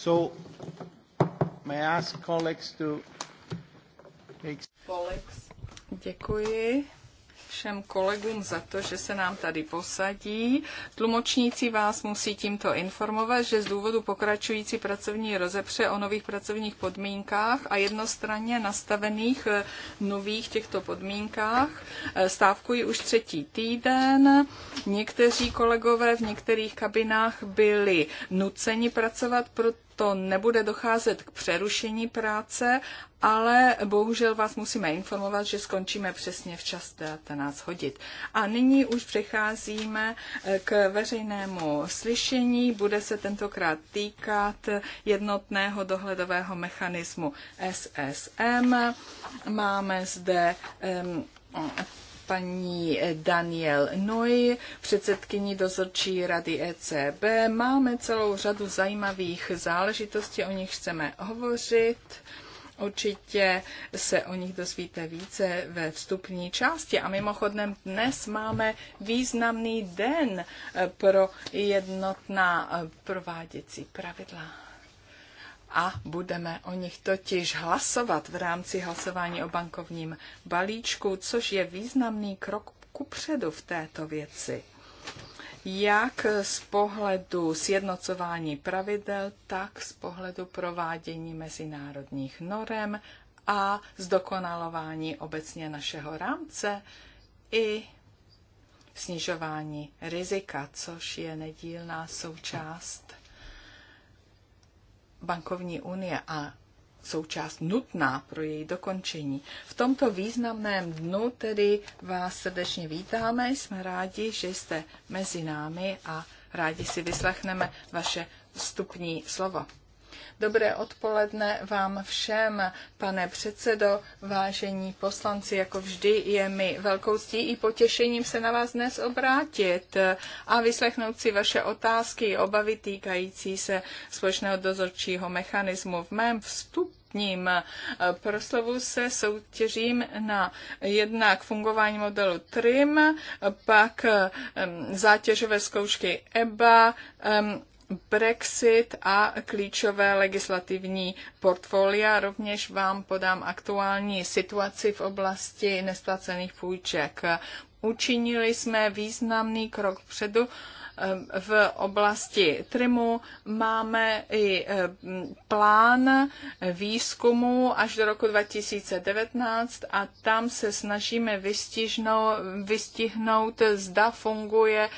So, may I ask colleagues to make... Colleagues. Děkuji všem kolegům za to, že se nám tady posadí. Tlumočníci vás musí tímto informovat, že z důvodu pokračující pracovní rozepře o nových pracovních podmínkách a jednostranně nastavených eh, nových těchto podmínkách eh, stávkují už třetí týden. Někteří kolegové v některých kabinách byli nuceni pracovat, pro to nebude docházet k přerušení práce, ale bohužel vás musíme informovat, že skončíme přesně včas 19 hodin. A nyní už přecházíme eh, k veřejnému slyšení. Bude se tentokrát týkat jednotného dohledového mechanismu SSM. Máme zde um, paní Daniel Noy, předsedkyní dozorčí rady ECB. Máme celou řadu zajímavých záležitostí, o nich chceme hovořit. Určitě se o nich dozvíte více ve vstupní části. A mimochodem dnes máme významný den pro jednotná prováděcí pravidla a budeme o nich totiž hlasovat v rámci hlasování o bankovním balíčku, což je významný krok kupředu v této věci. Jak z pohledu sjednocování pravidel, tak z pohledu provádění mezinárodních norem a zdokonalování obecně našeho rámce i snižování rizika, což je nedílná součást bankovní unie a součást nutná pro její dokončení. V tomto významném dnu tedy vás srdečně vítáme, jsme rádi, že jste mezi námi a rádi si vyslechneme vaše vstupní slovo. Dobré odpoledne vám všem, pane předsedo, vážení poslanci. Jako vždy je mi velkou ctí i potěšením se na vás dnes obrátit a vyslechnout si vaše otázky, obavy týkající se společného dozorčího mechanismu. V mém vstupu ním eh, proslovu se soutěžím na jednak fungování modelu TRIM, pak eh, zátěžové zkoušky EBA, Brexit a klíčové legislativní portfolia. Rovněž vám podám aktuální situaci v oblasti nesplacených půjček. Učinili jsme významný krok předu eh, v oblasti TRIMu. Máme i eh, plán výzkumu až do roku 2019 a tam se snažíme vystihnout, zda funguje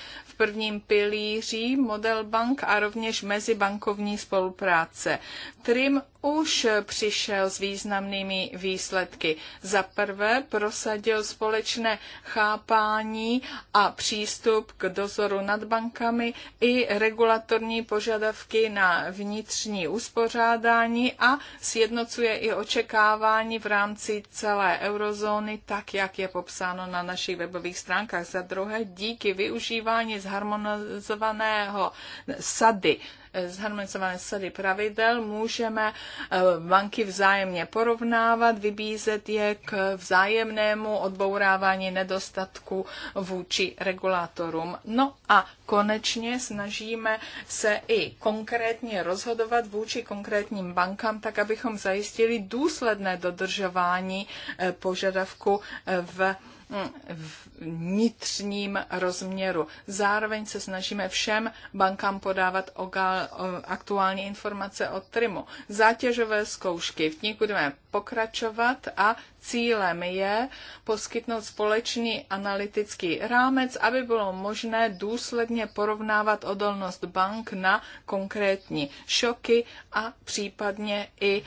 prvním pilíři model bank a rovněž mezibankovní spolupráce. TRIM už přišel s významnými výsledky. Za prvé prosadil společné chápání a přístup k dozoru nad bankami i regulatorní požadavky na vnitřní uspořádání a sjednocuje i očekávání v rámci celé eurozóny, tak jak je popsáno na našich webových stránkách. Za druhé, díky využívání zharmonizovaného sady zharmonizované sady pravidel, můžeme eh, banky vzájemně porovnávat, vybízet je k vzájemnému odbourávání nedostatku vůči regulátorům. No a konečně snažíme se i konkrétně rozhodovat vůči konkrétním bankám, tak abychom zajistili důsledné dodržování eh, požadavku eh, v vnitřním rozměru. Zároveň se snažíme všem bankám podávat aktuální informace o trimu. Zátěžové zkoušky, v nich budeme pokračovat a cílem je poskytnout společný analytický rámec, aby bylo možné důsledně porovnávat odolnost bank na konkrétní šoky a případně i e,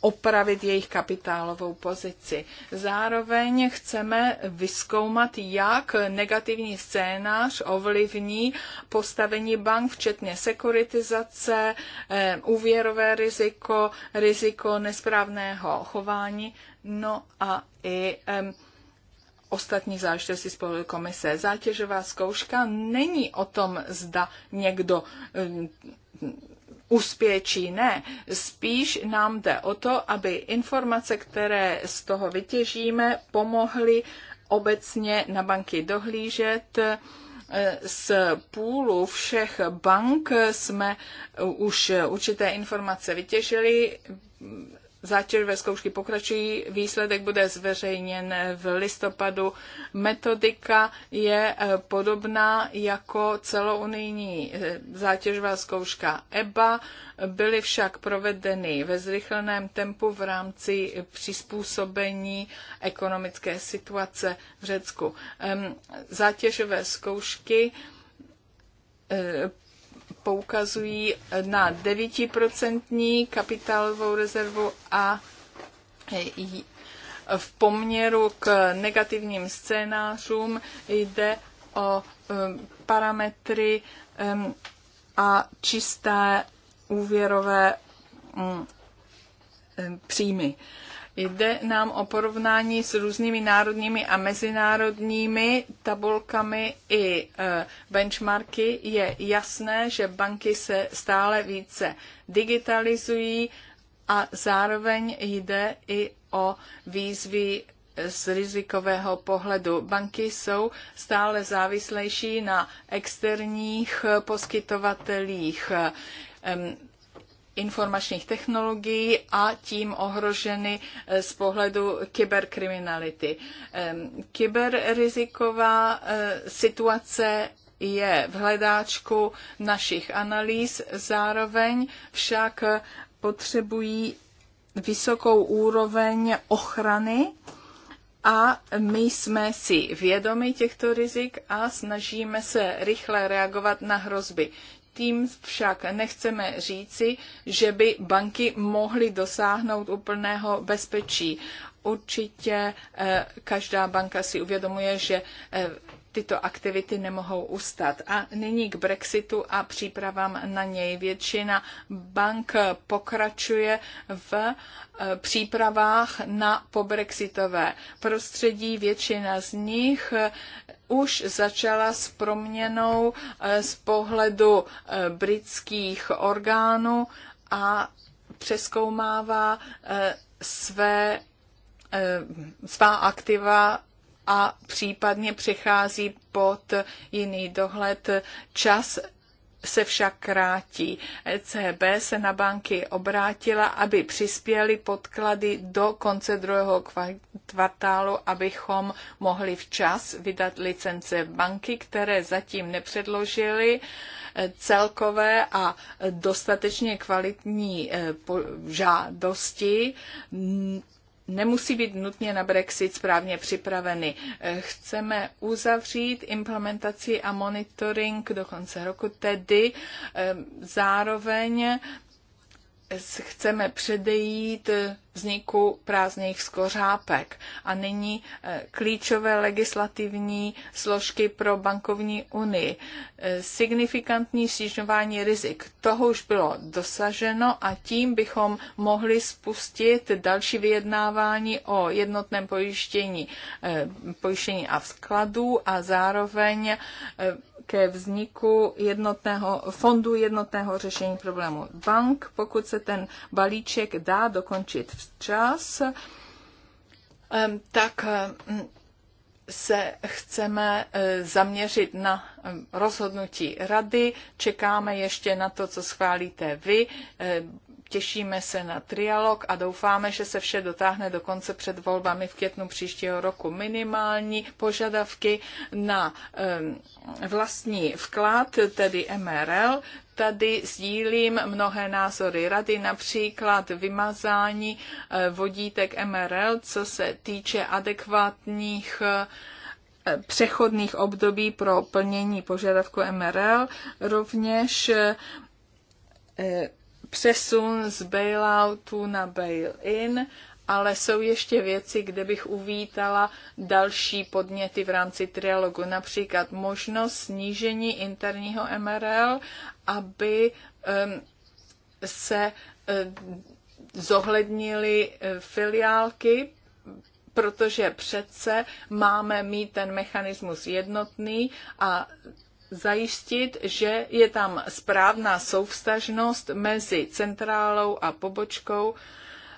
opravit jejich kapitálovou pozici. Zároveň chceme vyskoumat, jak negativní scénář ovlivní postavení bank, včetně sekuritizace, eh, úvěrové riziko, riziko nesprávného chování, no a i ostatní záležitosti spolu komise. Zátěžová zkouška není o tom, zda někdo uspěje či ne. Spíš nám jde o to, aby informace, které z toho vytěžíme, pomohly obecně na banky dohlížet. Eh, z půlu všech bank jsme už určité informace vytěžili zátěžové zkoušky pokračují, výsledek bude zveřejněn v listopadu. Metodika je eh, podobná jako celounijní eh, zátěžová zkouška EBA, byly však provedeny ve zrychleném tempu v rámci přizpůsobení ekonomické situace v Řecku. Zátěžové zkoušky eh, poukazují na 9% kapitálovou rezervu a v poměru k negativním scénářům jde o um, parametry um, a čisté úvěrové um, příjmy. Jde nám o porovnání s různými národními a mezinárodními tabulkami i e, benchmarky. Je jasné, že banky se stále více digitalizují a zároveň jde i o výzvy z rizikového pohledu. Banky jsou stále závislejší na externích poskytovatelích informačních technologií a tím ohroženy eh, z pohledu kyberkriminality. Kyberriziková eh, situace je v hledáčku našich analýz, zároveň však potřebují vysokou úroveň ochrany a my jsme si vědomi těchto rizik a snažíme se rychle reagovat na hrozby. Tím však nechceme říci, že by banky mohly dosáhnout úplného bezpečí. Určitě eh, každá banka si uvědomuje, že eh, tyto aktivity nemohou ustat. A nyní k Brexitu a přípravám na něj. Většina bank pokračuje v eh, přípravách na pobrexitové prostředí. Většina z nich už začala s proměnou eh, z pohledu eh, britských orgánů a přeskoumává eh, své, svá aktiva a případně přechází pod jiný dohled. Čas se však krátí. ECB se na banky obrátila, aby přispěli podklady do konce druhého kvartálu, abychom mohli včas vydat licence banky, které zatím nepředložily e, celkové a dostatečně kvalitní e, žádosti nemusí být nutně na Brexit správně připraveny. Eh, chceme uzavřít implementaci a monitoring do konce roku, tedy eh, zároveň chceme předejít vzniku prázdných skořápek. A nyní e, klíčové legislativní složky pro bankovní unii. E, signifikantní snižování rizik. Toho už bylo dosaženo a tím bychom mohli spustit další vyjednávání o jednotném pojištění, e, pojištění a vkladů a zároveň ke vzniku jednotného fondu jednotného řešení problému bank, pokud se ten balíček dá dokončit včas, tak se chceme e, zaměřit na rozhodnutí rady. Čekáme ještě na to, co schválíte vy. E, Těšíme se na trialog a doufáme, že se vše dotáhne do konce před volbami v květnu příštího roku. Minimální požadavky na vlastní vklad, tedy MRL, tady sdílím mnohé názory rady, například vymazání eh, vodítek MRL, co se týče adekvátních eh, přechodných období pro plnění požadavku MRL, rovněž eh, přesun z bailoutu na bail-in, ale jsou ještě věci, kde bych uvítala další podněty v rámci trialogu, například možnost snížení interního MRL, aby um, se um, zohlednili filiálky, protože přece máme mít ten mechanismus jednotný a zajistit, že je tam správná souvstažnost mezi centrálou a pobočkou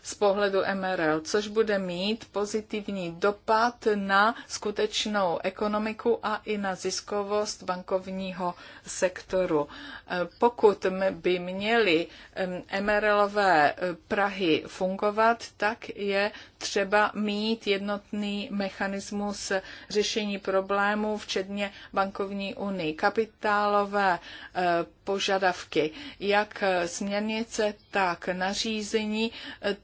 z pohledu MRL, což bude mít pozitivní dopad na skutečnou ekonomiku a i na ziskovost bankovního sektoru. Eh, pokud by měly MRLové eh, Prahy fungovat, tak je třeba mít jednotný mechanismus řešení problémů, včetně bankovní unii, kapitálové eh, požadavky, jak směrnice, tak nařízení,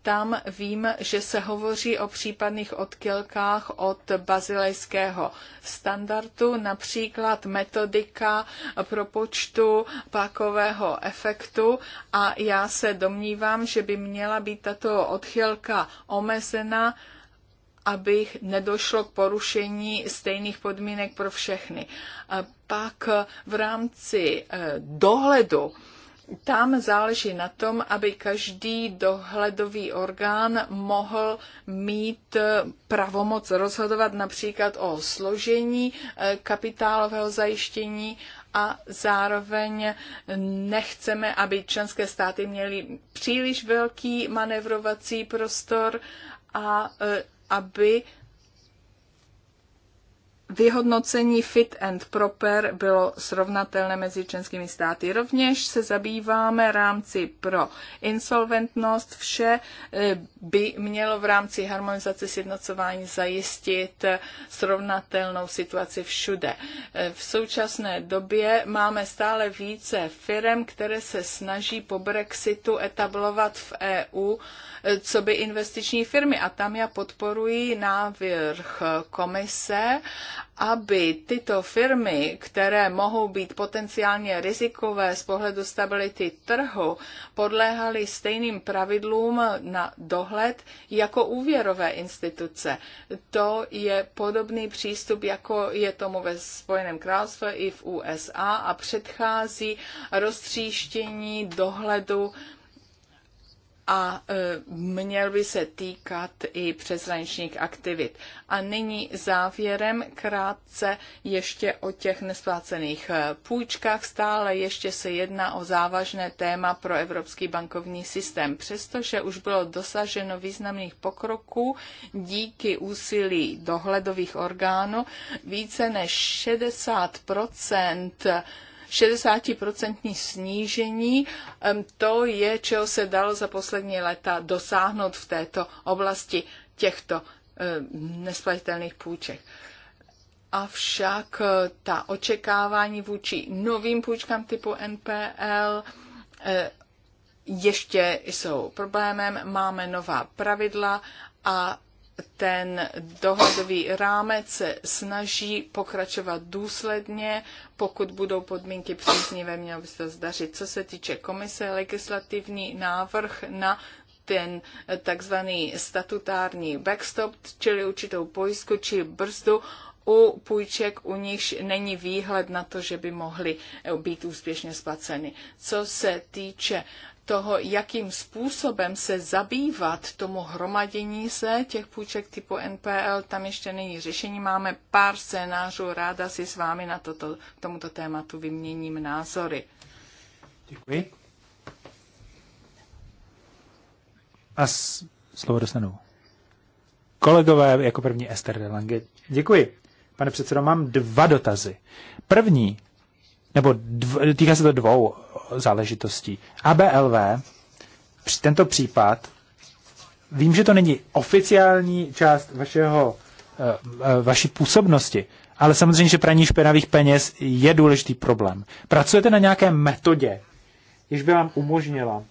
tak tam vím, že se hovoří o případných odchylkách od bazilejského standardu, například metodika počtu pákového efektu a já se domnívám, že by měla být tato odchylka omezena aby nedošlo k porušení stejných podmínek pro všechny. Pak v rámci eh, dohledu tam záleží na tom, aby každý dohledový orgán mohl mít eh, pravomoc rozhodovat například o složení eh, kapitálového zajištění a zároveň nechceme, aby členské státy měly příliš velký manevrovací prostor a eh, aby Vyhodnocení Fit and Proper bylo srovnatelné mezi členskými státy. Rovněž se zabýváme rámci pro insolventnost. Vše e, by mělo v rámci harmonizace sjednocování zajistit srovnatelnou situaci všude. E, v současné době máme stále více firm, které se snaží po Brexitu etablovat v EU co by investiční firmy. A tam já podporuji návrh komise, aby tyto firmy, které mohou být potenciálně rizikové z pohledu stability trhu, podléhaly stejným pravidlům na dohled jako úvěrové instituce. To je podobný přístup, jako je tomu ve Spojeném království i v USA a předchází roztříštění dohledu a e, měl by se týkat i přeshraničních aktivit. A nyní závěrem krátce ještě o těch nesplácených e, půjčkách. Stále ještě se jedná o závažné téma pro evropský bankovní systém. Přestože už bylo dosaženo významných pokroků díky úsilí dohledových orgánů, více než 60 60% snížení, to je, čeho se dalo za poslední léta dosáhnout v této oblasti těchto nesplatitelných půjček. Avšak eh, ta očekávání vůči novým půjčkám typu NPL eh, ještě jsou problémem, máme nová pravidla a ten dohodový rámec se snaží pokračovat důsledně, pokud budou podmínky příznivé, mělo by se to zdařit. Co se týče komise, legislativní návrh na ten takzvaný statutární backstop, čili určitou pojistku či brzdu u půjček, u nichž není výhled na to, že by mohly být úspěšně splaceny. Co se týče toho, jakým způsobem se zabývat tomu hromadění se těch půjček typu NPL, tam ještě není řešení. Máme pár scénářů, ráda si s vámi na toto, tomuto tématu vyměním názory. Děkuji. A s, slovo dostanou. Kolegové, jako první Ester Delange. Děkuji. Pane předsedo, mám dva dotazy. První, nebo dv, týká se to dvou záležitostí. ABLV, tento případ, vím, že to není oficiální část vašeho, eh, eh, vaší působnosti, ale samozřejmě, že praní špinavých peněz je důležitý problém. Pracujete na nějaké metodě, jež by vám umožnila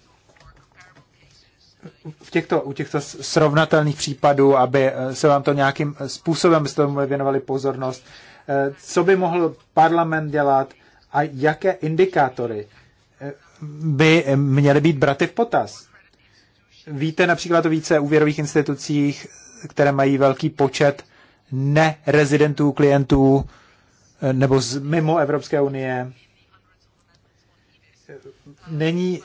v těchto, u těchto srovnatelných případů, aby eh, se vám to nějakým způsobem z toho věnovali pozornost, co by mohl parlament dělat a jaké indikátory by měly být braty v potaz. Víte například o více úvěrových institucích, které mají velký počet nerezidentů, klientů eh, nebo z mimo Evropské unie. Není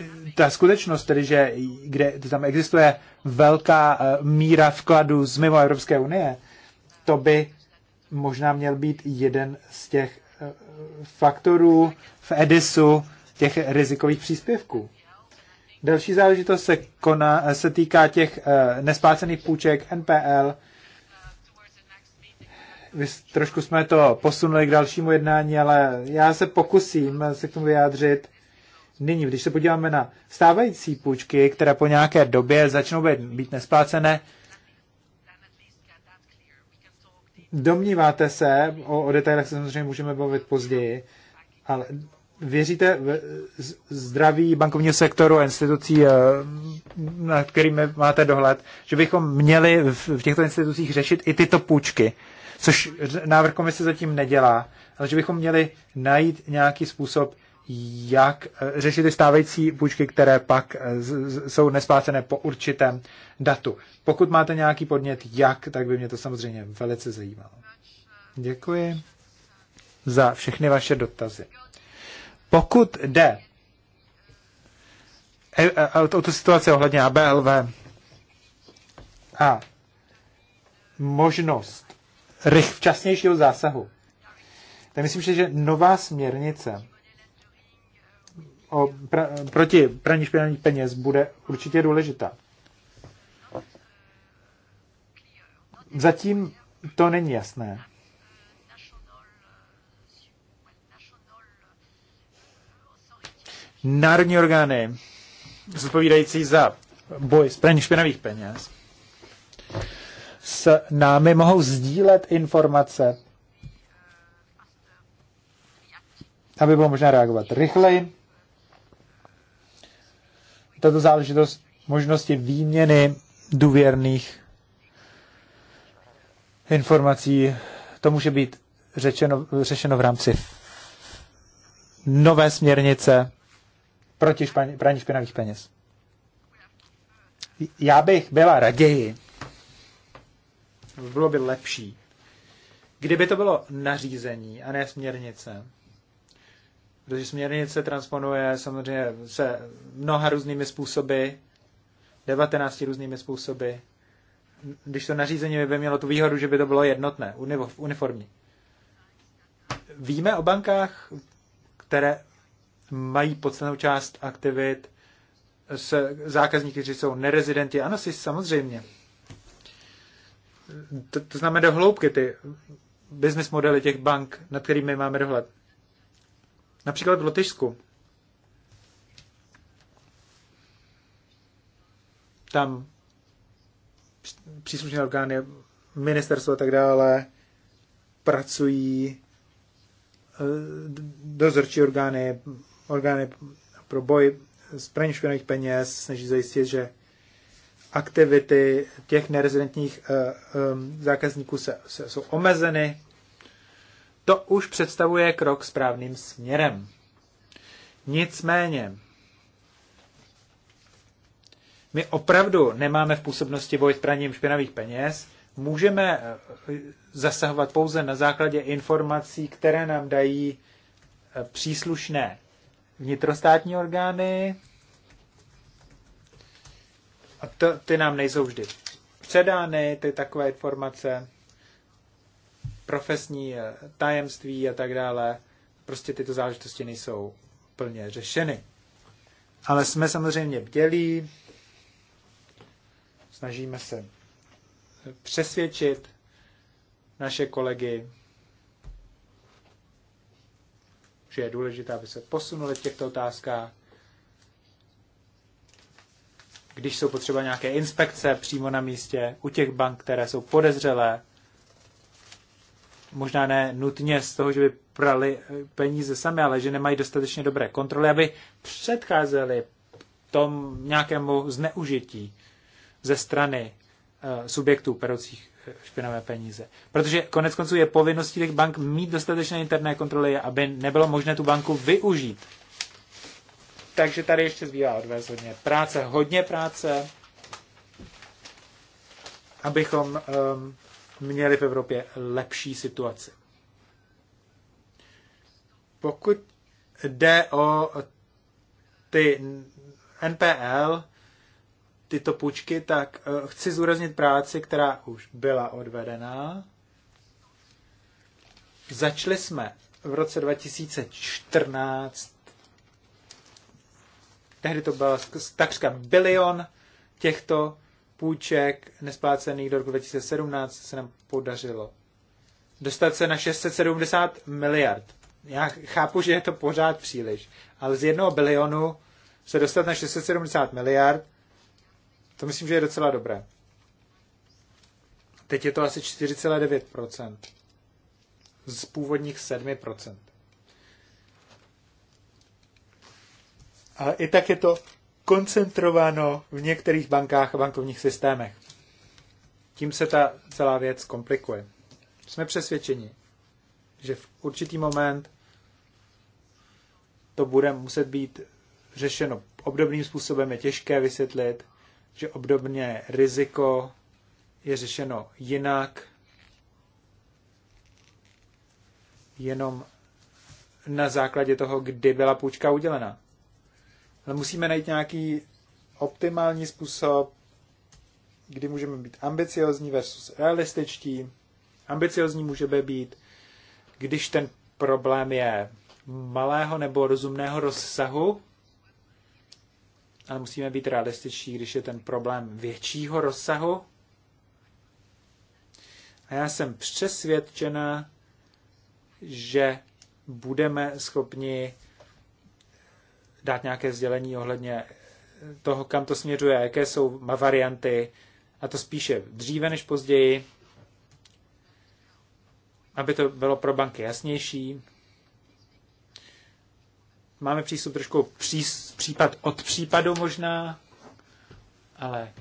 eh, ta skutečnost tedy, že kde tam existuje velká eh, míra vkladu z mimo Evropské unie, to by možná měl být jeden z těch faktorů v Edisu, těch rizikových příspěvků. Další záležitost se, koná, se týká těch uh, nesplácených půjček NPL. Vy, trošku jsme to posunuli k dalšímu jednání, ale já se pokusím se k tomu vyjádřit. Nyní, když se podíváme na stávající půjčky, které po nějaké době začnou být, být nesplácené, domníváte se, o, o detailech se samozřejmě můžeme bavit později, ale Věříte v zdraví bankovního sektoru a institucí, eh, nad kterými máte dohled, že bychom měli v těchto institucích řešit i tyto půjčky, což návrh komise zatím nedělá, ale že bychom měli najít nějaký způsob, jak eh, řešit ty stávající půjčky, které pak eh, jsou nesplácené po určitém datu. Pokud máte nějaký podnět, jak, tak by mě to samozřejmě velice zajímalo. Děkuji za všechny vaše dotazy. Pokud jde e, e, o tu situaci ohledně ABLV a možnost rych včasnějšího zásahu, tak myslím, že nová směrnice o pra, proti praní špinavých peněz bude určitě důležitá. Zatím to není jasné. národní orgány zodpovídající za boj s praní špinavých peněz s námi mohou sdílet informace, aby bylo možné reagovat rychleji. Tato záležitost možnosti výměny důvěrných informací, to může být řečeno, řešeno v rámci nové směrnice proti španě, praní špinavých peněz. Já bych byla raději, bylo by lepší, kdyby to bylo nařízení a ne směrnice. Protože směrnice transponuje samozřejmě se mnoha různými způsoby, 19 různými způsoby. Když to nařízení by mělo tu výhodu, že by to bylo jednotné, uniformní. Víme o bankách, které mají podstatnou část aktivit s zákazníky, kteří jsou nerezidenti. Ano, si samozřejmě. To, to znamená do hloubky ty business modely těch bank, nad kterými máme dohled. Například v Lotyšsku. Tam příslušné orgány, ministerstvo a tak dále pracují eh, dozorčí orgány, Orgány pro boj s praní špinavých peněz snaží zajistit, že aktivity těch nerezidentních eh, eh, zákazníků se, se, jsou omezeny. To už představuje krok správným směrem. Nicméně, my opravdu nemáme v působnosti boj s praním špinavých peněz. Můžeme eh, zasahovat pouze na základě informací, které nám dají příslušné vnitrostátní orgány. A to, ty nám nejsou vždy předány, ty takové informace, profesní eh, tajemství a tak dále. Prostě tyto záležitosti nejsou plně řešeny. Ale jsme samozřejmě bdělí, snažíme se přesvědčit naše kolegy že je důležité, aby se posunuli v těchto otázkách. Když jsou potřeba nějaké inspekce přímo na místě u těch bank, které jsou podezřelé, možná ne nutně z toho, že by prali eh, peníze sami, ale že nemají dostatečně dobré kontroly, aby předcházeli tom nějakému zneužití ze strany eh, subjektů peroucích špinavé peníze. Protože konec konců je povinností těch bank mít dostatečné interné kontroly, aby nebylo možné tu banku využít. Takže tady ještě zbývá odvést hodně práce, hodně práce, abychom um, měli v Evropě lepší situaci. Pokud jde o ty NPL, tyto půjčky, tak eh, chci zúraznit práci, která už byla odvedená. Začali jsme v roce 2014. Tehdy to bylo takřka bilion těchto půjček nesplácených do roku 2017 se nám podařilo dostat se na 670 miliard. Já chápu, že je to pořád příliš, ale z jednoho bilionu se dostat na 670 miliard to myslím, že je docela dobré. Teď je to asi 4,9% z původních 7%. Ale i tak je to koncentrováno v některých bankách a bankovních systémech. Tím se ta celá věc komplikuje. Jsme přesvědčeni, že v určitý moment to bude muset být řešeno obdobným způsobem, je těžké vysvětlit, že obdobně riziko je řešeno jinak, jenom na základě toho, kdy byla půjčka udělena. Ale musíme najít nějaký optimální způsob, kdy můžeme být ambiciozní versus realističtí. Ambiciozní můžeme být, když ten problém je malého nebo rozumného rozsahu, ale musíme být realističtí, když je ten problém většího rozsahu. A já jsem přesvědčena, že budeme schopni dát nějaké sdělení ohledně toho, kam to směřuje, jaké jsou varianty, a to spíše dříve než později, aby to bylo pro banky jasnější, máme přístup trošku pří, případ od případu možná, ale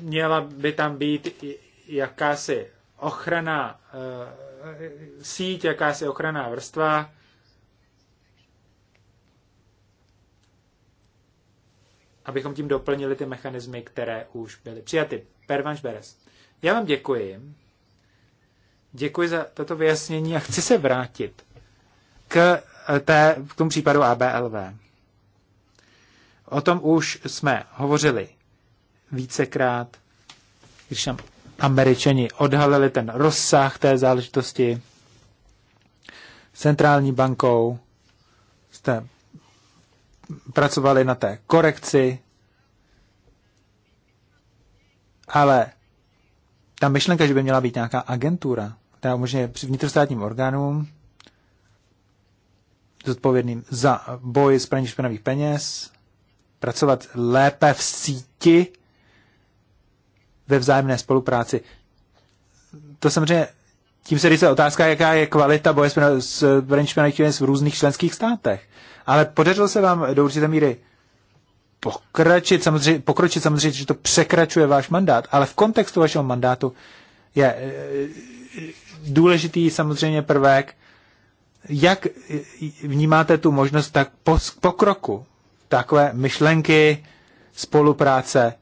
měla by tam být jakási ochrana e, síť, jakási ochrana vrstva. abychom tím doplnili ty mechanismy, které už byly přijaty. Pervanš Beres. Já vám děkuji. Děkuji za toto vyjasnění a chci se vrátit k Eh, té, v tom případu ABLV. O tom už jsme hovořili vícekrát, když nám američani odhalili ten rozsah té záležitosti centrální bankou, jste pracovali na té korekci, ale ta myšlenka, že by měla být nějaká agentura, která umožňuje vnitrostátním orgánům zodpovědným za boj s praní špinavých peněz, pracovat lépe v síti ve vzájemné spolupráci. To samozřejmě, tím se říká otázka, jaká je kvalita boje s praní špinavých peněz v různých členských státech. Ale podařilo se vám do určité míry pokračit samozřejmě, pokročit samozřejmě, že to překračuje váš mandát, ale v kontextu vašeho mandátu je eh, důležitý samozřejmě prvek jak vnímáte tu možnost tak pokroku, takové myšlenky spolupráce,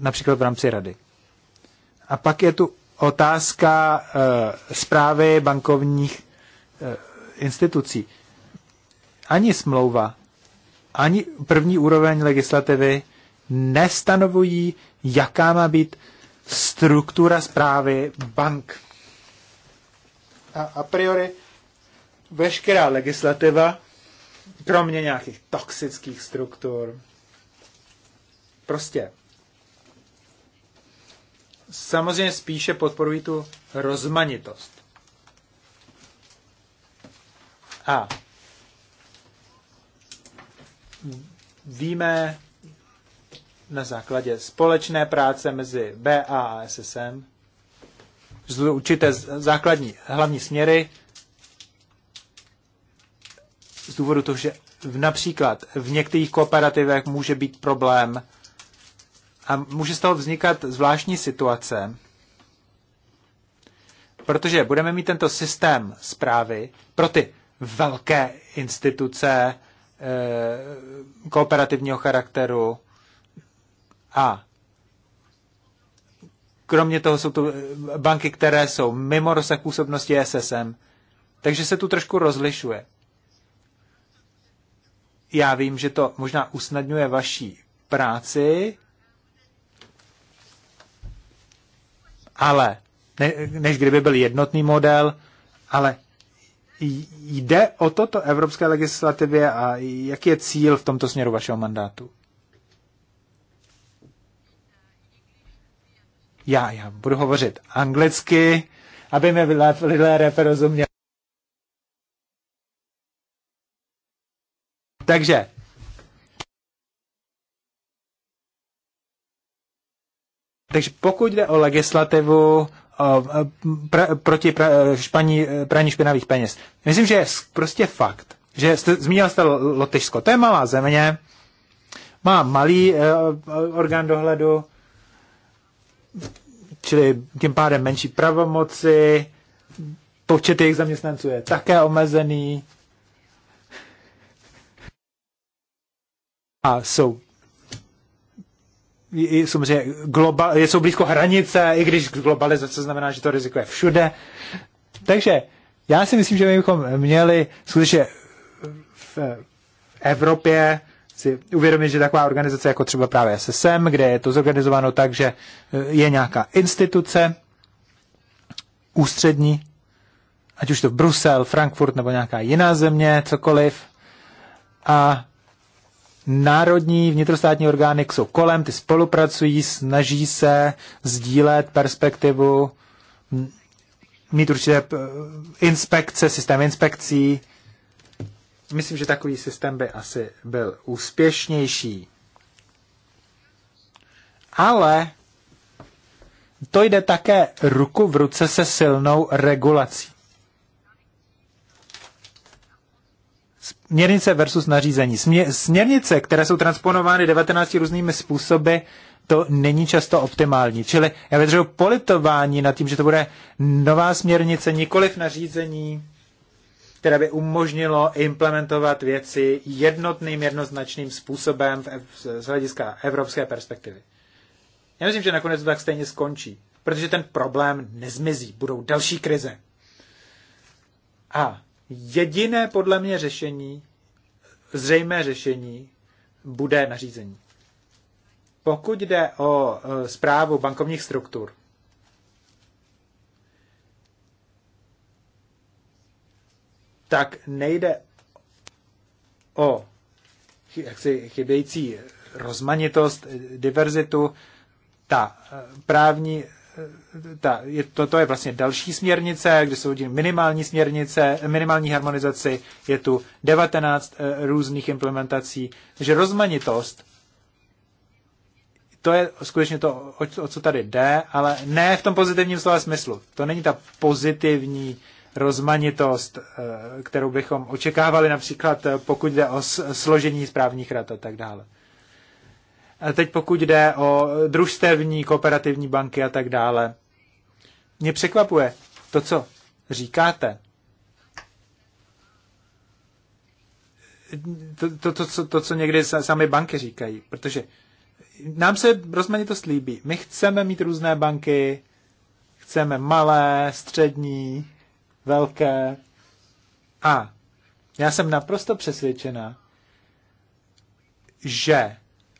například v rámci rady? A pak je tu otázka e, zprávy bankovních e, institucí. Ani smlouva, ani první úroveň legislativy nestanovují, jaká má být struktura zprávy bank a a priori veškerá legislativa, kromě nějakých toxických struktur, prostě samozřejmě spíše podporují tu rozmanitost. A víme na základě společné práce mezi BA a SSM, že jsou to určité základní hlavní směry z důvodu toho, že například v některých kooperativech může být problém a může z toho vznikat zvláštní situace, protože budeme mít tento systém zprávy pro ty velké instituce eh, kooperativního charakteru a Kromě toho jsou tu eh, banky, které jsou mimo rozsah působnosti SSM. Takže se tu trošku rozlišuje. Já vím, že to možná usnadňuje vaší práci, ale ne, než kdyby byl jednotný model, ale jde o toto evropské legislativě a jaký je cíl v tomto směru vašeho mandátu? já, já budu hovořit anglicky, aby mi lidé lépe rozuměli. Takže, takže pokud jde o legislativu o, pra, proti pra, španí, praní špinavých peněz, myslím, že je prostě fakt, že jste, zmínil jste Lotyšsko, to je malá země, má malý uh, orgán dohledu, čili tím pádem menší pravomoci, počet jejich zaměstnanců je také omezený a jsou samozřejmě globa jsou blízko hranice, i když globalizace znamená, že to riziko je všude. Takže já si myslím, že my bychom měli skutečně v, v Evropě si uvědomit, že taková organizace jako třeba právě SSM, kde je to zorganizováno tak, že e, je nějaká instituce ústřední, ať už to Brusel, Frankfurt nebo nějaká jiná země, cokoliv, a národní vnitrostátní orgány jsou kolem, ty spolupracují, snaží se sdílet perspektivu, mít určité e, inspekce, systém inspekcí, Myslím, že takový systém by asi byl úspěšnější. Ale to jde také ruku v ruce se silnou regulací. Směrnice versus nařízení. Směrnice, které jsou transponovány 19 různými způsoby, to není často optimální. Čili já vyjadřuju politování nad tím, že to bude nová směrnice, nikoliv nařízení které by umožnilo implementovat věci jednotným, jednoznačným způsobem z hlediska evropské perspektivy. Já myslím, že nakonec to tak stejně skončí, protože ten problém nezmizí, budou další krize. A jediné podle mě řešení, zřejmé řešení, bude nařízení. Pokud jde o e, zprávu bankovních struktur, tak nejde o jaksi chybějící rozmanitost, diverzitu, ta eh, právní, eh, ta, je, to, to je vlastně další směrnice, kde jsou minimální směrnice, eh, minimální harmonizaci, je tu 19 různých implementací, takže rozmanitost, to je skutečně to, o, o co tady jde, ale ne v tom pozitivním slova smyslu. To není ta pozitivní uh, rozmanitost, eh, kterou bychom očekávali například eh, pokud jde o složení správních rad a tak dále. A teď pokud jde o družstevní, kooperativní banky a tak dále. Mě překvapuje to, co říkáte. To, to, to, co, to co někdy sami banky říkají, protože nám se rozmanitost líbí. My chceme mít různé banky, chceme malé, střední, velké. A já jsem naprosto přesvědčena, že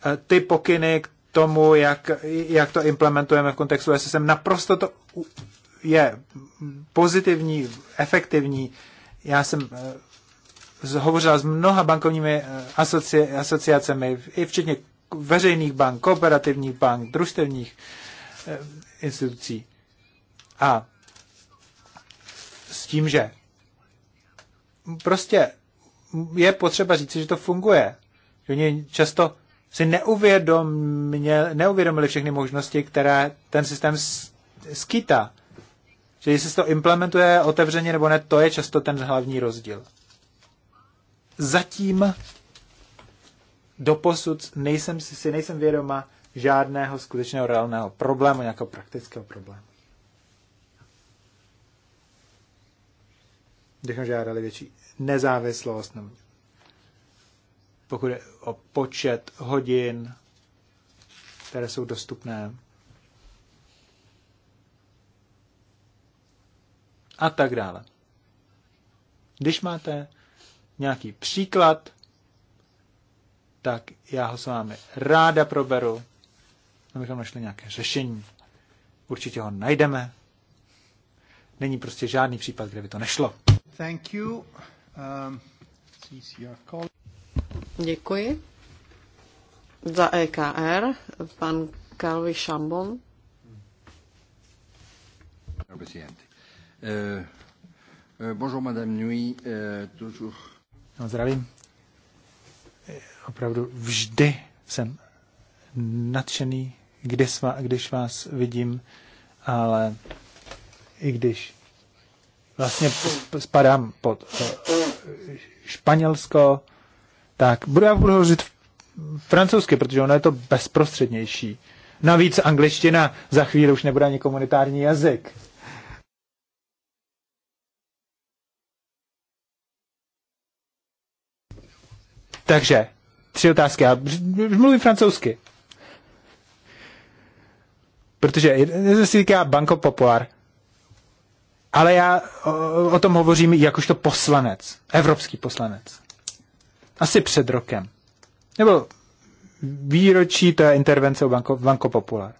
eh, ty pokyny k tomu, jak, jak to implementujeme v kontextu SSM, naprosto to je pozitivní, efektivní. Já jsem eh, hovořila s mnoha bankovními eh, asoci, asociacemi, i včetně veřejných bank, kooperativních bank, družstevních institucí. A tím, že prostě je potřeba říci, že to funguje. Že oni často si neuvědomili, neuvědomili všechny možnosti, které ten systém skýtá. Že jestli se to implementuje otevřeně nebo ne, to je často ten hlavní rozdíl. Zatím doposud nejsem, si nejsem vědoma žádného skutečného reálného problému, nějakého praktického problému. bychom žádali větší nezávislost, nebo pokud je o počet hodin, které jsou dostupné, a tak dále. Když máte nějaký příklad, tak já ho s vámi ráda proberu, abychom našli nějaké řešení. Určitě ho najdeme. Není prostě žádný případ, kde by to nešlo. Thank you. Um, Děkuji. Za EKR pan Calvi Šambon. Euh, bonjour, madame Nui, euh, toujours. No, zdravím. Opravdu vždy jsem nadšený, když vás vidím, ale i když vlastně spadám pod eh, Španělsko, tak budu já budu hovořit francouzsky, protože ono je to bezprostřednější. Navíc angličtina za chvíli už nebude ani komunitární jazyk. Takže, tři otázky. Já mluvím francouzsky. Protože jeden se říká Banco Popular. Ale já o tom hovořím jakožto poslanec, evropský poslanec. Asi před rokem. Nebo výročí té intervence o Banko, Banko Popular.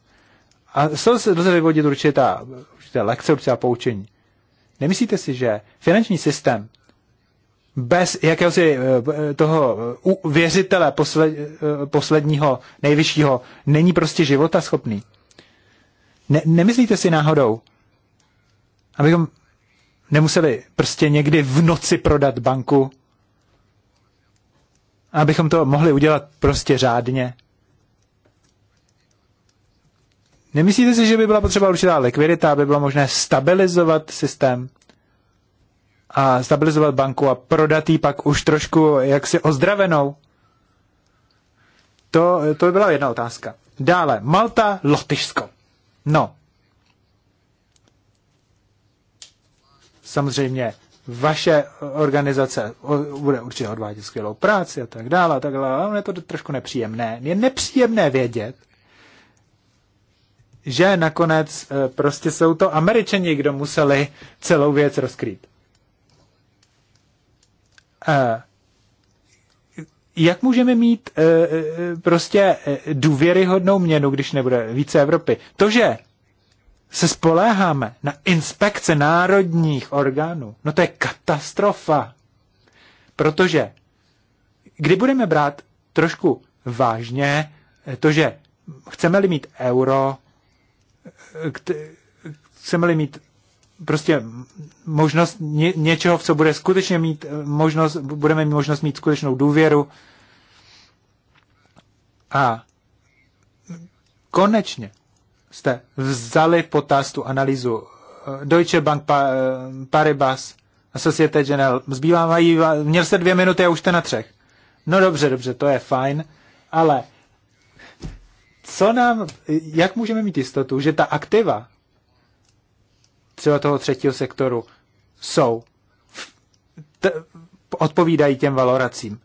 A z toho se lze vyvodit určitá, určitá lekce, určitá poučení. Nemyslíte si, že finanční systém bez jakéhosi eh, toho eh, věřitele posled, eh, posledního, nejvyššího, není prostě života schopný? Ne, nemyslíte si náhodou, abychom nemuseli prostě někdy v noci prodat banku, abychom to mohli udělat prostě řádně. Nemyslíte si, že by byla potřeba určitá likvidita, aby bylo možné stabilizovat systém a stabilizovat banku a prodat ji pak už trošku jaksi ozdravenou? To, to by byla jedna otázka. Dále, Malta, Lotyšsko. No, Samozřejmě vaše organizace bude určitě odvádět skvělou práci a tak dále a tak dále, ale je to trošku nepříjemné. Je nepříjemné vědět, že nakonec e, prostě jsou to američani, kdo museli celou věc rozkrýt. E, jak můžeme mít e, prostě důvěryhodnou měnu, když nebude více Evropy? To, že se spoléháme na inspekce národních orgánů, no to je katastrofa. Protože kdy budeme brát trošku vážně to, že chceme-li mít euro, chceme-li mít prostě možnost ně, něčeho, v co bude skutečně mít možnost, budeme mít možnost mít skutečnou důvěru. A konečně jste vzali potaz tu analýzu eh, Deutsche Bank, eh, Paribas, Societe General. Zbývá mají, měl jste dvě minuty a už jste na třech. No dobře, dobře, to je fajn, ale co nám, jak můžeme mít jistotu, že ta aktiva třeba toho třetího sektoru jsou t- odpovídají těm valoracím.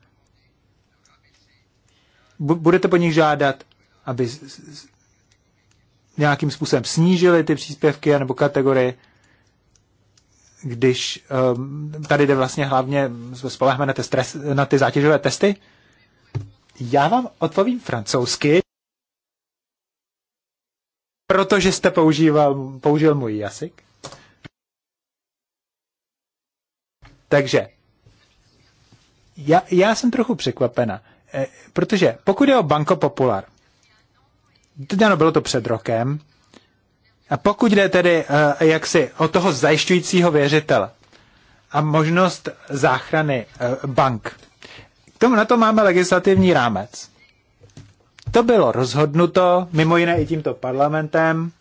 Budete po nich žádat, aby nějakým způsobem snížili ty příspěvky nebo kategorie, když ehm, tady jde vlastně hlavně, spolehme na ty, stres, na ty zátěžové testy? Já vám odpovím francouzsky, protože jste používal, použil můj jazyk. Takže, já, já jsem trochu překvapena, eh, protože pokud je o Banco Popular, ano, bylo to před rokem. A pokud jde tedy uh, eh, jaksi o toho zajišťujícího věřitele a možnost záchrany uh, bank, k tomu na to máme legislativní rámec. To bylo rozhodnuto, mimo jiné i tímto parlamentem,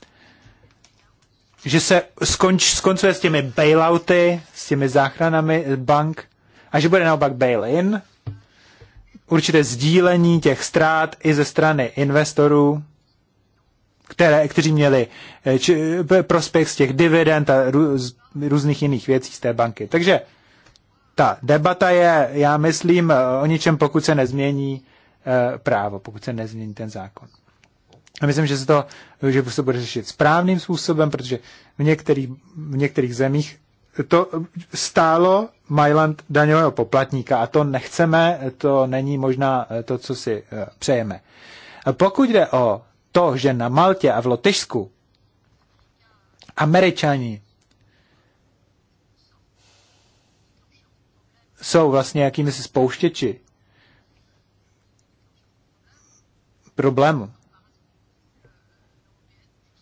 že se skonč, skoncuje s těmi bailouty, s těmi záchranami bank a že bude naopak bail-in, určité sdílení těch ztrát i ze strany investorů které, kteří měli eh, či, prospěch z těch dividend a rů, z různých jiných věcí z té banky. Takže ta debata je, já myslím, eh, o ničem, pokud se nezmění eh, právo, pokud se nezmění ten zákon. A myslím, že se to, že se bude řešit správným způsobem, protože v některých, v některých zemích to stálo Mailand daňového poplatníka a to nechceme, to není možná to, co si přejeme. Pokud jde o to, že na Maltě a v Lotyšsku američani jsou vlastně jakými si spouštěči problému.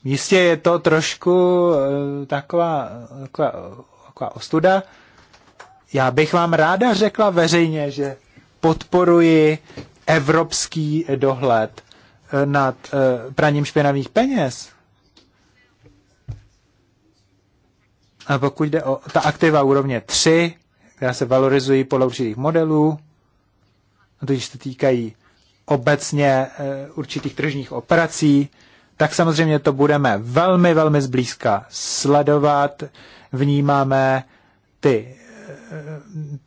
Jistě je to trošku eh, taková, taková, taková ostuda. Já bych vám ráda řekla veřejně, že podporuji evropský dohled nad eh, praním špinavých peněz, a pokud jde o ta aktiva úrovně 3, která se valorizují podle určitých modelů, a se týkají obecně eh, určitých tržních operací, tak samozřejmě to budeme velmi, velmi zblízka sledovat, vnímáme ty,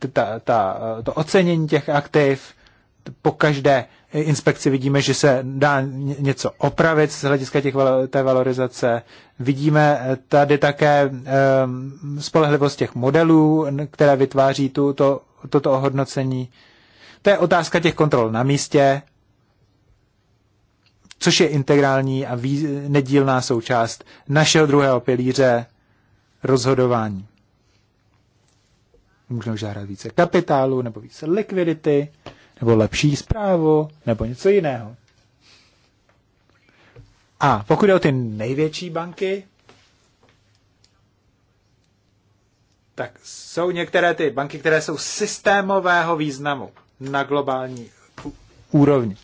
eh, ta, ta, to ocenění těch aktiv po každé inspekci vidíme, že se dá něco opravit z hlediska těch, té valorizace. Vidíme tady také ehm, spolehlivost těch modelů, které vytváří tu, to, toto ohodnocení. To je otázka těch kontrol na místě, což je integrální a vý, nedílná součást našeho druhého pilíře rozhodování. Můžeme žádat více kapitálu nebo více likvidity, nebo lepší zprávu, nebo něco jiného. A pokud jde o ty největší banky, tak jsou některé ty banky, které jsou systémového významu na globální úrovni.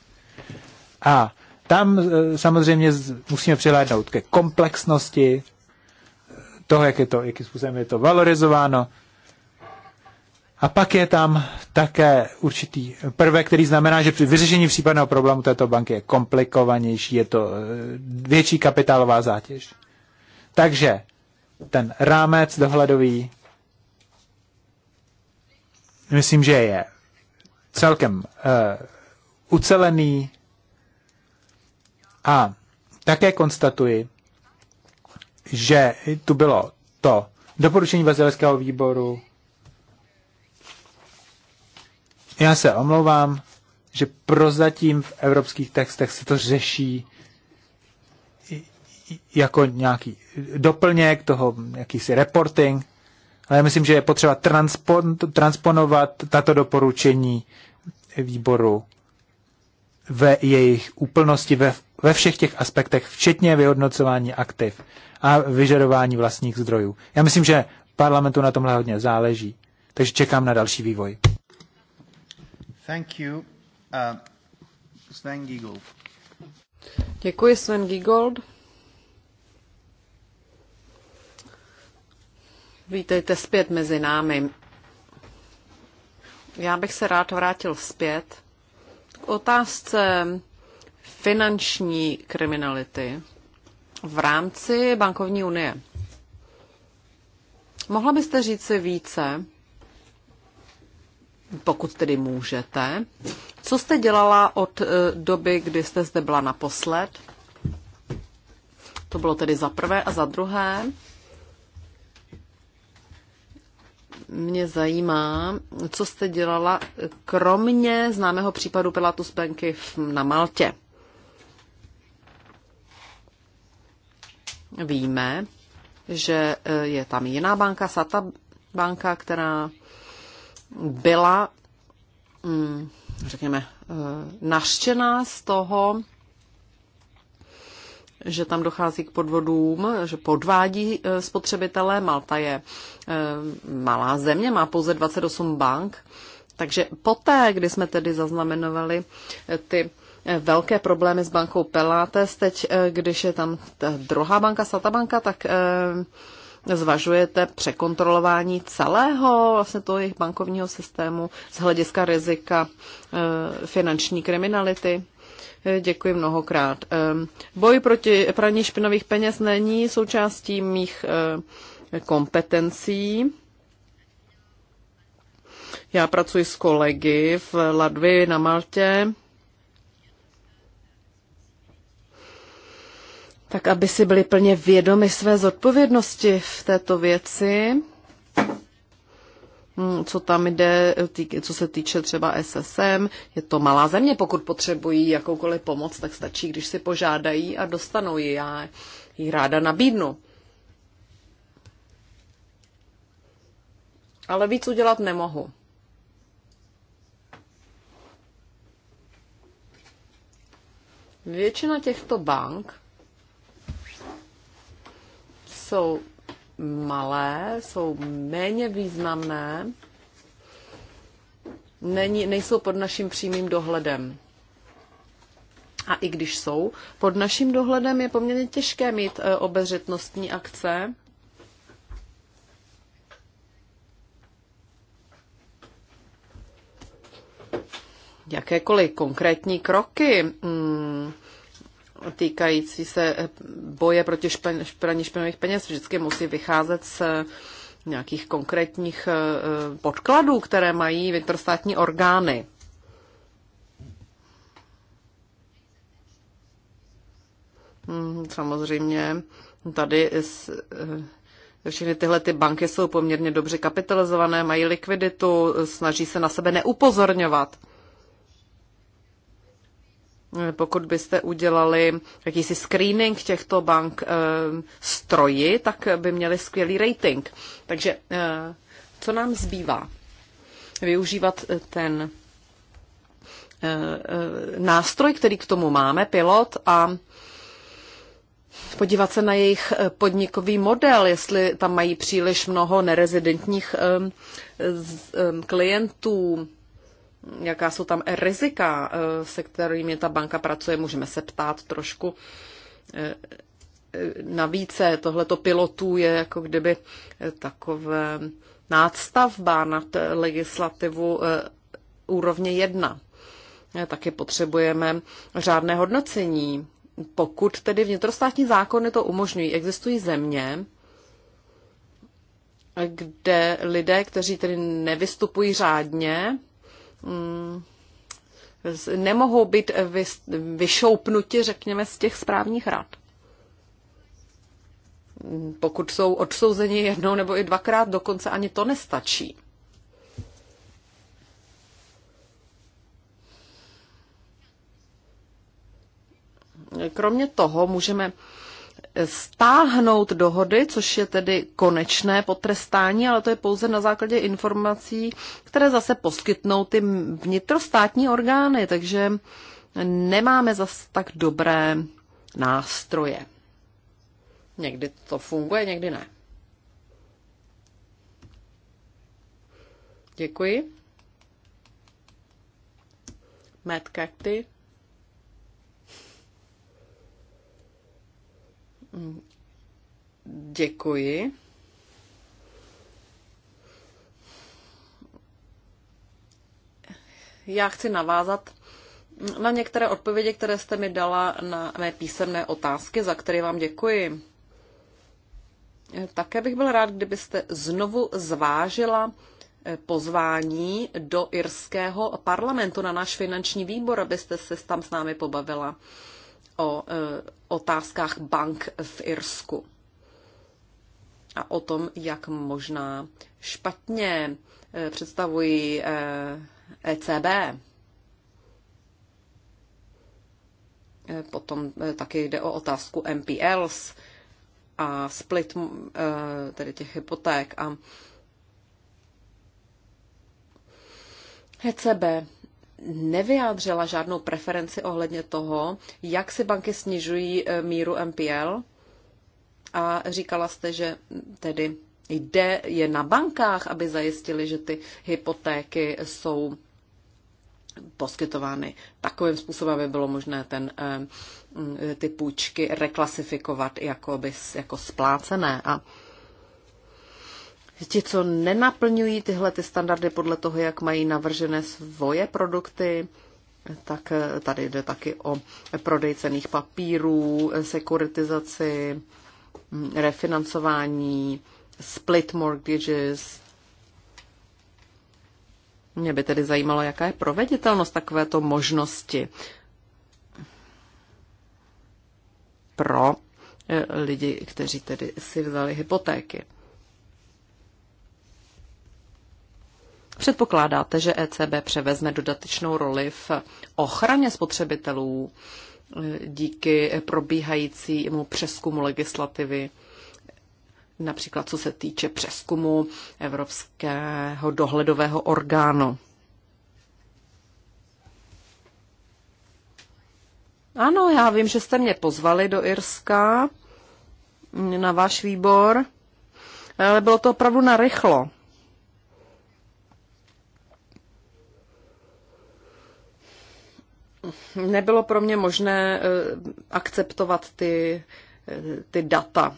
A tam e, samozřejmě musíme přihlédnout ke komplexnosti toho, jak je to, jakým způsobem je to valorizováno, a pak je tam také určitý prvek, který znamená, že při vyřešení případného problému této banky je komplikovanější, je to eh, větší kapitálová zátěž. Takže ten rámec dohledový, myslím, že je celkem uh, ucelený a také konstatuji, že tu bylo to doporučení Vazileckého výboru, Já se omlouvám, že prozatím v evropských textech se to řeší jako nějaký doplněk toho, jakýsi reporting, ale já myslím, že je potřeba transpon, transponovat tato doporučení výboru ve jejich úplnosti, ve, ve všech těch aspektech, včetně vyhodnocování aktiv a vyžadování vlastních zdrojů. Já myslím, že parlamentu na tomhle hodně záleží, takže čekám na další vývoj. Thank you. Uh, Sven Giegold. Děkuji, Sven Giegold. Vítejte zpět mezi námi. Já bych se rád vrátil zpět k otázce finanční kriminality v rámci bankovní unie. Mohla byste říct si více pokud tedy můžete. Co jste dělala od eh, doby, kdy jste zde byla naposled? To bylo tedy za prvé a za druhé. Mě zajímá, co jste dělala kromě známého případu Pilatus Penky na Maltě. Víme, že eh, je tam jiná banka, Sata banka, která byla, mm, řekněme, eh, naštěná z toho, že tam dochází k podvodům, že podvádí eh, spotřebitelé. Malta je eh, malá země, má pouze 28 bank. Takže poté, kdy jsme tedy zaznamenovali ty velké problémy s bankou Pelates, teď, když je tam ta druhá banka, Satabanka, tak zvažujete překontrolování celého vlastně toho jejich bankovního systému z hlediska rizika eh, finanční kriminality? Eh, děkuji mnohokrát. Eh, boj proti praní špinavých peněz není součástí mých kompetencí. Já pracuji s kolegy v Ladvi na Maltě tak aby si byli plně vědomi své zodpovědnosti v této věci, hmm, co tam jde, co se týče třeba SSM. Je to malá země, pokud potřebují jakoukoliv pomoc, tak stačí, když si požádají a dostanou ji. Já ji ráda nabídnu. Ale víc udělat nemohu. Většina těchto bank jsou malé, jsou méně významné, není, nejsou pod naším přímým dohledem. A i když jsou pod naším dohledem, je poměrně těžké mít e, obezřetnostní akce. Jakékoliv konkrétní kroky mm, týkající se eh, boje proti špen, praní špinavých peněz vždycky musí vycházet z eh, nějakých konkrétních eh, podkladů, které mají vnitrostátní orgány. Hmm, samozřejmě tady všechny tyhle ty banky jsou poměrně dobře kapitalizované, mají likviditu, snaží se na sebe neupozorňovat. Eh, pokud byste udělali jakýsi screening těchto bank eh, stroji, tak by měli skvělý rating. Takže eh, co nám zbývá? Využívat ten nástroj, který k tomu máme, pilot, a podívat se na jejich podnikový model, jestli tam mají příliš mnoho nerezidentních klientů, jaká jsou tam rizika, eh, se kterými ta banka pracuje. Můžeme se ptát trošku eh, eh, navíce. Tohleto pilotů je jako kdyby takové nádstavba nad legislativu úrovně jedna. Taky potřebujeme řádné hodnocení. Pokud tedy vnitrostátní zákony to umožňují, existují země, kde lidé, kteří tedy nevystupují řádně, Mm, nemohou být vyšoupnuti, řekněme, z těch správních rad. Mm, pokud jsou odsouzeni jednou nebo i dvakrát, dokonce ani to nestačí. Kromě toho můžeme stáhnout dohody, což je tedy konečné potrestání, ale to je pouze na základě informací, které zase poskytnou ty vnitrostátní orgány, takže nemáme zase tak dobré nástroje. Někdy to funguje, někdy ne. Děkuji. Matt Cacti. Děkuji. Já chci navázat na některé odpovědi, které jste mi dala na mé písemné otázky, za které vám děkuji. Také bych byl rád, kdybyste znovu zvážila pozvání do irského parlamentu na náš finanční výbor, abyste se tam s námi pobavila o e, otázkách bank v Irsku a o tom, jak možná špatně eh, představují ECB. Eh, e eh, potom taky jde o otázku MPLs a split tedy těch hypoték a ECB nevyjádřila žádnou preferenci ohledně toho, jak si banky snižují eh, míru MPL. A říkala jste, že tedy jde je na bankách, aby zajistili, že ty hypotéky jsou poskytovány takovým způsobem, aby bylo možné ten, eh, ty půjčky reklasifikovat jako, bys, jako splácené. A ti, co nenaplňují tyhle ty standardy podle toho, jak mají navržené svoje produkty, tak eh, tady jde taky o prodej cených papírů, eh, sekuritizaci, mm, refinancování, split mortgages. Mě by tedy zajímalo, jaká je proveditelnost takovéto možnosti pro eh, lidi, kteří tedy si vzali hypotéky. Předpokládáte, že ECB převezme dodatečnou roli v ochraně spotřebitelů eh, díky probíhajícímu přeskumu legislativy, například co se týče přeskumu Evropského dohledového orgánu. Ano, já vím, že jste mě pozvali do Irska mm, na váš výbor, ale bylo to opravdu na rychlo. nebylo pro mě možné eh, akceptovat ty, eh, ty data.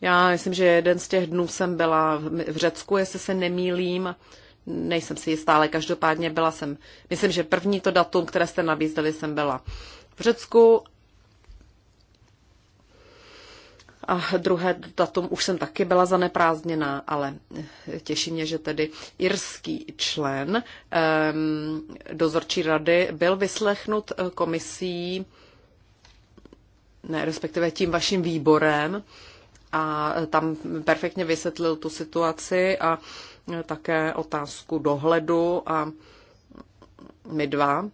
Já myslím, že jeden z těch dnů jsem byla v Řecku, jestli se nemýlím. Nejsem si jistá, ale každopádně byla jsem, myslím, že první to datum, které jste nabízeli, jsem byla v Řecku A druhé datum už jsem taky byla zaneprázdněná, ale těší mě, že tedy irský člen um, dozorčí rady byl vyslechnut eh, komisí, ne, respektive tím vaším výborem a tam perfektně vysvětlil tu situaci a eh, také otázku dohledu a my dva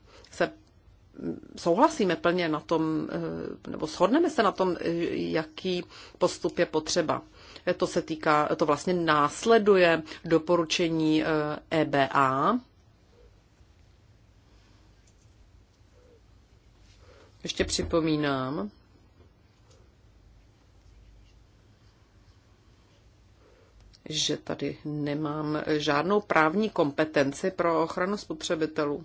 souhlasíme plně na tom, eh, nebo shodneme se na tom, eh, jaký postup je potřeba. Eh, to se týká, to vlastně následuje doporučení EBA. E Ještě připomínám, že tady nemám žádnou právní kompetenci pro ochranu spotřebitelů.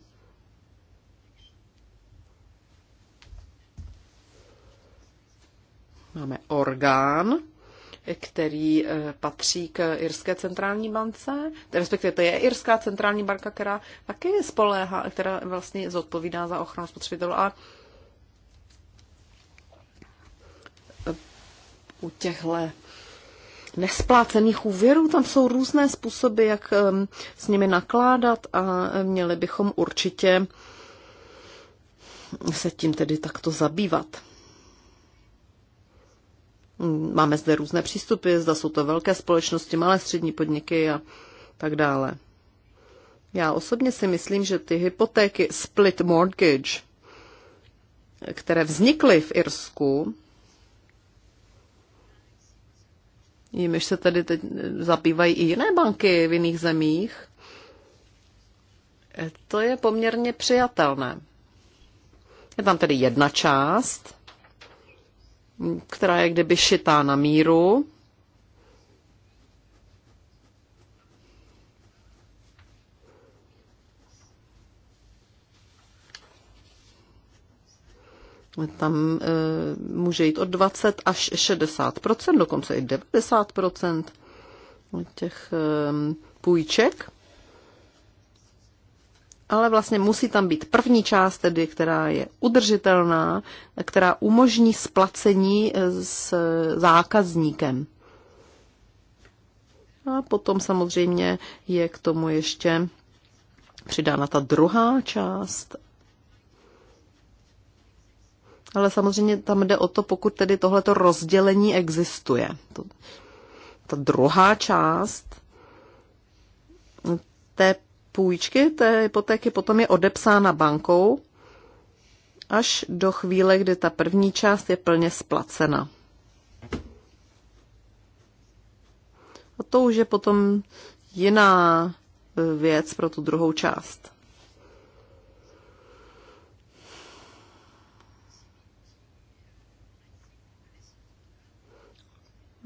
Máme orgán, který eh, patří k Irské centrální bance, respektive to je Irská centrální banka, která taky spoléhá, která vlastně zodpovídá za ochranu spotřebitelů a eh, u těchto nesplácených úvěrů. Tam jsou různé způsoby, jak ehm, s nimi nakládat a eh, měli bychom určitě se tím tedy takto zabývat. Máme zde různé přístupy, zda jsou to velké společnosti, malé střední podniky a tak dále. Já osobně si myslím, že ty hypotéky split mortgage, které vznikly v Irsku, jimiž se tedy teď zabývají i jiné banky v jiných zemích, to je poměrně přijatelné. Je tam tedy jedna část, která je kdyby šitá na míru. Tam e, může jít od 20 až 60 dokonce i 90 těch e, půjček ale vlastně musí tam být první část, tedy, která je udržitelná, která umožní splacení e, s zákazníkem. A potom samozřejmě je k tomu ještě přidána ta druhá část. Ale samozřejmě tam jde o to, pokud tedy tohleto rozdělení existuje. ta druhá část té půjčky té hypotéky potom je odepsána bankou až do chvíle, kdy ta první část je plně splacena. A to už je potom jiná e, věc pro tu druhou část.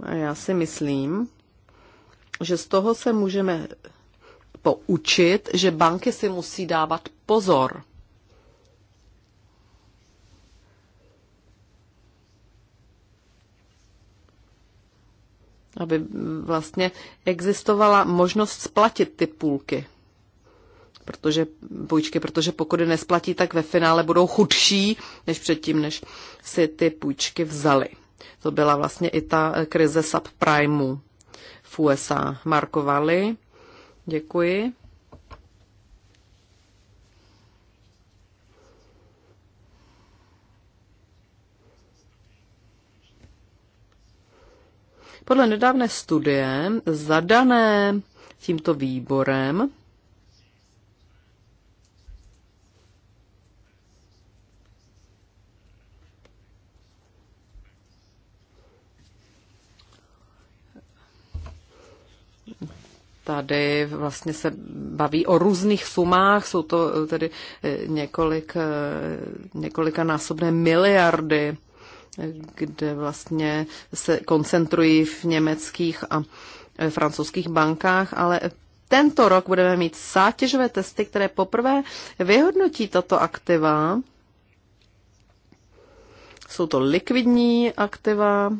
A já si myslím, že z toho se můžeme poučit, že banky si musí dávat pozor. Aby vlastně existovala možnost splatit ty půlky. Protože, půjčky, protože pokud je nesplatí, tak ve finále budou chudší, než předtím, než si ty půjčky vzali. To byla vlastně i ta krize subprimeů v USA. Markovali Děkuji. Podle nedávné studie zadané tímto výborem tady vlastně se baví o různých sumách, jsou to eh, tedy eh, několik, eh, několika násobné miliardy, kde vlastně se koncentrují v německých a francouzských bankách, ale tento rok budeme mít sátěžové testy, které poprvé vyhodnotí tato aktiva. Jsou to likvidní aktiva,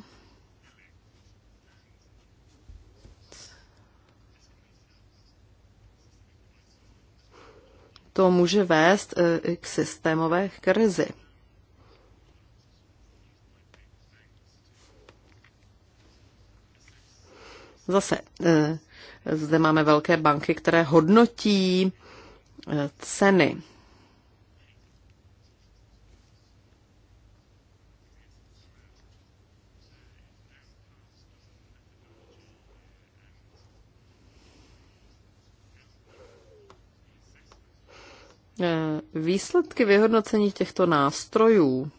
to může vést e, k systémové krizi. Zase, e, zde máme velké banky, které hodnotí e, ceny Eh, výsledky vyhodnocení těchto nástrojů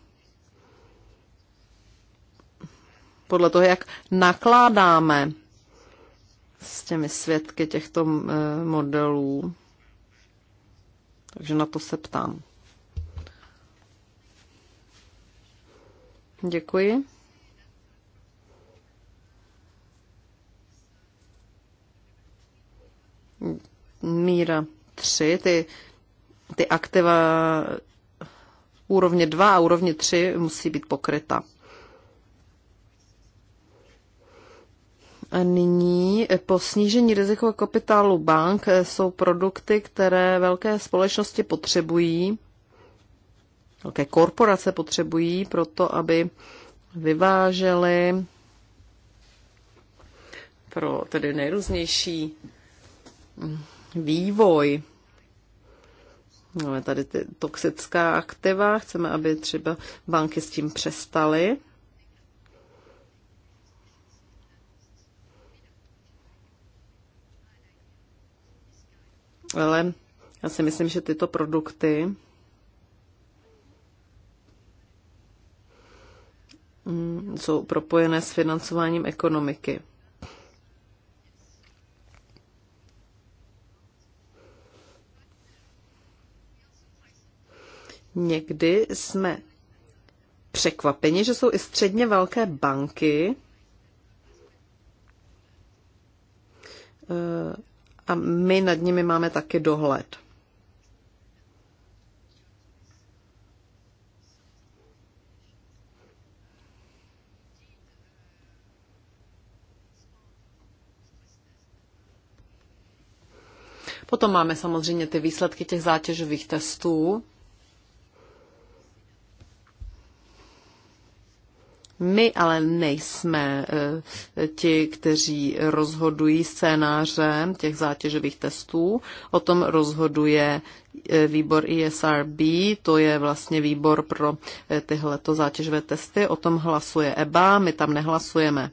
podle toho, jak nakládáme s těmi svědky těchto eh, modelů. Takže na to se ptám. Děkuji. Míra 3, ty ty aktiva úrovně 2 a úrovně 3 musí být pokryta. A nyní po snížení rizikového kapitálu bank jsou produkty, které velké společnosti potřebují, velké korporace potřebují pro to aby vyvážely pro tedy nejrůznější vývoj Máme tady ty toxická aktiva, chceme, aby třeba banky s tím přestaly. Ale já si myslím, že tyto produkty mm, jsou propojené s financováním ekonomiky. Někdy jsme překvapeni, že jsou i středně velké banky eh, a my nad nimi máme taky dohled. Potom máme samozřejmě ty výsledky těch zátěžových testů. My ale nejsme e, ti, kteří rozhodují scénářem těch zátěžových testů. O tom rozhoduje e, výbor ESRB, to je vlastně výbor pro e, tyhle zátěžové testy. O tom hlasuje EBA, my tam nehlasujeme.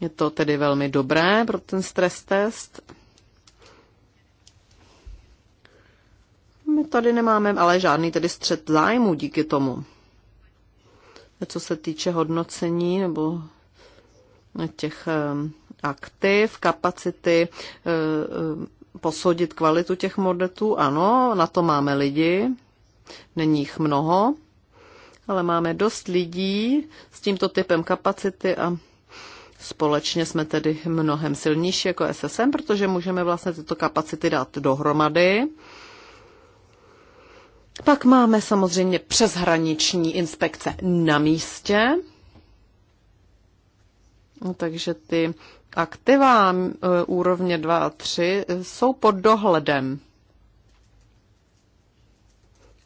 Je to tedy velmi dobré pro ten stres test. My tady nemáme ale žádný tedy střed zájmu díky tomu. Co se týče hodnocení nebo těch aktiv, kapacity, eh, eh, posoudit kvalitu těch modetů, ano, na to máme lidi, není jich mnoho, ale máme dost lidí s tímto typem kapacity a Společně jsme tedy mnohem silnější jako SSM, protože můžeme vlastně tyto kapacity dát dohromady pak máme samozřejmě přeshraniční inspekce na místě. No, takže ty aktiva e, úrovně 2 a 3 e, jsou pod dohledem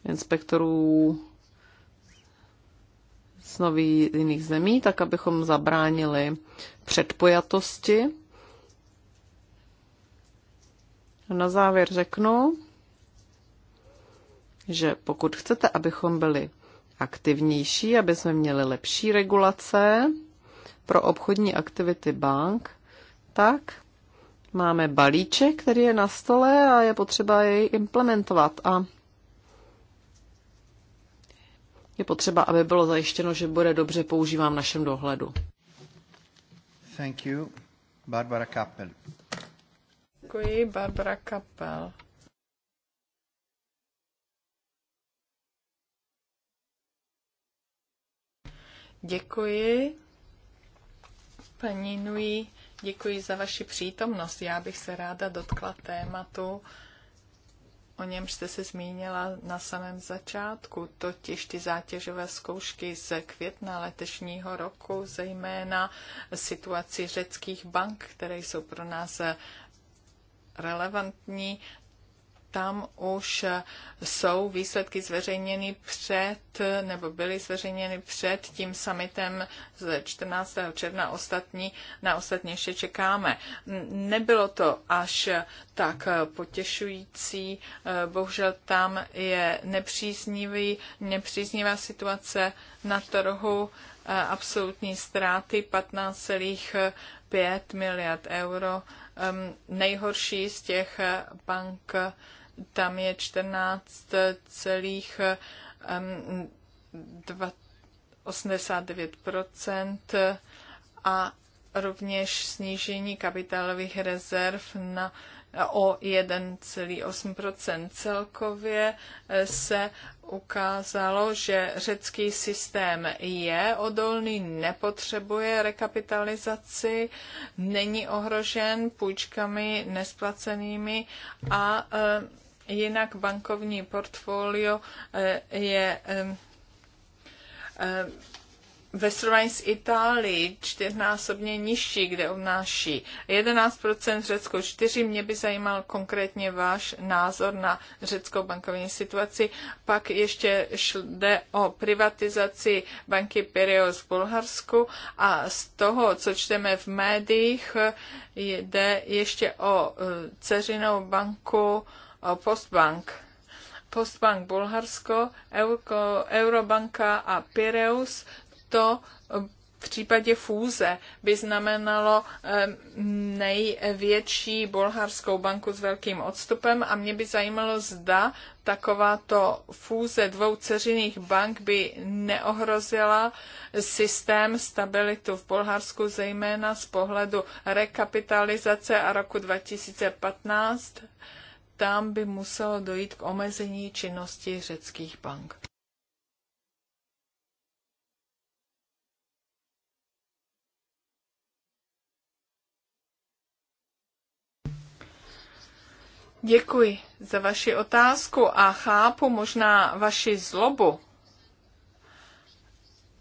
inspektorů z nových jiných zemí, tak abychom zabránili předpojatosti. Na závěr řeknu, že pokud chcete, abychom byli aktivnější, aby jsme měli lepší regulace pro obchodní aktivity bank, tak máme balíček, který je na stole a je potřeba jej implementovat. A je potřeba, aby bylo zajištěno, že bude dobře používán v našem dohledu. Thank you. Barbara Kappel. Děkuji, Barbara Kappel. Děkuji. Paní Nui, děkuji za vaši přítomnost. Já bych se ráda dotkla tématu, o němž jste se zmínila na samém začátku, totiž ty zátěžové zkoušky z května letošního roku, zejména situaci řeckých bank, které jsou pro nás relevantní tam už jsou výsledky zveřejněny před, nebo byly zveřejněny před tím summitem z 14. června ostatní, na ostatně ještě čekáme. Nebylo to až tak potěšující, bohužel tam je nepříznivý, nepříznivá situace na trhu, absolutní ztráty 15,5 miliard euro, nejhorší z těch bank tam je 14,89% a rovněž snížení kapitálových rezerv na o 1,8 Celkově eh, se ukázalo, že řecký systém je odolný, nepotřebuje rekapitalizaci, není ohrožen půjčkami nesplacenými a eh, jinak bankovní portfolio eh, je ve srovnání s Itálií čtyřnásobně nižší, kde obnáší 11% Řecko 4. Mě by zajímal konkrétně váš názor na řeckou bankovní situaci. Pak ještě jde o privatizaci banky Pireos v Bulharsku a z toho, co čteme v médiích, jde ještě o e, ceřinou banku Postbank. Postbank Bulharsko, Eurobanka a Pireus to eh, v případě fúze by znamenalo eh, největší bolharskou banku s velkým odstupem a mě by zajímalo, zda takováto fúze dvou ceřiných bank by neohrozila systém stabilitu v Bulharsku, zejména z pohledu rekapitalizace a roku 2015. Tam by muselo dojít k omezení činnosti řeckých bank. Děkuji za vaši otázku a chápu možná vaši zlobu.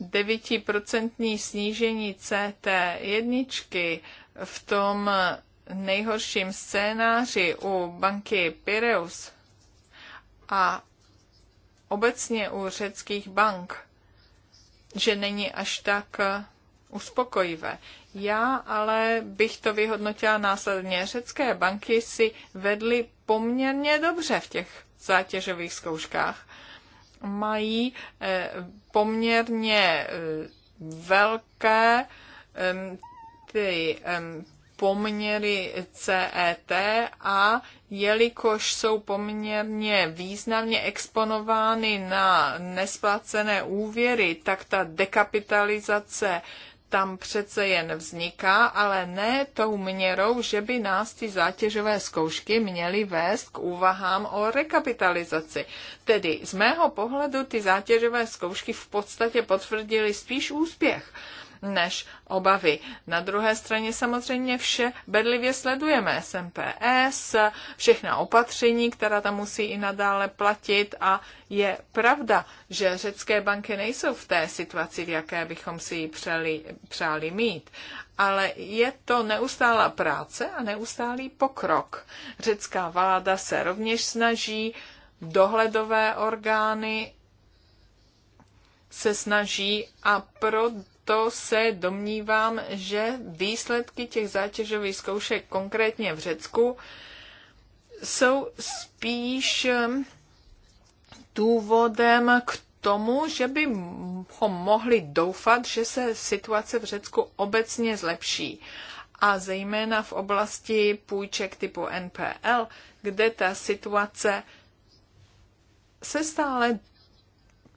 9% snížení CT1 v tom nejhorším scénáři u banky Pireus a obecně u řeckých bank, že není až tak uspokojivé. Já ale bych to vyhodnotila následně. Řecké banky si vedly poměrně dobře v těch zátěžových zkouškách. Mají eh, poměrně eh, velké ty poměry CET a jelikož jsou poměrně významně exponovány na nesplacené úvěry, tak ta dekapitalizace tam přece jen vzniká, ale ne tou měrou, že by nás ty zátěžové zkoušky měly vést k úvahám o rekapitalizaci. Tedy z mého pohledu ty zátěžové zkoušky v podstatě potvrdily spíš úspěch než obavy. Na druhé straně samozřejmě vše bedlivě sledujeme. SMPS, všechna opatření, která tam musí i nadále platit a je pravda, že řecké banky nejsou v té situaci, v jaké bychom si ji přeli, přáli mít. Ale je to neustálá práce a neustálý pokrok. Řecká vláda se rovněž snaží, dohledové orgány se snaží a pro proto se domnívám, že výsledky těch zátěžových zkoušek konkrétně v Řecku jsou spíš ehm, důvodem k tomu, že by ho mohli doufat, že se situace v Řecku obecně zlepší. A zejména v oblasti půjček typu NPL, kde ta situace se stále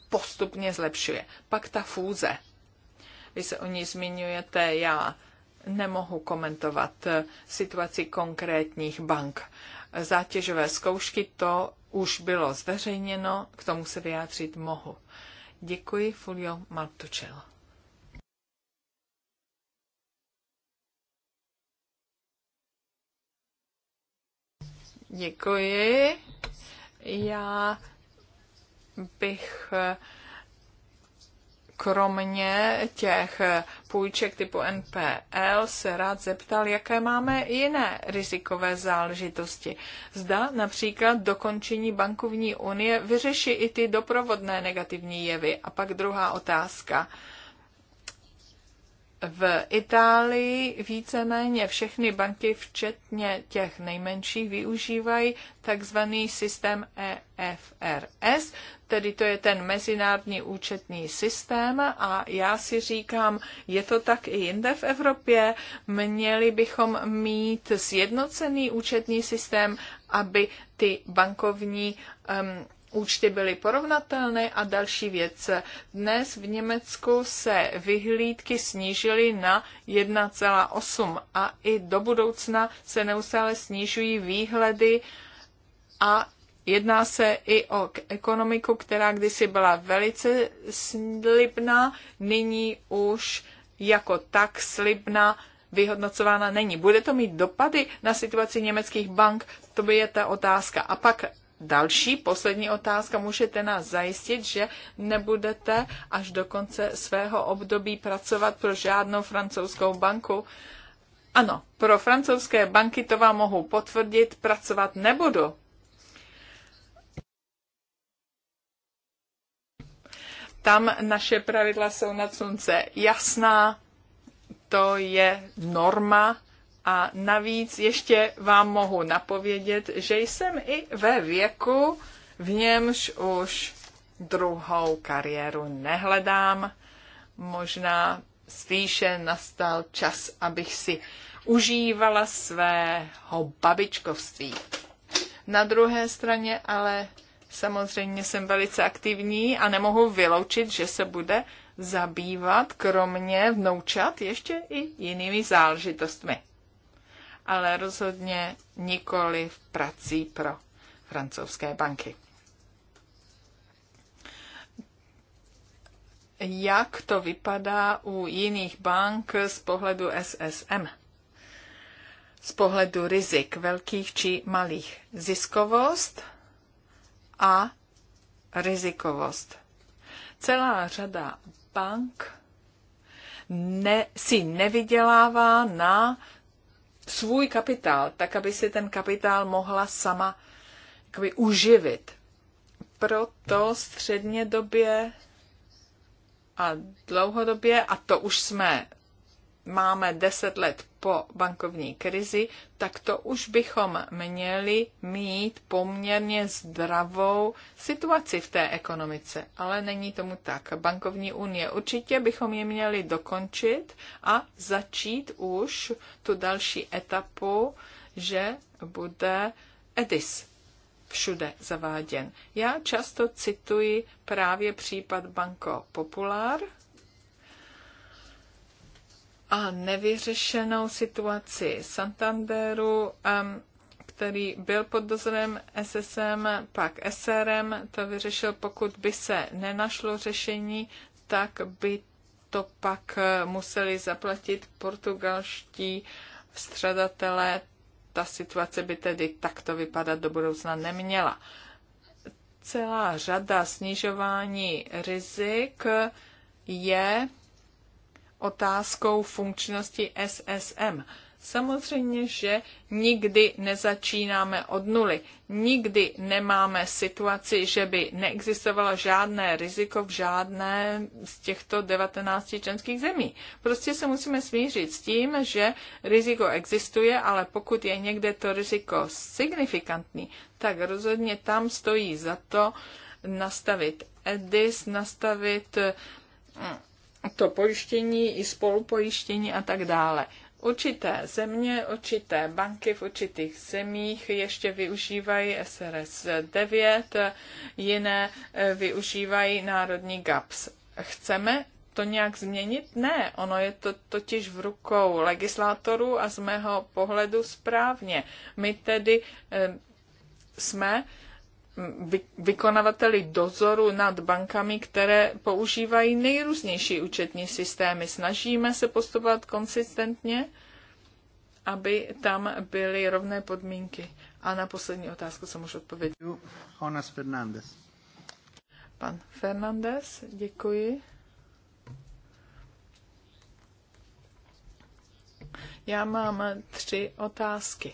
postupně zlepšuje. Pak ta fůze vy se o ní zmiňujete, já nemohu komentovat situaci konkrétních bank. Zátěžové zkoušky to už bylo zveřejněno, k tomu se vyjádřit mohu. Děkuji, Fulio Martučel. Děkuji. Já bych kromě těch půjček typu NPL se rád zeptal, jaké máme jiné rizikové záležitosti. Zda například dokončení bankovní unie vyřeší i ty doprovodné negativní jevy. A pak druhá otázka. V Itálii víceméně všechny banky, včetně těch nejmenších, využívají takzvaný systém EFRS, tedy to je ten mezinárodní účetní systém a já si říkám, je to tak i jinde v Evropě, měli bychom mít sjednocený účetní systém, aby ty bankovní um, účty byly porovnatelné a další věc. Dnes v Německu se vyhlídky snížily na 1,8 a i do budoucna se neustále snižují výhledy a jedná se i o ekonomiku, která kdysi byla velice slibná, nyní už jako tak slibná vyhodnocována není. Bude to mít dopady na situaci německých bank? To by je ta otázka. A pak další, poslední otázka. Můžete nás zajistit, že nebudete až do konce svého období pracovat pro žádnou francouzskou banku? Ano, pro francouzské banky to vám mohu potvrdit, pracovat nebudu. Tam naše pravidla jsou na slunce jasná, to je norma, a navíc ještě vám mohu napovědět, že jsem i ve věku, v němž už druhou kariéru nehledám. Možná spíše nastal čas, abych si užívala svého babičkovství. Na druhé straně ale samozřejmě jsem velice aktivní a nemohu vyloučit, že se bude zabývat kromě vnoučat ještě i jinými záležitostmi ale rozhodně nikoli v prací pro francouzské banky. Jak to vypadá u jiných bank z pohledu SSM? Z pohledu rizik velkých či malých. Ziskovost a rizikovost. Celá řada bank ne, si nevydělává na svůj kapitál, tak aby si ten kapitál mohla sama jakoby, uživit. Proto středně době a dlouhodobě, a to už jsme, máme deset let po bankovní krizi, tak to už bychom měli mít poměrně zdravou situaci v té ekonomice. Ale není tomu tak. Bankovní unie určitě bychom je měli dokončit a začít už tu další etapu, že bude EDIS všude zaváděn. Já často cituji právě případ Banko Popular, a nevyřešenou situaci Santanderu, který byl pod dozorem SSM, pak SRM, to vyřešil, pokud by se nenašlo řešení, tak by to pak eh, museli zaplatit portugalští střadatelé. Ta situace by tedy takto vypadat do budoucna neměla. Celá řada snižování rizik je otázkou funkčnosti SSM. Samozřejmě, že nikdy nezačínáme od nuly. Nikdy nemáme situaci, že by neexistovalo žádné riziko v žádné z těchto 19 členských zemí. Prostě se musíme smířit s tím, že riziko existuje, ale pokud je někde to riziko signifikantní, tak rozhodně tam stojí za to nastavit EDIS, nastavit mm, to pojištění i spolupojištění a tak dále. Určité země, určité banky v určitých zemích ještě využívají SRS 9, jiné eh, využívají národní GAPS. Chceme to nějak změnit? Ne, ono je to totiž v rukou legislátorů a z mého pohledu správně. My tedy eh, jsme vykonavateli dozoru nad bankami, které používají nejrůznější účetní systémy. Snažíme se postupovat konsistentně, aby tam byly rovné podmínky. A na poslední otázku jsem už odpověděl. Jonas Fernandez. Pan Fernandez, děkuji. Já mám tři otázky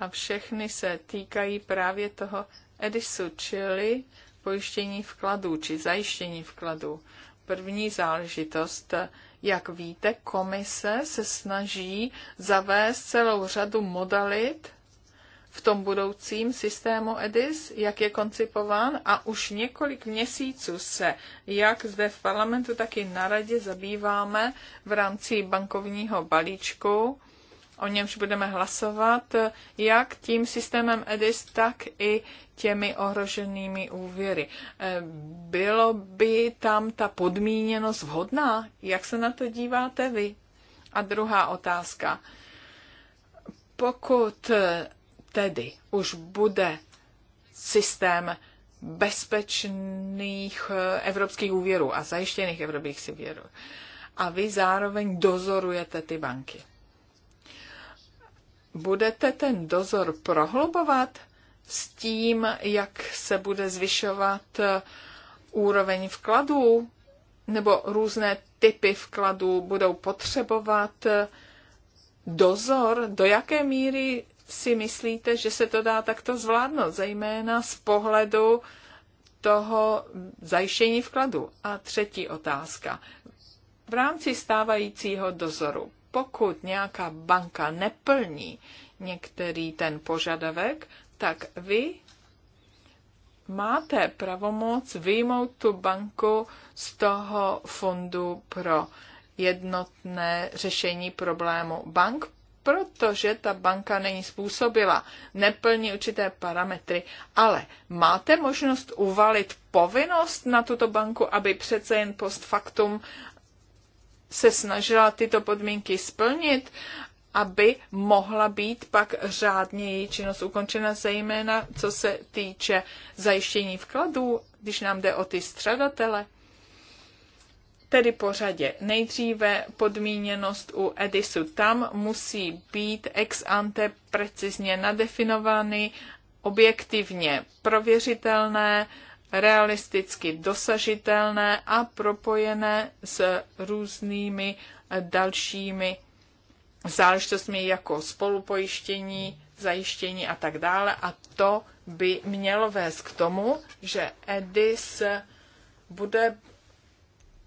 a všechny se týkají právě toho EDISu, čili pojištění vkladů či zajištění vkladů. První záležitost, jak víte, komise se snaží zavést celou řadu modalit v tom budoucím systému EDIS, jak je koncipován a už několik měsíců se, jak zde v parlamentu, tak i na radě zabýváme v rámci bankovního balíčku o němž budeme hlasovat, jak tím systémem EDIS, tak i těmi ohroženými úvěry. Eh, bylo by tam ta podmíněnost vhodná? Jak se na to díváte vy? A druhá otázka. Pokud eh, tedy už bude systém bezpečných eh, evropských úvěrů a zajištěných evropských úvěrů, a vy zároveň dozorujete ty banky budete ten dozor prohlubovat s tím, jak se bude zvyšovat eh, úroveň vkladů, nebo různé typy vkladů budou potřebovat eh, dozor, do jaké míry si myslíte, že se to dá takto zvládnout, zejména z pohledu toho zajištění vkladu. A třetí otázka. V rámci stávajícího dozoru pokud nějaká banka neplní některý ten požadavek, tak vy máte pravomoc vyjmout tu banku z toho fondu pro jednotné řešení problému bank, protože ta banka není způsobila, neplní určité parametry, ale máte možnost uvalit povinnost na tuto banku, aby přece jen post factum se snažila tyto podmínky splnit, aby mohla být pak řádně její činnost ukončena, zejména co se týče zajištění vkladů, když nám jde o ty středatele. Tedy pořadě. Nejdříve podmíněnost u Edisu. Tam musí být ex ante precizně nadefinovány, objektivně prověřitelné, realisticky dosažitelné a propojené s různými dalšími záležitostmi jako spolupojištění, zajištění a tak dále. A to by mělo vést k tomu, že EDIS bude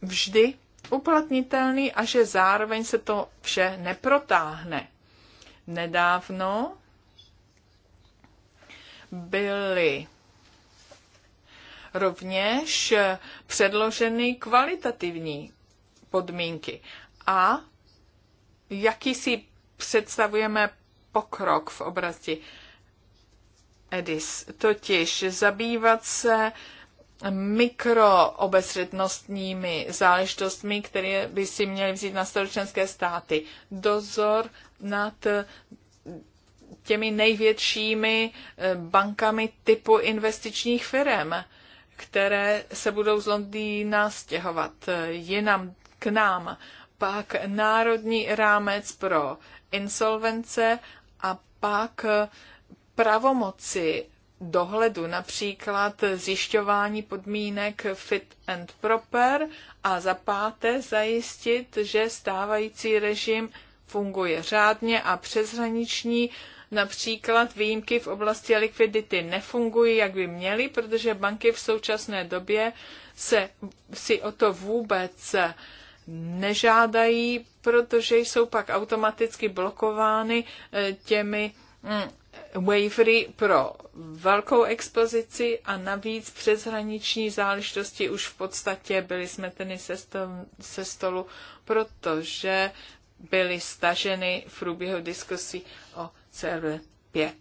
vždy uplatnitelný a že zároveň se to vše neprotáhne. Nedávno byly rovněž předloženy kvalitativní podmínky a jaký si představujeme pokrok v oblasti EDIS, totiž zabývat se mikroobezřetnostními záležitostmi, které by si měly vzít na staročenské státy. Dozor nad těmi největšími eh, bankami typu investičních firm které se budou z Londýna stěhovat eh, jinam k nám. Pak národní rámec pro insolvence a pak eh, pravomoci dohledu, například zjišťování podmínek fit and proper a za páté zajistit, že stávající režim funguje řádně a přeshraniční uh, Například výjimky v oblasti likvidity nefungují, jak by měly, protože banky v současné době se, si o to vůbec nežádají, protože jsou pak automaticky blokovány eh, těmi mm, wavery pro velkou expozici a navíc přeshraniční záležitosti už v podstatě byly smeteny se, sto, se stolu, protože byly staženy v průběhu diskusí o CR5.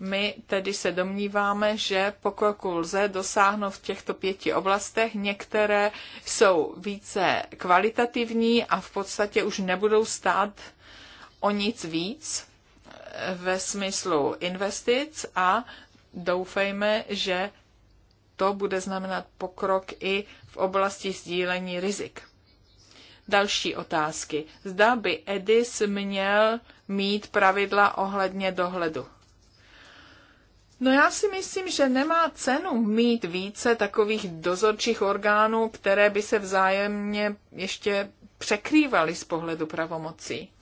My tedy se domníváme, že pokroku lze dosáhnout v těchto pěti oblastech. Některé jsou více kvalitativní a v podstatě už nebudou stát o nic víc ve smyslu investic a doufejme, že to bude znamenat pokrok i v oblasti sdílení rizik. Další otázky. Zda by Edis měl mít pravidla ohledně dohledu. No já si myslím, že nemá cenu mít více takových dozorčích orgánů, které by se vzájemně ještě překrývaly z pohledu pravomocí.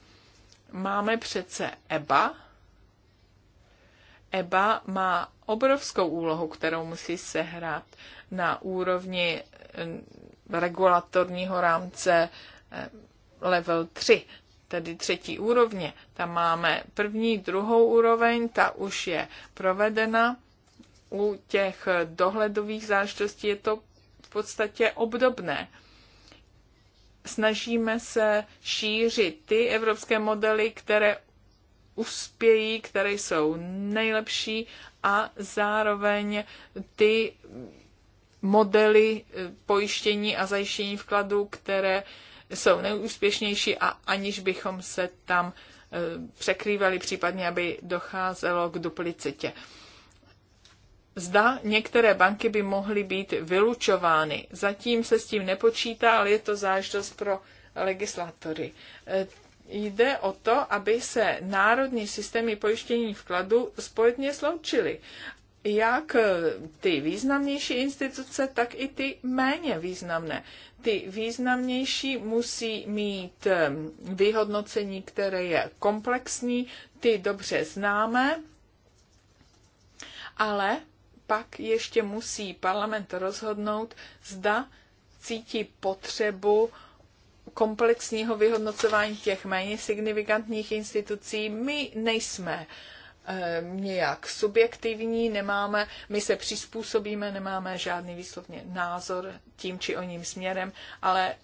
Máme přece EBA. EBA má obrovskou úlohu, kterou musí sehrát na úrovni eh, regulatorního rámce eh, level 3 tedy třetí úrovně. Tam máme první, druhou úroveň, ta už je provedena. U těch dohledových záležitostí je to v podstatě obdobné. Snažíme se šířit ty evropské modely, které uspějí, které jsou nejlepší a zároveň ty modely eh, pojištění a zajištění vkladů, které uh, jsou neúspěšnější a aniž bychom se tam eh, překrývali, případně aby docházelo k duplicitě. Zda některé banky by mohly být vylučovány. Zatím se s tím nepočítá, ale je to záždost pro legislatory. Eh, jde o to, aby se národní systémy pojištění vkladu spojitně sloučily. Jak eh, ty významnější instituce, tak i ty méně významné. Ty významnější musí mít vyhodnocení, které je komplexní, ty dobře známe, ale pak ještě musí parlament rozhodnout, zda cítí potřebu komplexního vyhodnocování těch méně signifikantních institucí. My nejsme uh, Eh, nějak subjektivní, nemáme, my se přizpůsobíme, nemáme žádný výslovně názor tím či oním směrem, ale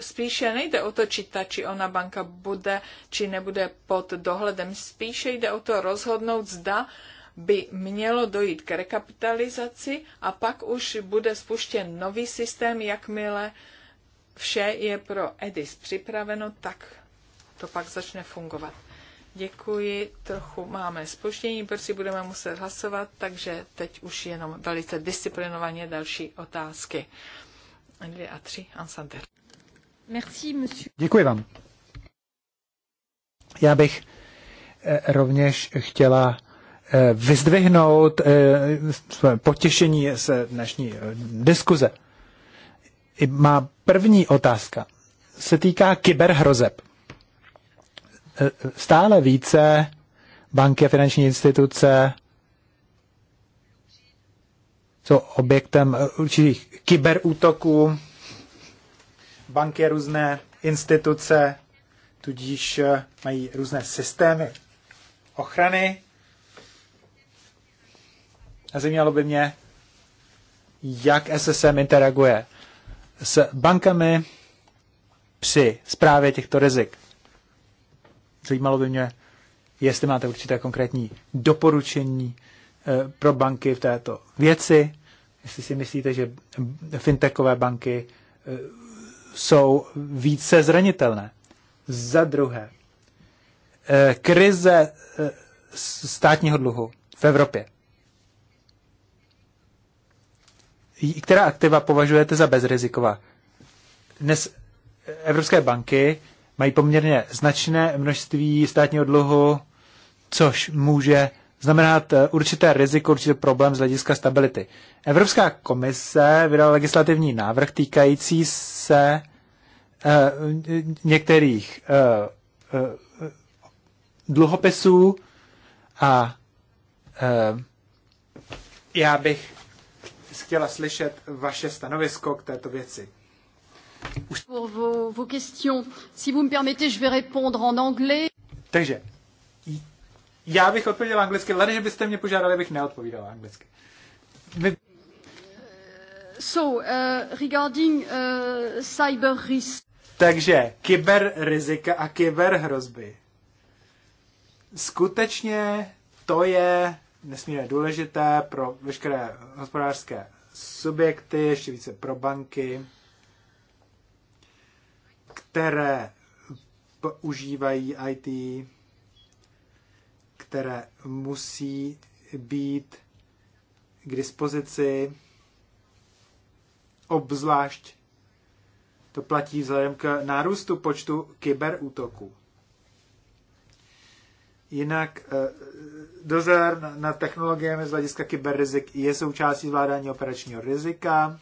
spíše nejde o to, či ta či ona banka bude či nebude pod dohledem. Spíše jde o to rozhodnout, zda by mělo dojít k rekapitalizaci a pak už bude spuštěn nový systém, jakmile vše je pro EDIS připraveno, tak to pak začne fungovat. Děkuji, trochu máme spoždění, protože budeme muset hlasovat, takže teď už jenom velice disciplinovaně další otázky. Dvě a tři, Ansander. Merci, monsieur. Děkuji vám. Já bych eh, rovněž chtěla eh, vyzdvihnout eh, své potěšení z dnešní diskuze. Má první otázka se týká kyberhrozeb stále více banky a finanční instituce jsou objektem určitých kyberútoků, banky různé instituce, tudíž eh, mají různé systémy ochrany. A zajímalo by mě, jak SSM interaguje s bankami při zprávě těchto rizik. Zajímalo by mě, jestli máte určité konkrétní doporučení eh, pro banky v této věci, jestli si myslíte, že fintechové banky eh, jsou více zranitelné. Za druhé, eh, krize státního dluhu v Evropě. Která aktiva považujete za bezriziková? Dnes evropské banky mají poměrně značné množství státního dluhu, což může znamenat eh, určité riziko, určitý problém z hlediska stability. Evropská komise vydala legislativní návrh týkající se eh, některých eh, eh, dluhopisů a eh, já bych chtěla slyšet vaše stanovisko k této věci. Pour vos, vos questions, si vous me permettez, je vais répondre en anglais. Takže, já bych odpověděl anglicky, ale že byste mě požádali, abych neodpovídal anglicky. My... Eh, so, uh, regarding uh, cyber risk. Takže kyber rizika a kyber hrozby. Skutečně to je nesmírně důležité pro veškeré hospodářské subjekty, ještě více pro banky které používají IT, které musí být k dispozici, obzvlášť to platí vzhledem k nárůstu počtu kyberútoků. Jinak eh, dozor nad technologiemi z hlediska kyberrizik je součástí zvládání operačního rizika.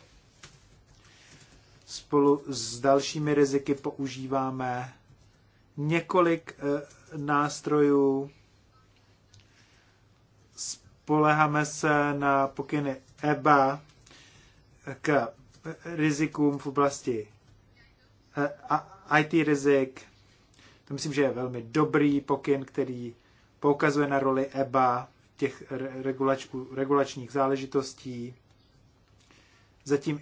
Spolu s dalšími riziky používáme několik eh, nástrojů. Spoleháme se na pokyny EBA k rizikům v oblasti eh, IT rizik. To myslím, že je velmi dobrý pokyn, který poukazuje na roli EBA těch regulačních záležitostí. Zatím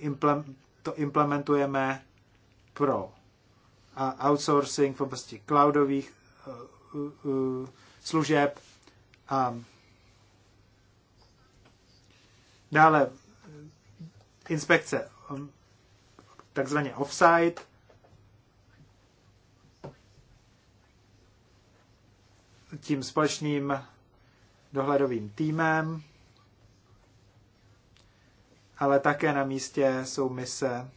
to implementujeme pro a outsourcing v oblasti cloudových eh, eh, služeb a dále inspekce hm, takzvaně offsite, tím společným dohledovým týmem, ale také na místě jsou mise.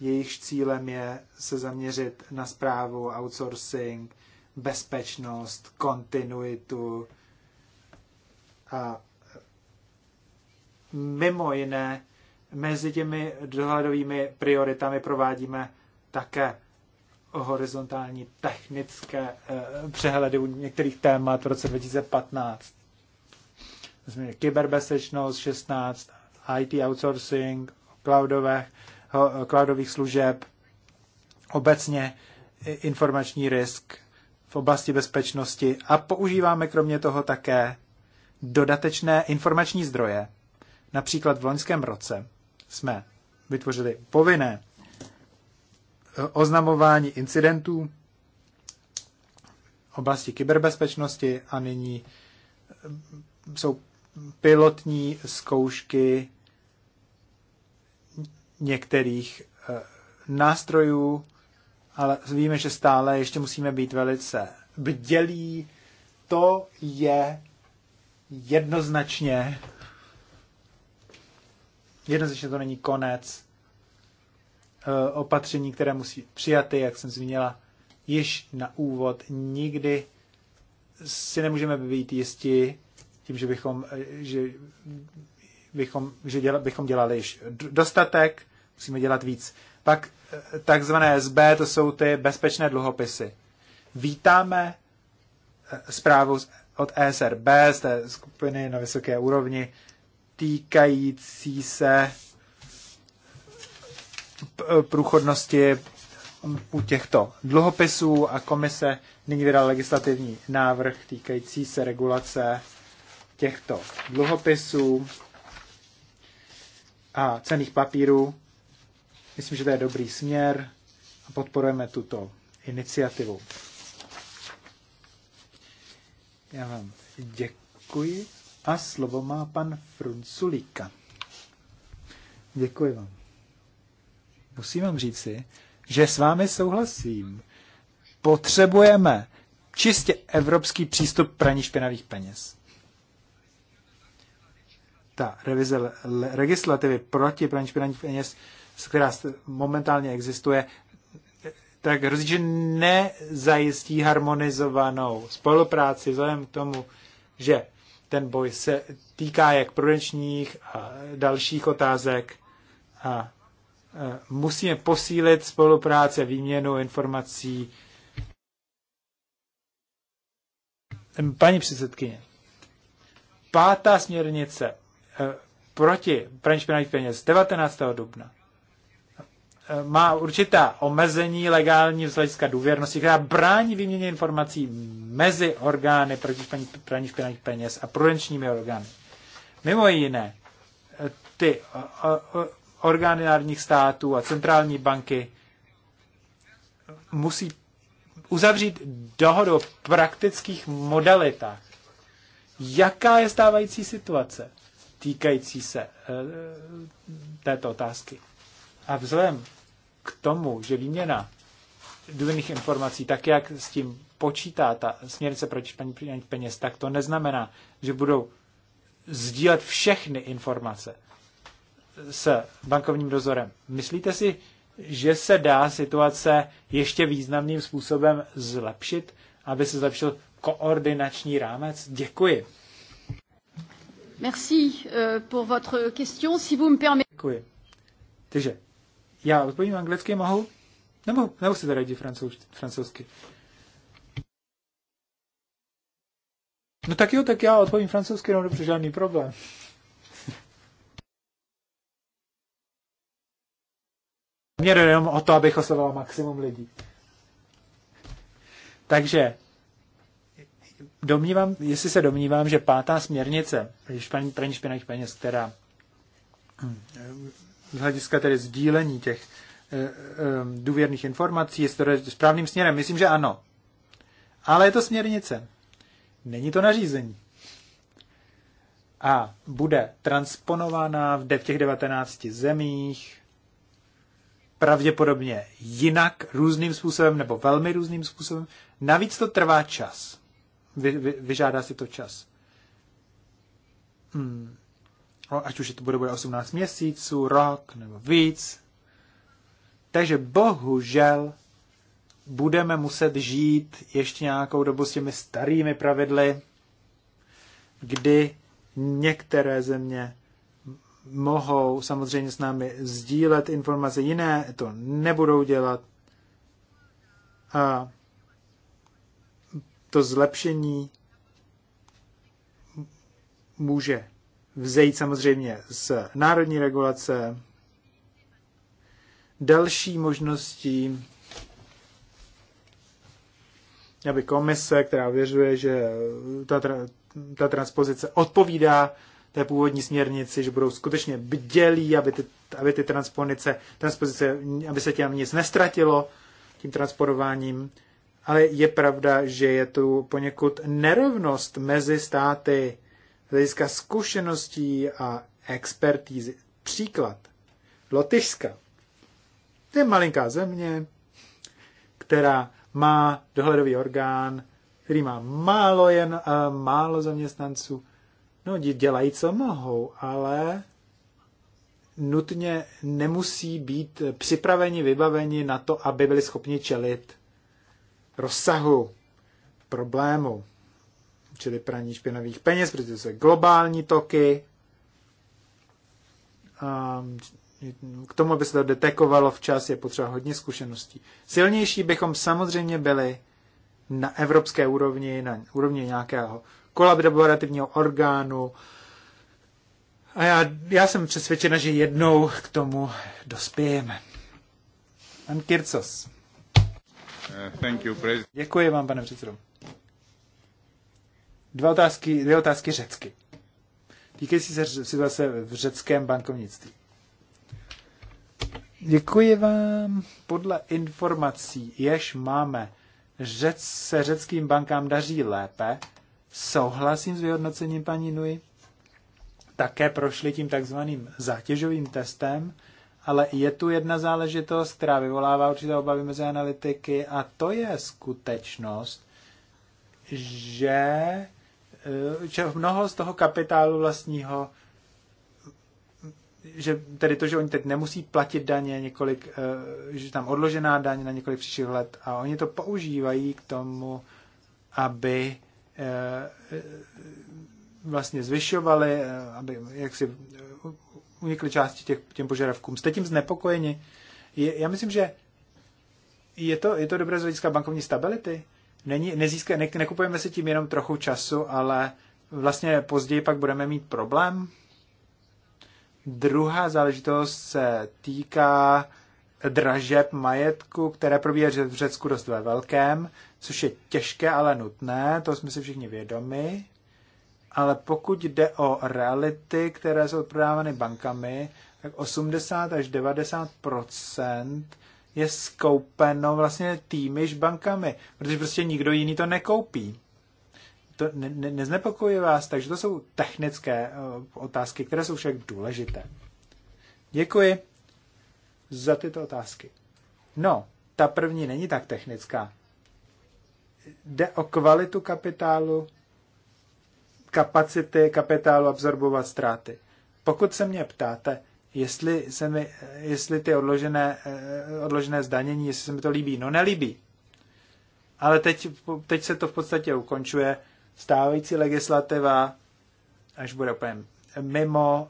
Jejich cílem je se zaměřit na zprávu, outsourcing, bezpečnost, kontinuitu a mimo jiné mezi těmi dohledovými prioritami provádíme také horizontální technické eh, přehledy u některých témat v roce 2015 změny kyberbezpečnost 16, IT outsourcing, cloudových, cloudových služeb, obecně informační risk v oblasti bezpečnosti a používáme kromě toho také dodatečné informační zdroje. Například v loňském roce jsme vytvořili povinné e, oznamování incidentů v oblasti kyberbezpečnosti a nyní e, jsou pilotní zkoušky některých eh, nástrojů, ale víme, že stále ještě musíme být velice bdělí. To je jednoznačně, jednoznačně to není konec eh, opatření, které musí přijaty, jak jsem zmínila, již na úvod nikdy si nemůžeme být jistí, tím, že bychom, eh, že bychom, že děla, bychom dělali dostatek, musíme dělat víc. Pak eh, takzvané SB, to jsou ty bezpečné dluhopisy. Vítáme eh, zprávu od ESRB z té skupiny na vysoké úrovni týkající se průchodnosti u těchto dluhopisů a komise nyní vydala legislativní návrh týkající se regulace těchto dluhopisů a cených papírů. Myslím, že to je dobrý směr a podporujeme tuto iniciativu. Já vám děkuji a slovo má pan Frunculíka. Děkuji vám. Musím vám říci, že s vámi souhlasím. Potřebujeme čistě evropský přístup praní špinavých peněz ta revize legislativy proti praní špinavých peněz, která momentálně existuje, tak hrozí, že nezajistí harmonizovanou spolupráci vzhledem k tomu, že ten boj se týká jak prudenčních a dalších otázek a e, musíme posílit spolupráci a výměnu informací. Paní předsedkyně, pátá směrnice Eh, proti praní špinavých peněz 19. dubna eh, má určitá omezení legální z hlediska důvěrnosti, která brání výměně informací mezi orgány proti praní špinavých peněz a prudenčními orgány. Mimo jiné, eh, ty orgány národních států a centrální banky musí uzavřít dohodu o praktických modalitách. Jaká je stávající situace? týkající se eh, této otázky. A vzhledem k tomu, že výměna důvěrných informací, tak jak s tím počítá ta směrnice proti praní peněz, tak to neznamená, že budou sdílet všechny informace s bankovním dozorem. Myslíte si, že se dá situace ještě významným způsobem zlepšit, aby se zlepšil koordinační rámec? Děkuji. Merci euh, pour votre question. Si vous me permettez... Děkuji. Takže já odpovím anglicky, mohu? Nebo, nebo se radí francouz, francouzsky? No tak jo, tak já odpovím francouzsky, no dobře, žádný problém. Mě jde jenom o to, abych oslovoval maximum lidí. Takže domnívám, jestli se domnívám, že pátá směrnice praní špinavých peněz, která hm, z hlediska tedy sdílení těch eh, eh, důvěrných informací, jestli to je správným směrem, myslím, že ano. Ale je to směrnice. Není to nařízení. A bude transponována v těch 19 zemích, pravděpodobně jinak, různým způsobem nebo velmi různým způsobem. Navíc to trvá čas vy, vy, vyžádá si to čas. Hmm. Ať už je to bude, bude 18 měsíců, rok nebo víc. Takže bohužel budeme muset žít ještě nějakou dobu s těmi starými pravidly, kdy některé země mohou samozřejmě s námi sdílet informace, jiné to nebudou dělat. A to zlepšení může vzejít samozřejmě z národní regulace. Další možností, aby komise, která věřuje, že ta, ta transpozice odpovídá té původní směrnici, že budou skutečně bdělí, aby ty, aby ty transpozice, aby se těm nic nestratilo tím transponováním, ale je pravda, že je tu poněkud nerovnost mezi státy z hlediska zkušeností a expertízy. Příklad. Lotyšska. To je malinká země, která má dohledový orgán, který má málo jen eh, málo zaměstnanců. No, dělají, co mohou, ale nutně nemusí být připraveni, vybaveni na to, aby byli schopni čelit rozsahu problému, čili praní špinavých peněz, protože jsou globální toky. A k tomu, aby se to detekovalo včas, je potřeba hodně zkušeností. Silnější bychom samozřejmě byli na evropské úrovni, na úrovni nějakého kolaborativního orgánu. A já, já jsem přesvědčena, že jednou k tomu dospějeme. Pan Kircos. Děkuji vám, pane předsedo. Dva otázky, dvě otázky řecky. Díky si se situace v řeckém bankovnictví. Děkuji vám. Podle informací, jež máme, řec, se řeckým bankám daří lépe. Souhlasím s vyhodnocením paní Nui. Také prošli tím takzvaným zátěžovým testem ale je tu jedna záležitost, která vyvolává určité obavy mezi analytiky a to je skutečnost, že, eh, že mnoho z toho kapitálu vlastního že tedy to, že oni teď nemusí platit daně několik, eh, že tam odložená daň na několik příštích let a oni to používají k tomu, aby eh, vlastně zvyšovali, aby jak unikly části těch, těm požadavkům. Jste tím znepokojeni? Je, já myslím, že je to, je to dobré z hlediska bankovní stability. Není, nezíska, ne, nekupujeme si tím jenom trochu času, ale vlastně později pak budeme mít problém. Druhá záležitost se týká dražeb majetku, které probíhá, v Řecku dost ve velkém, což je těžké, ale nutné, to jsme si všichni vědomi ale pokud jde o reality, které jsou prodávány bankami, tak 80 až 90 je skoupeno vlastně týmyž bankami, protože prostě nikdo jiný to nekoupí. To ne, ne, neznepokojuje vás, takže to jsou technické eh, otázky, které jsou však důležité. Děkuji za tyto otázky. No, ta první není tak technická. Jde o kvalitu kapitálu kapacity kapitálu absorbovat ztráty. Pokud se mě ptáte, jestli, se mi, jestli ty odložené, eh, odložené zdanění, jestli se mi to líbí, no nelíbí. Ale teď, teď se to v podstatě ukončuje. Stávající legislativa, až bude úplně mimo,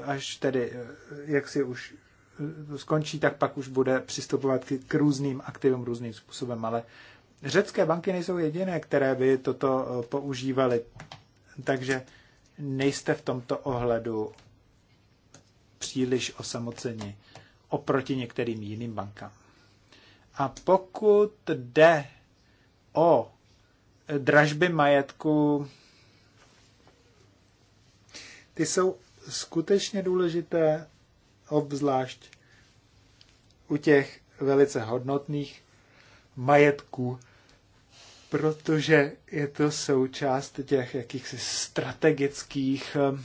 eh, až tedy, eh, jak si už skončí, tak pak už bude přistupovat k, k různým aktivům různým způsobem. Ale řecké banky nejsou jediné, které by toto používaly takže nejste v tomto ohledu příliš osamoceni oproti některým jiným bankám. A pokud jde o dražby majetku, ty jsou skutečně důležité, obzvlášť u těch velice hodnotných majetků, protože je to součást těch jakýchsi strategických eh,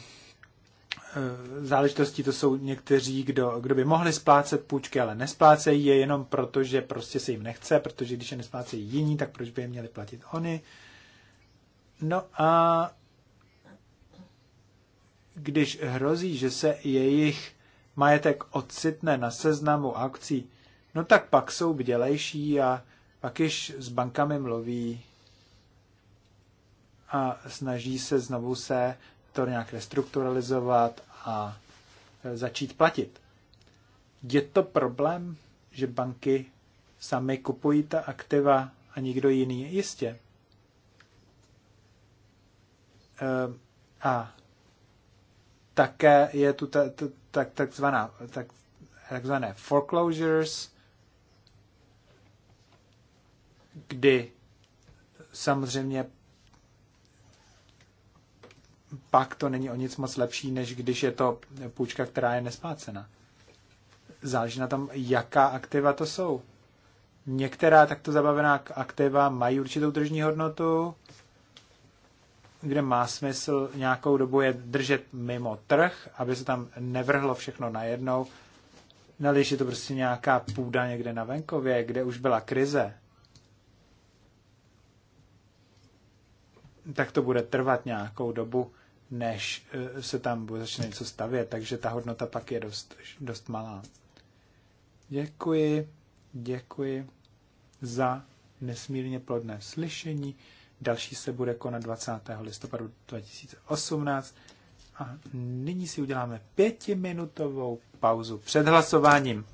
eh, záležitostí. To jsou někteří, kdo, kdo by mohli splácet půjčky, ale nesplácejí je jenom proto, že prostě se jim nechce, protože když je nesplácejí jiní, tak proč by je měli platit oni. No a když hrozí, že se jejich majetek ocitne na seznamu akcí, no tak pak jsou bdělejší a pak již s bankami mluví a snaží se znovu se to nějak restrukturalizovat a e, začít platit. Je to problém, že banky sami kupují ta aktiva a nikdo jiný? je, Jistě. E, a také je tu tak, takzvaná, tak, takzvané foreclosures, kdy samozřejmě pak to není o nic moc lepší, než když je to půjčka, která je nesplácena. Záleží na tom, jaká aktiva to jsou. Některá takto zabavená aktiva mají určitou tržní hodnotu, kde má smysl nějakou dobu je držet mimo trh, aby se tam nevrhlo všechno najednou. Neliž je to prostě nějaká půda někde na venkově, kde už byla krize, tak to bude trvat nějakou dobu, než e, se tam bude začne něco stavět, takže ta hodnota pak je dost, dost malá. Děkuji, děkuji za nesmírně plodné slyšení. Další se bude konat 20. listopadu 2018. A nyní si uděláme pětiminutovou pauzu před hlasováním.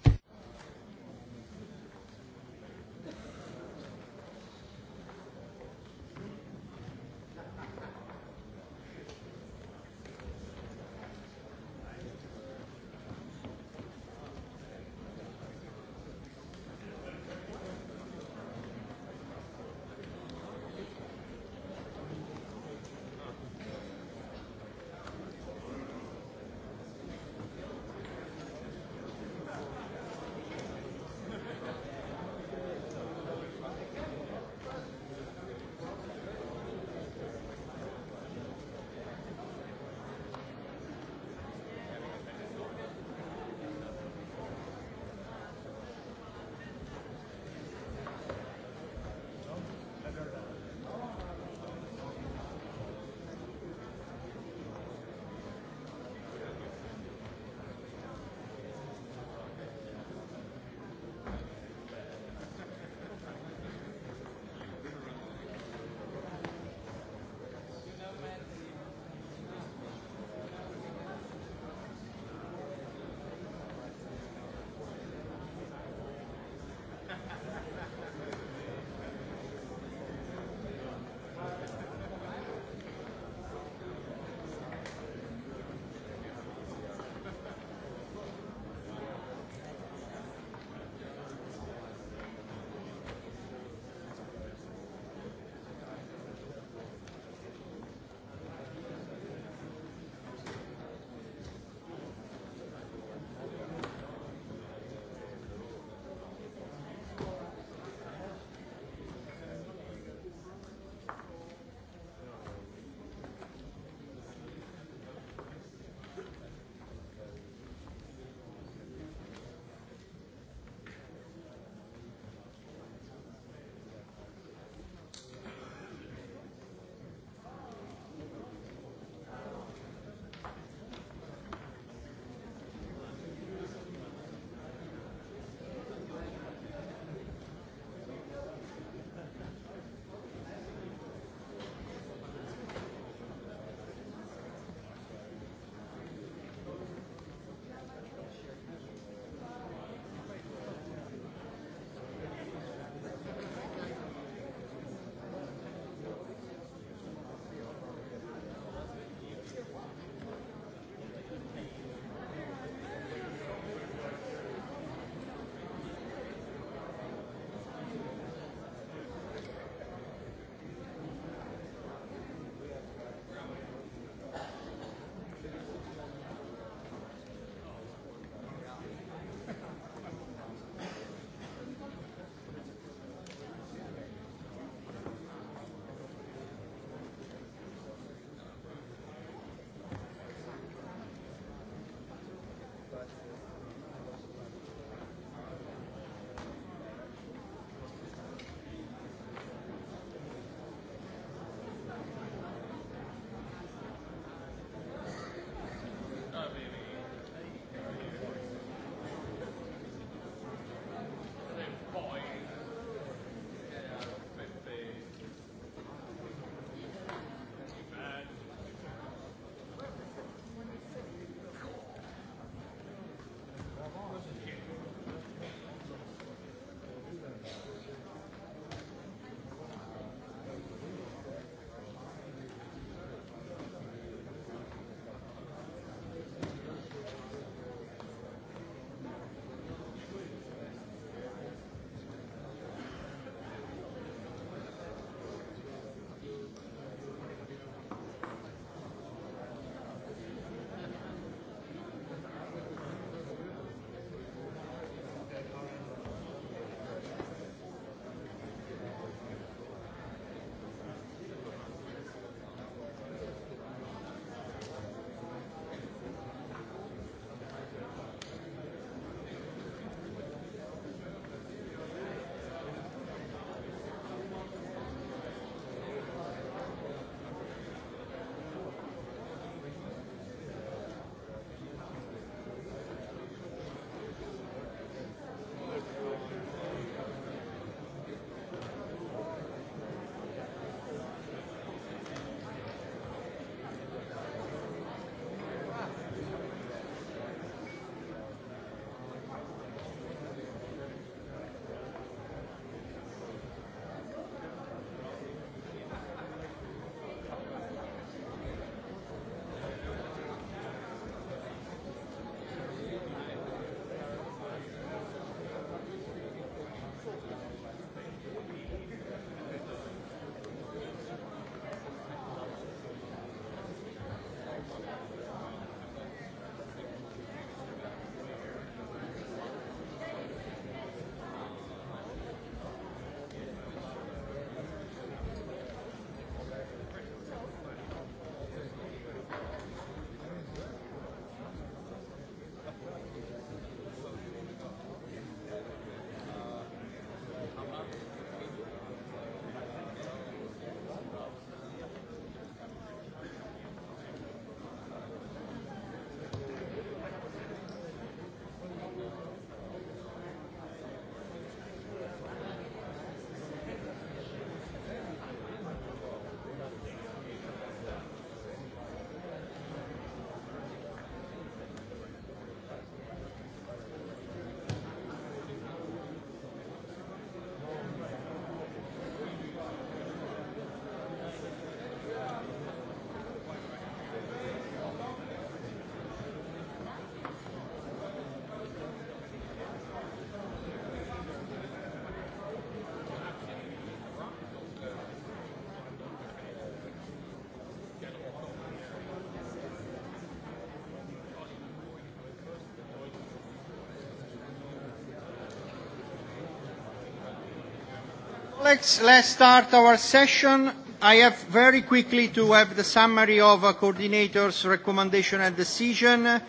Let's, let's start our session. I have very quickly to have the summary of a coordinator's recommendation and decision.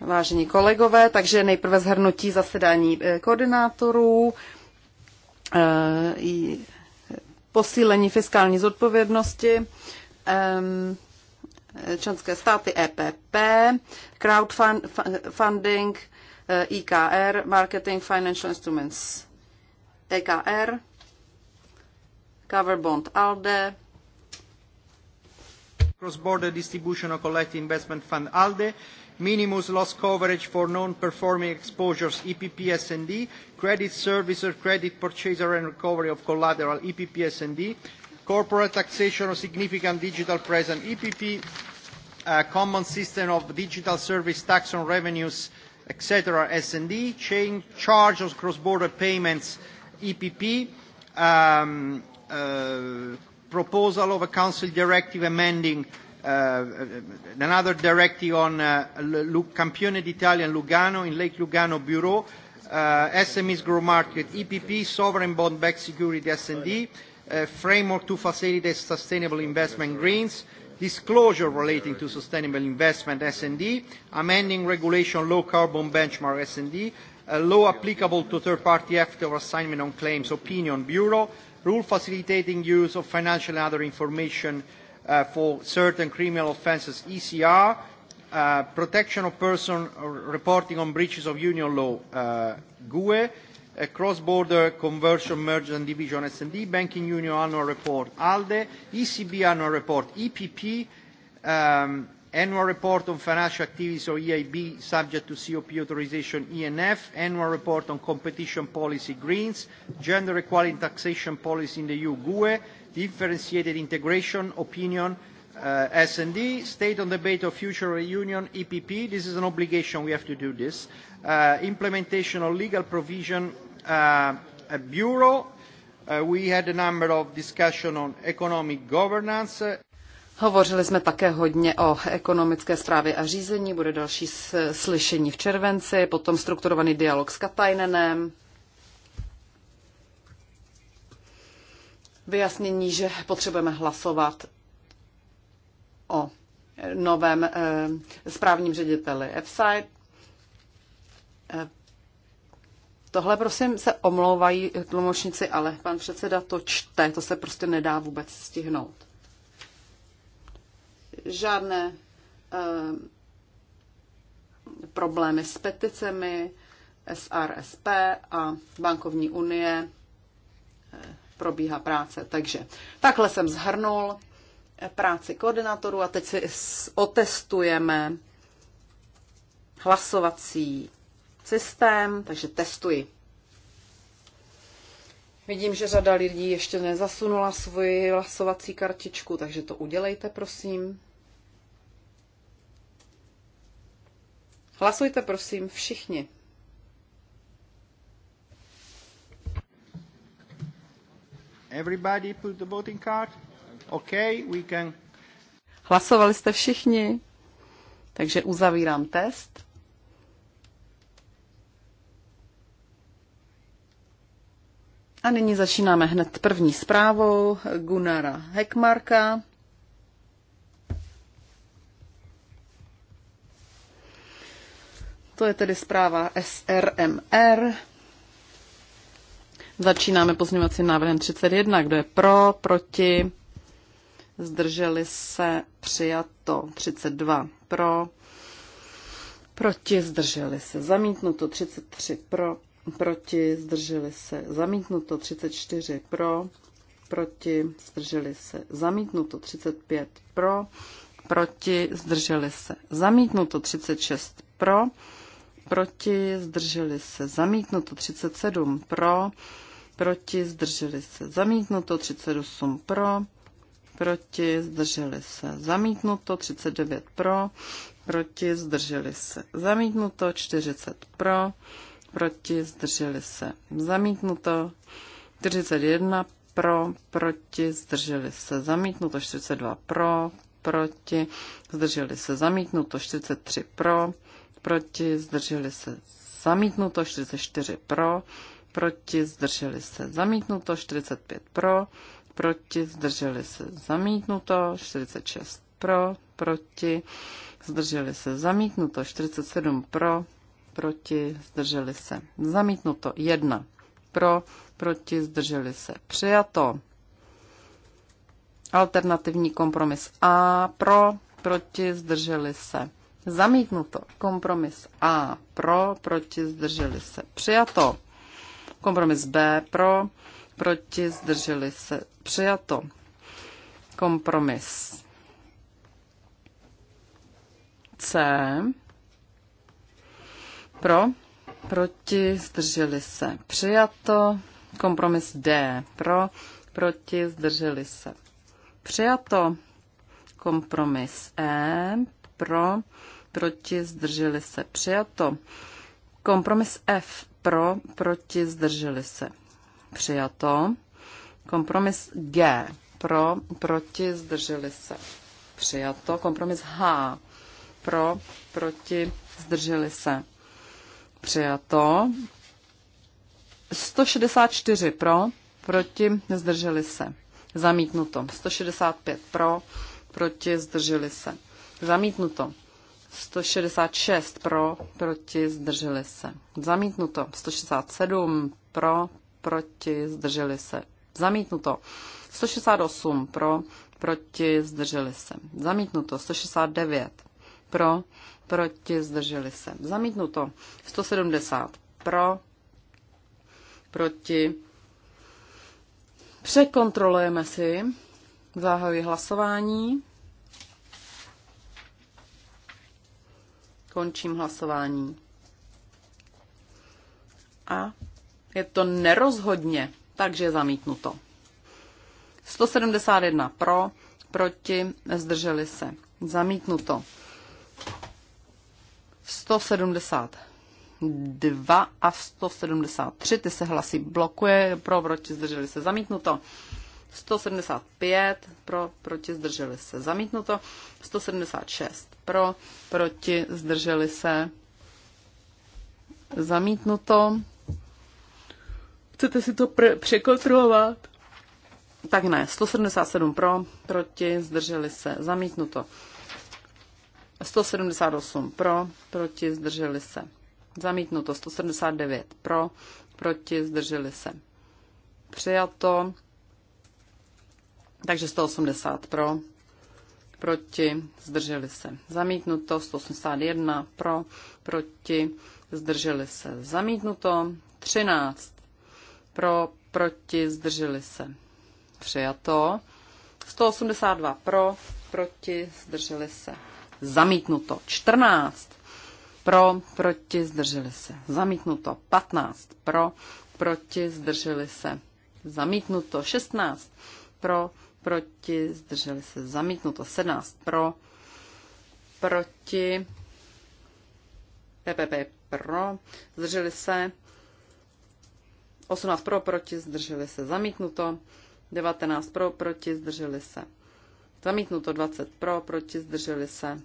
Vážení kolegové, takže nejprve zhrnutí zasedání eh, koordinátorů, eh, posílení fiskální zodpovědnosti, eh, členské státy EPP, crowdfunding, IKR, Marketing Financial Instruments, EKR, Cover Bond ALDE, cross-border distribution of collective investment fund ALDE, minimum loss coverage for non-performing exposures EPPSND, credit servicer, credit purchaser and recovery of collateral EPPSND, corporate taxation of significant digital presence EPP, uh, common system of digital service tax on revenues, etc. S&D, change charge of cross-border payments EPP, um, Uh, proposal of a Council directive amending uh, uh another directive on uh, Campione d'Italia and Lugano in Lake Lugano Bureau, uh, SMEs Grow Market, EPP, Sovereign Bond back Security S&D, uh, Framework to Facilitate Sustainable Investment Greens, Disclosure relating to sustainable investment S&D, amending regulation low carbon benchmark S&D, uh, law applicable to third-party after of assignment on claims opinion bureau, rule facilitating use of financial and other information uh, for certain criminal offences, ECR, uh, protection of person uh, reporting on breaches of union law, uh, GUE, a cross-border conversion, merger and division, S&D, banking union annual report, ALDE, ECB annual report, EPP, um, Annual report on financial activities of EIB subject to COP authorization ENF. Annual report on competition policy Greens. Gender equality and taxation policy in the EU GUE. Differentiated integration opinion uh, S&D. State on debate of future reunion EPP. This is an obligation. We have to do this. Uh, implementation of legal provision uh, Bureau. we had a number of discussion on economic governance. Hovořili jsme také hodně o ekonomické zprávě a řízení, bude další slyšení v červenci, potom strukturovaný dialog s Katajnenem, vyjasnění, že potřebujeme hlasovat o novém eh, správním řediteli EFSI. Eh, tohle prosím se omlouvají tlumočníci, ale pan předseda to čte, to se prostě nedá vůbec stihnout žádné eh, problémy s peticemi, SRSP a bankovní unie eh, probíhá práce. Takže takhle jsem zhrnul eh, práci koordinátorů a teď si otestujeme hlasovací systém, takže testuji. Vidím, že řada lidí ještě nezasunula svoji hlasovací kartičku, takže to udělejte, prosím. Hlasujte prosím všichni. Everybody put the voting card? Okay, we can... Hlasovali jste všichni, takže uzavírám test. A nyní začínáme hned první zprávou Gunara Hekmarka. To je tedy zpráva SRMR. Začínáme pozměňovacím návrhem 31. Kdo je pro, proti? Zdrželi se přijato 32 pro, proti zdrželi se zamítnuto 33 pro, proti zdrželi se zamítnuto 34 pro, proti zdrželi se zamítnuto 35 pro, proti zdrželi se zamítnuto 36 pro, proti, zdrželi se zamítnuto 37 pro, proti, zdrželi se zamítnuto 38 pro, proti, zdrželi se zamítnuto 39 pro, proti, zdrželi se zamítnuto 40 pro, proti, zdrželi se zamítnuto 41 pro, proti, zdrželi se zamítnuto 42 pro, proti, zdrželi se zamítnuto 43 pro, proti, zdrželi se zamítnuto, 44 pro, proti, zdrželi se zamítnuto, 45 pro, proti, zdrželi se zamítnuto, 46 pro, proti, zdrželi se zamítnuto, 47 pro, proti, zdrželi se zamítnuto, 1 pro, proti, zdrželi se přijato. Alternativní kompromis A pro, proti, zdrželi se Zamítnuto. Kompromis A pro, proti zdrželi se. Přijato. Kompromis B pro, proti zdrželi se. Přijato. Kompromis C pro, proti zdrželi se. Přijato. Kompromis D pro, proti zdrželi se. Přijato. Kompromis E pro, proti, zdrželi se, přijato. Kompromis F pro, proti, zdrželi se, přijato. Kompromis G pro, proti, zdrželi se, přijato. Kompromis H pro, proti, zdrželi se, přijato. 164 pro, proti, zdrželi se. Zamítnuto. 165 pro, proti, zdrželi se. Zamítnuto. 166 pro, proti, zdrželi se. Zamítnuto. 167 pro, proti, zdrželi se. Zamítnuto. 168 pro, proti, zdrželi se. Zamítnuto. 169 pro, proti, zdrželi se. Zamítnuto. 170 pro, proti. Překontrolujeme si. Zahajuji hlasování. Končím hlasování. A je to nerozhodně, takže zamítnuto. 171 pro, proti, zdrželi se. Zamítnuto. 172 a 173, ty se hlasí blokuje, pro, proti, zdrželi se. Zamítnuto. 175 pro, proti, zdrželi se. Zamítnuto. 176 pro, proti, zdrželi se. Zamítnuto. Chcete si to překontrolovat? Tak ne, 177 pro, proti, zdrželi se, zamítnuto. 178 pro, proti, zdrželi se. Zamítnuto 179 pro, proti, zdrželi se. Přijato. Takže 180 pro, proti, zdrželi se. Zamítnuto 181 pro, proti, zdrželi se. Zamítnuto 13 pro, proti, zdrželi se. Přijato 182 pro, proti, zdrželi se. Zamítnuto 14 pro, proti, zdrželi se. Zamítnuto 15 pro, proti, zdrželi se. Zamítnuto 16 pro, proti, zdrželi se zamítnuto 17 pro, proti, PPP e pro, zdrželi se 18 pro, proti, zdrželi se zamítnuto, 19 pro, proti, zdrželi se zamítnuto, 20 pro, proti, zdrželi se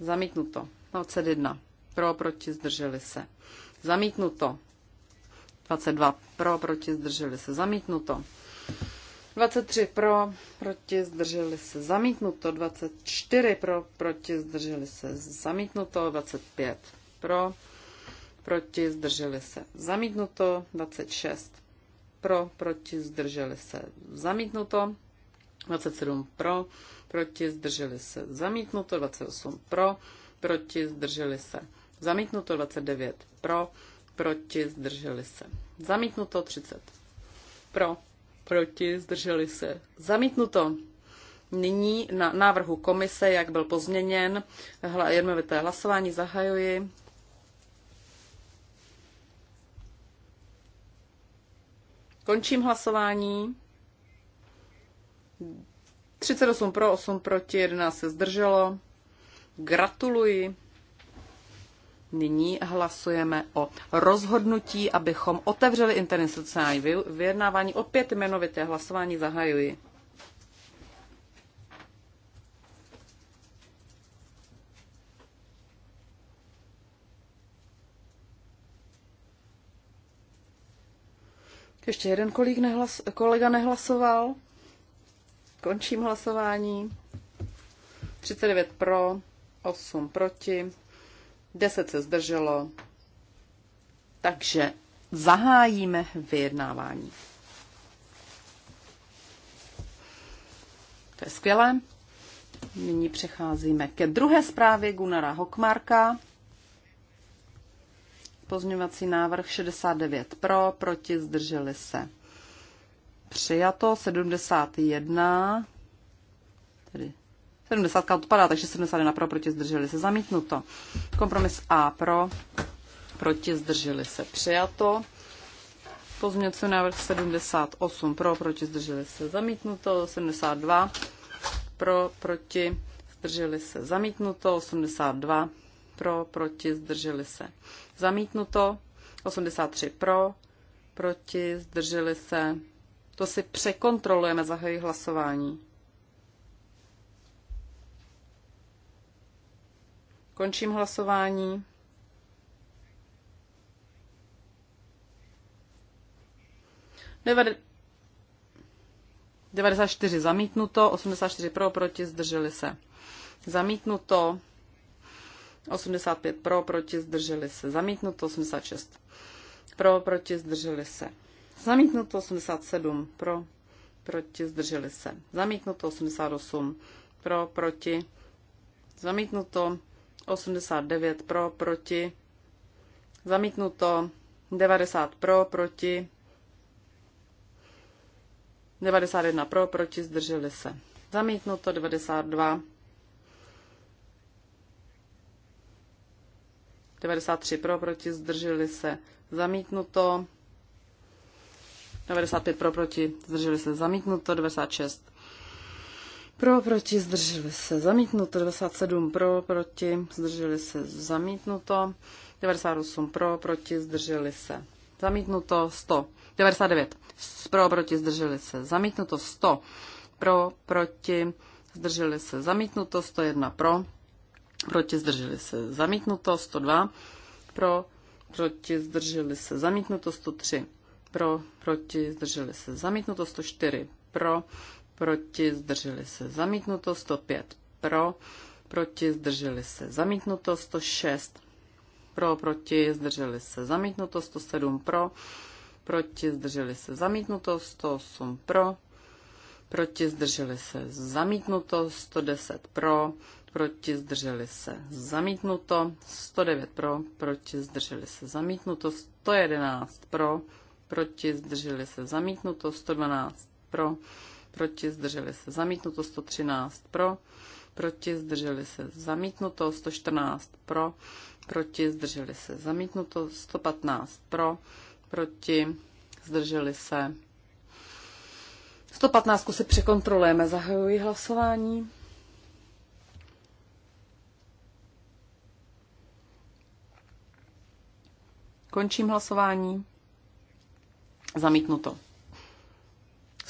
zamítnuto, 21 pro, proti, zdrželi se zamítnuto, 22 pro, proti, zdrželi se zamítnuto, 23 pro, proti zdrželi se zamítnuto, 24 pro, proti zdrželi se zamítnuto, 25 pro, proti zdrželi se zamítnuto, 26 pro, proti zdrželi se zamítnuto, 27 pro, proti zdrželi se zamítnuto, 28 pro, proti zdrželi se zamítnuto, 29 pro, proti zdrželi se zamítnuto, 30 pro, proti, zdrželi se. Zamítnuto. Nyní na návrhu komise, jak byl pozměněn, jednovité hlasování zahajuji. Končím hlasování. 38 pro, 8 proti, 11 se zdrželo. Gratuluji. Nyní hlasujeme o rozhodnutí, abychom otevřeli interinstitucionální vyjednávání. Opět jmenovité hlasování zahajuji. Ještě jeden kolik nehlas, kolega nehlasoval. Končím hlasování. 39 pro, 8 proti. 10 se zdrželo, takže zahájíme vyjednávání. To je skvělé. Nyní přecházíme ke druhé zprávě Gunara Hokmarka. Pozměňovací návrh 69 pro, proti zdrželi se. Přijato 71 70 odpadá, takže 71 pro, proti zdrželi se zamítnuto. Kompromis A pro, proti zdrželi se přijato. Pozměňovací návrh 78 pro, proti zdrželi se zamítnuto. 72 pro, proti zdrželi se zamítnuto. 82 pro, proti zdrželi se zamítnuto. 83 pro, proti zdrželi se. To si překontrolujeme, zahají hlasování. Končím hlasování. Deved... 94 zamítnuto, 84 pro, proti, zdrželi se. Zamítnuto, 85 pro, proti, zdrželi se. Zamítnuto, 86 pro, proti, zdrželi se. Zamítnuto, 87 pro, proti, zdrželi se. Zamítnuto, 88 pro, proti, zamítnuto, 89 pro, proti, zamítnuto, 90 pro, proti, 91 pro, proti, zdrželi se. Zamítnuto 92. 93 pro, proti, zdrželi se. Zamítnuto. 95 pro, proti, zdrželi se. Zamítnuto 96 pro, proti, zdrželi se, zamítnuto. 97 pro, proti, zdrželi se, zamítnuto. 98 pro, proti, zdrželi se, zamítnuto. 100. 99 pro, proti, zdrželi se, zamítnuto. 100 pro, proti, zdrželi se, zamítnuto. 101 pro, proti, zdrželi se, zamítnuto. 102 pro, proti, zdrželi se, zamítnuto. 103 pro, proti, zdrželi se, zamítnuto. 104 pro, proti, zdrželi se zamítnuto, 105 pro, proti, zdrželi se zamítnuto, 106 pro, proti, zdrželi se zamítnuto, 107 pro, proti, zdrželi se zamítnuto, 108 pro, proti, zdrželi se zamítnuto, 110 pro, proti, zdrželi se zamítnuto, 109 pro, proti, zdrželi se zamítnuto, 111 pro, proti, zdrželi se zamítnuto, 112 pro, proti, zdrželi se zamítnuto, 113 pro, proti, zdrželi se zamítnuto, 114 pro, proti, zdrželi se zamítnuto, 115 pro, proti, zdrželi se. 115 si překontrolujeme, zahajuji hlasování. Končím hlasování. Zamítnuto.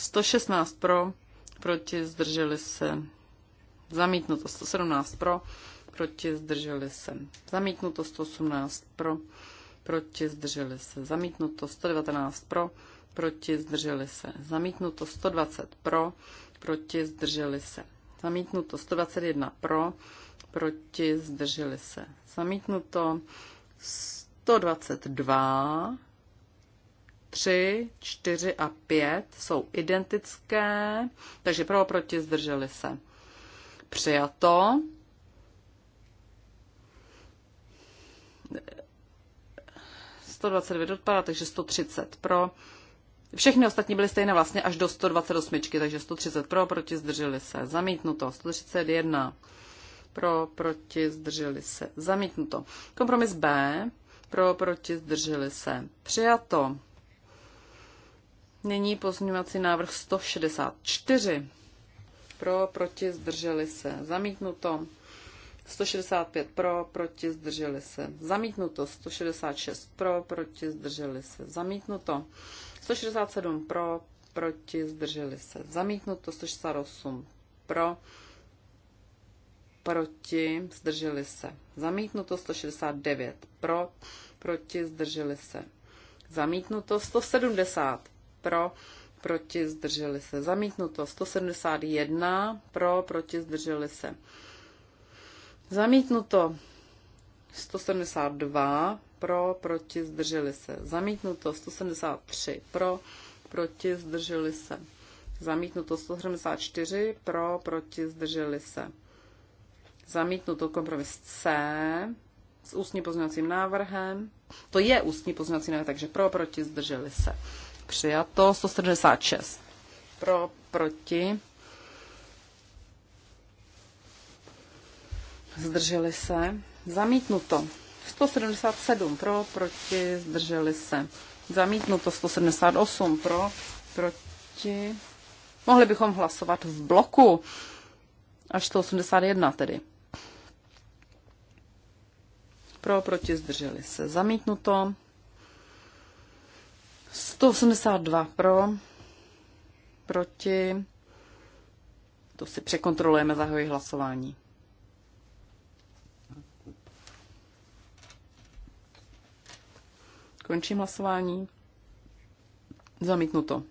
116 pro, proti zdrželi se zamítnuto 117 pro, proti zdrželi se zamítnuto 118 pro, proti zdrželi se zamítnuto 119 pro, proti zdrželi se zamítnuto 120 pro, proti zdrželi se zamítnuto 121 pro, proti zdrželi se zamítnuto 122 3, 4 a 5 jsou identické, takže pro proti zdrželi se. Přijato. odpadá, takže 130 pro. Všechny ostatní byly stejné vlastně až do 128, takže 130 pro, proti zdrželi se. Zamítnuto. 131 pro, proti zdrželi se. Zamítnuto. Kompromis B pro, proti zdrželi se. Přijato. Nyní pozměňovací návrh 164. Pro, proti, zdrželi se. Zamítnuto. 165 pro, proti, zdrželi se. Zamítnuto. 166 pro, proti, zdrželi se. Zamítnuto. 167 pro, proti, zdrželi se. Zamítnuto. 168 pro, proti, zdrželi se. Zamítnuto. 169 pro, proti, zdrželi se. Zamítnuto. 170 pro, proti zdrželi se. Zamítnuto 171 pro, proti zdrželi se. Zamítnuto 172 pro, proti zdrželi se. Zamítnuto 173 pro, proti zdrželi se. Zamítnuto 174 pro, proti zdrželi se. Zamítnuto kompromis C s ústním pozměňovacím návrhem. To je ústní pozměňovací návrh, takže pro, proti zdrželi se přijato. 176 pro, proti. Zdrželi se. Zamítnuto. 177 pro, proti, zdrželi se. Zamítnuto 178 pro, proti. Mohli bychom hlasovat v bloku. Až 181 tedy. Pro, proti, zdrželi se. Zamítnuto. 182 pro, proti, to si překontrolujeme, zahoji hlasování. Končím hlasování. Zamítnuto.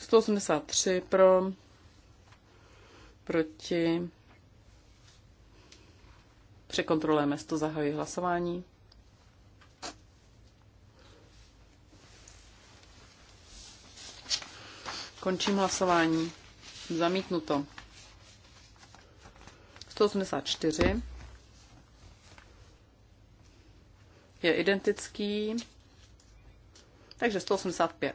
183 pro, proti, překontrolujeme to zahoji hlasování. Končím hlasování. Zamítnuto. 184 je identický, takže 185.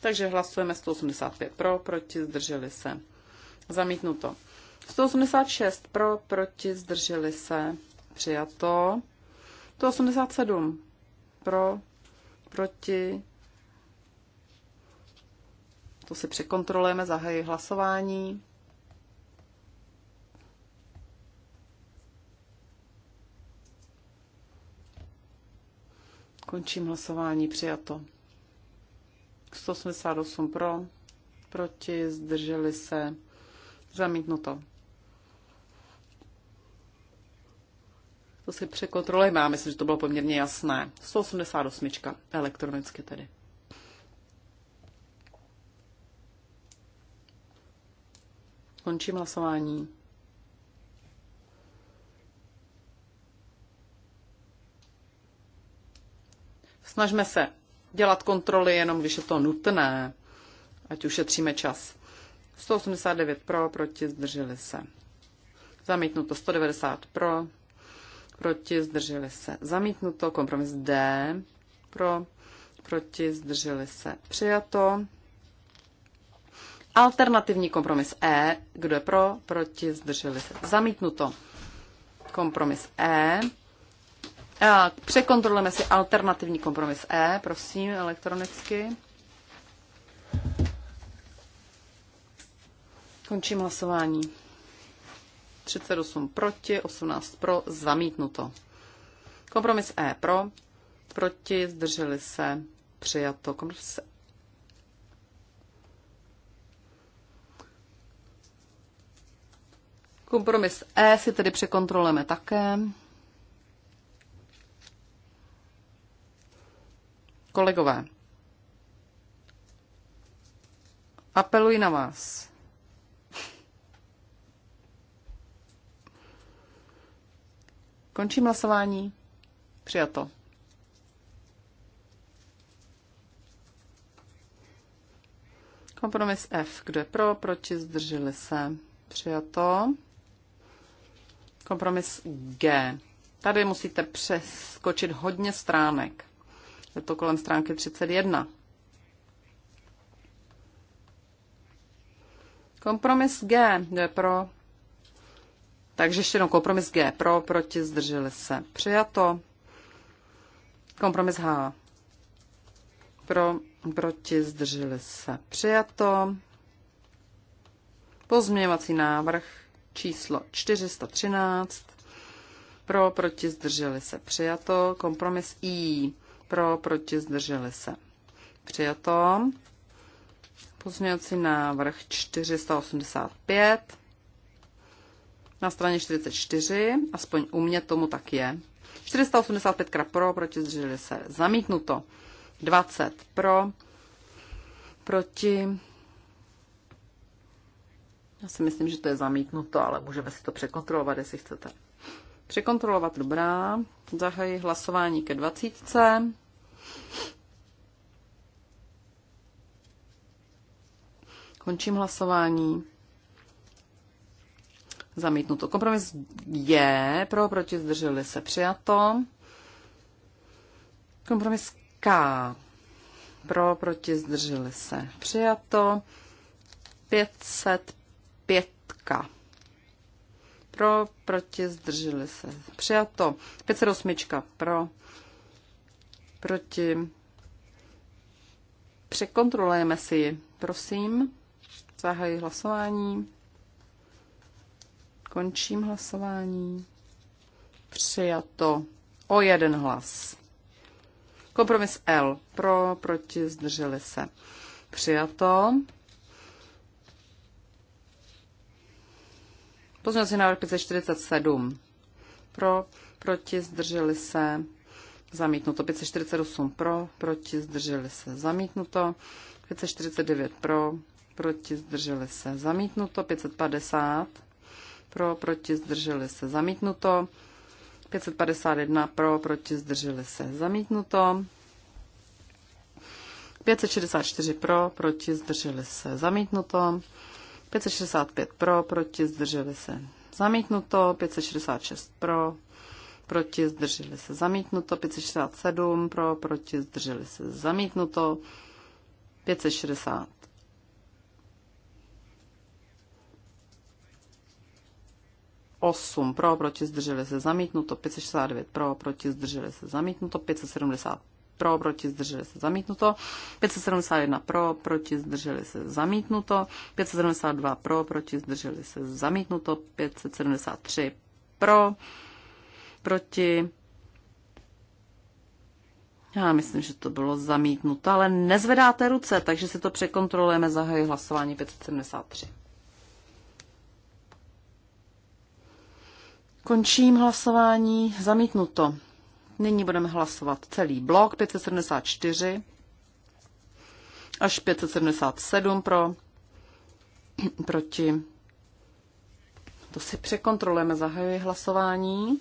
Takže hlasujeme 185 pro, proti, zdrželi se. Zamítnuto. 186 pro, proti, zdrželi se přijato. To 87 pro, proti. To si překontrolujeme, zahají hlasování. Končím hlasování, přijato. 188 pro, proti, zdrželi se, zamítnuto. To si překontrolujeme, já myslím, že to bylo poměrně jasné. 188 elektronicky tedy. Končím hlasování. Snažme se dělat kontroly jenom, když je to nutné, ať ušetříme čas. 189 pro, proti, zdrželi se. Zamítnuto 190 pro, proti, zdrželi se. Zamítnuto, kompromis D, pro, proti, zdrželi se. Přijato. Alternativní kompromis E, kdo je pro, proti, zdrželi se. Zamítnuto. Kompromis E. A překontrolujeme si alternativní kompromis E, prosím, elektronicky. Končím hlasování. 38 proti, 18 pro, zamítnuto. Kompromis E pro, proti, zdrželi se, přijato. Kompromis e. Kompromis E si tedy překontrolujeme také. Kolegové, apeluji na vás. Končím hlasování. Přijato. Kompromis F. Kdo je pro, proti, zdrželi se. Přijato. Kompromis G. Tady musíte přeskočit hodně stránek. Je to kolem stránky 31. Kompromis G. Kdo je pro, takže ještě jednou kompromis G pro, proti, zdrželi se. Přijato. Kompromis H pro, proti, zdrželi se. Přijato. Pozměňovací návrh číslo 413. Pro, proti, zdrželi se. Přijato. Kompromis I. Pro, proti, zdrželi se. Přijato. Pozměňovací návrh 485 na straně 44, aspoň u mě tomu tak je. 485 pro, proti zdrželi se, zamítnuto. 20 pro, proti. Já si myslím, že to je zamítnuto, ale můžeme si to překontrolovat, jestli chcete. Překontrolovat, dobrá. Zahají hlasování ke 20. Končím hlasování. Zamítnuto. Kompromis je pro, proti, zdrželi se přijato. Kompromis K pro, proti, zdrželi se přijato. 505 pro, proti, zdrželi se přijato. 508 pro, proti. Překontrolujeme si ji, prosím. Zahají hlasování. Končím hlasování. Přijato o jeden hlas. Kompromis L. Pro, proti, zdrželi se. Přijato. Pozměňovací návrh 547. Pro, proti, zdrželi se. Zamítnuto. 548 pro, proti, zdrželi se. Zamítnuto. 549 pro, proti, zdrželi se. Zamítnuto. 550 pro, proti, zdrželi se, zamítnuto. 551 pro, proti, zdrželi se, zamítnuto. 564 pro, proti, zdrželi se, zamítnuto. 565 pro, proti, zdrželi se, zamítnuto. 566 pro, proti, zdrželi se, zamítnuto. 567 pro, proti, zdrželi se, zamítnuto. 560 8 pro, proti zdrželi se zamítnuto, 569 pro, proti zdrželi se zamítnuto, 570 pro, proti zdrželi se zamítnuto, 571 pro, proti zdrželi se zamítnuto, 572 pro, proti zdrželi se zamítnuto, 573 pro, proti já myslím, že to bylo zamítnuto, ale nezvedáte ruce, takže si to překontrolujeme, zahají hlasování 573. Končím hlasování. Zamítnuto. Nyní budeme hlasovat celý blok 574 až 577 pro, proti. To si překontrolujeme. Zahajuji hlasování.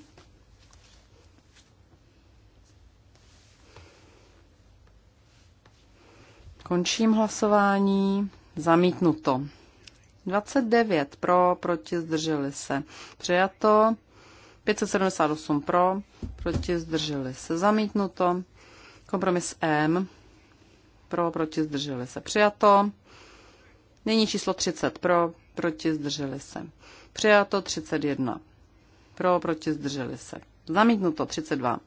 Končím hlasování. Zamítnuto. 29 pro, proti, zdrželi se. Přijato. 578 pro, proti zdrželi se zamítnuto. Kompromis M pro, proti zdrželi se přijato. Nyní číslo 30 pro, proti zdrželi se. Přijato 31 pro, proti zdrželi se. Zamítnuto 32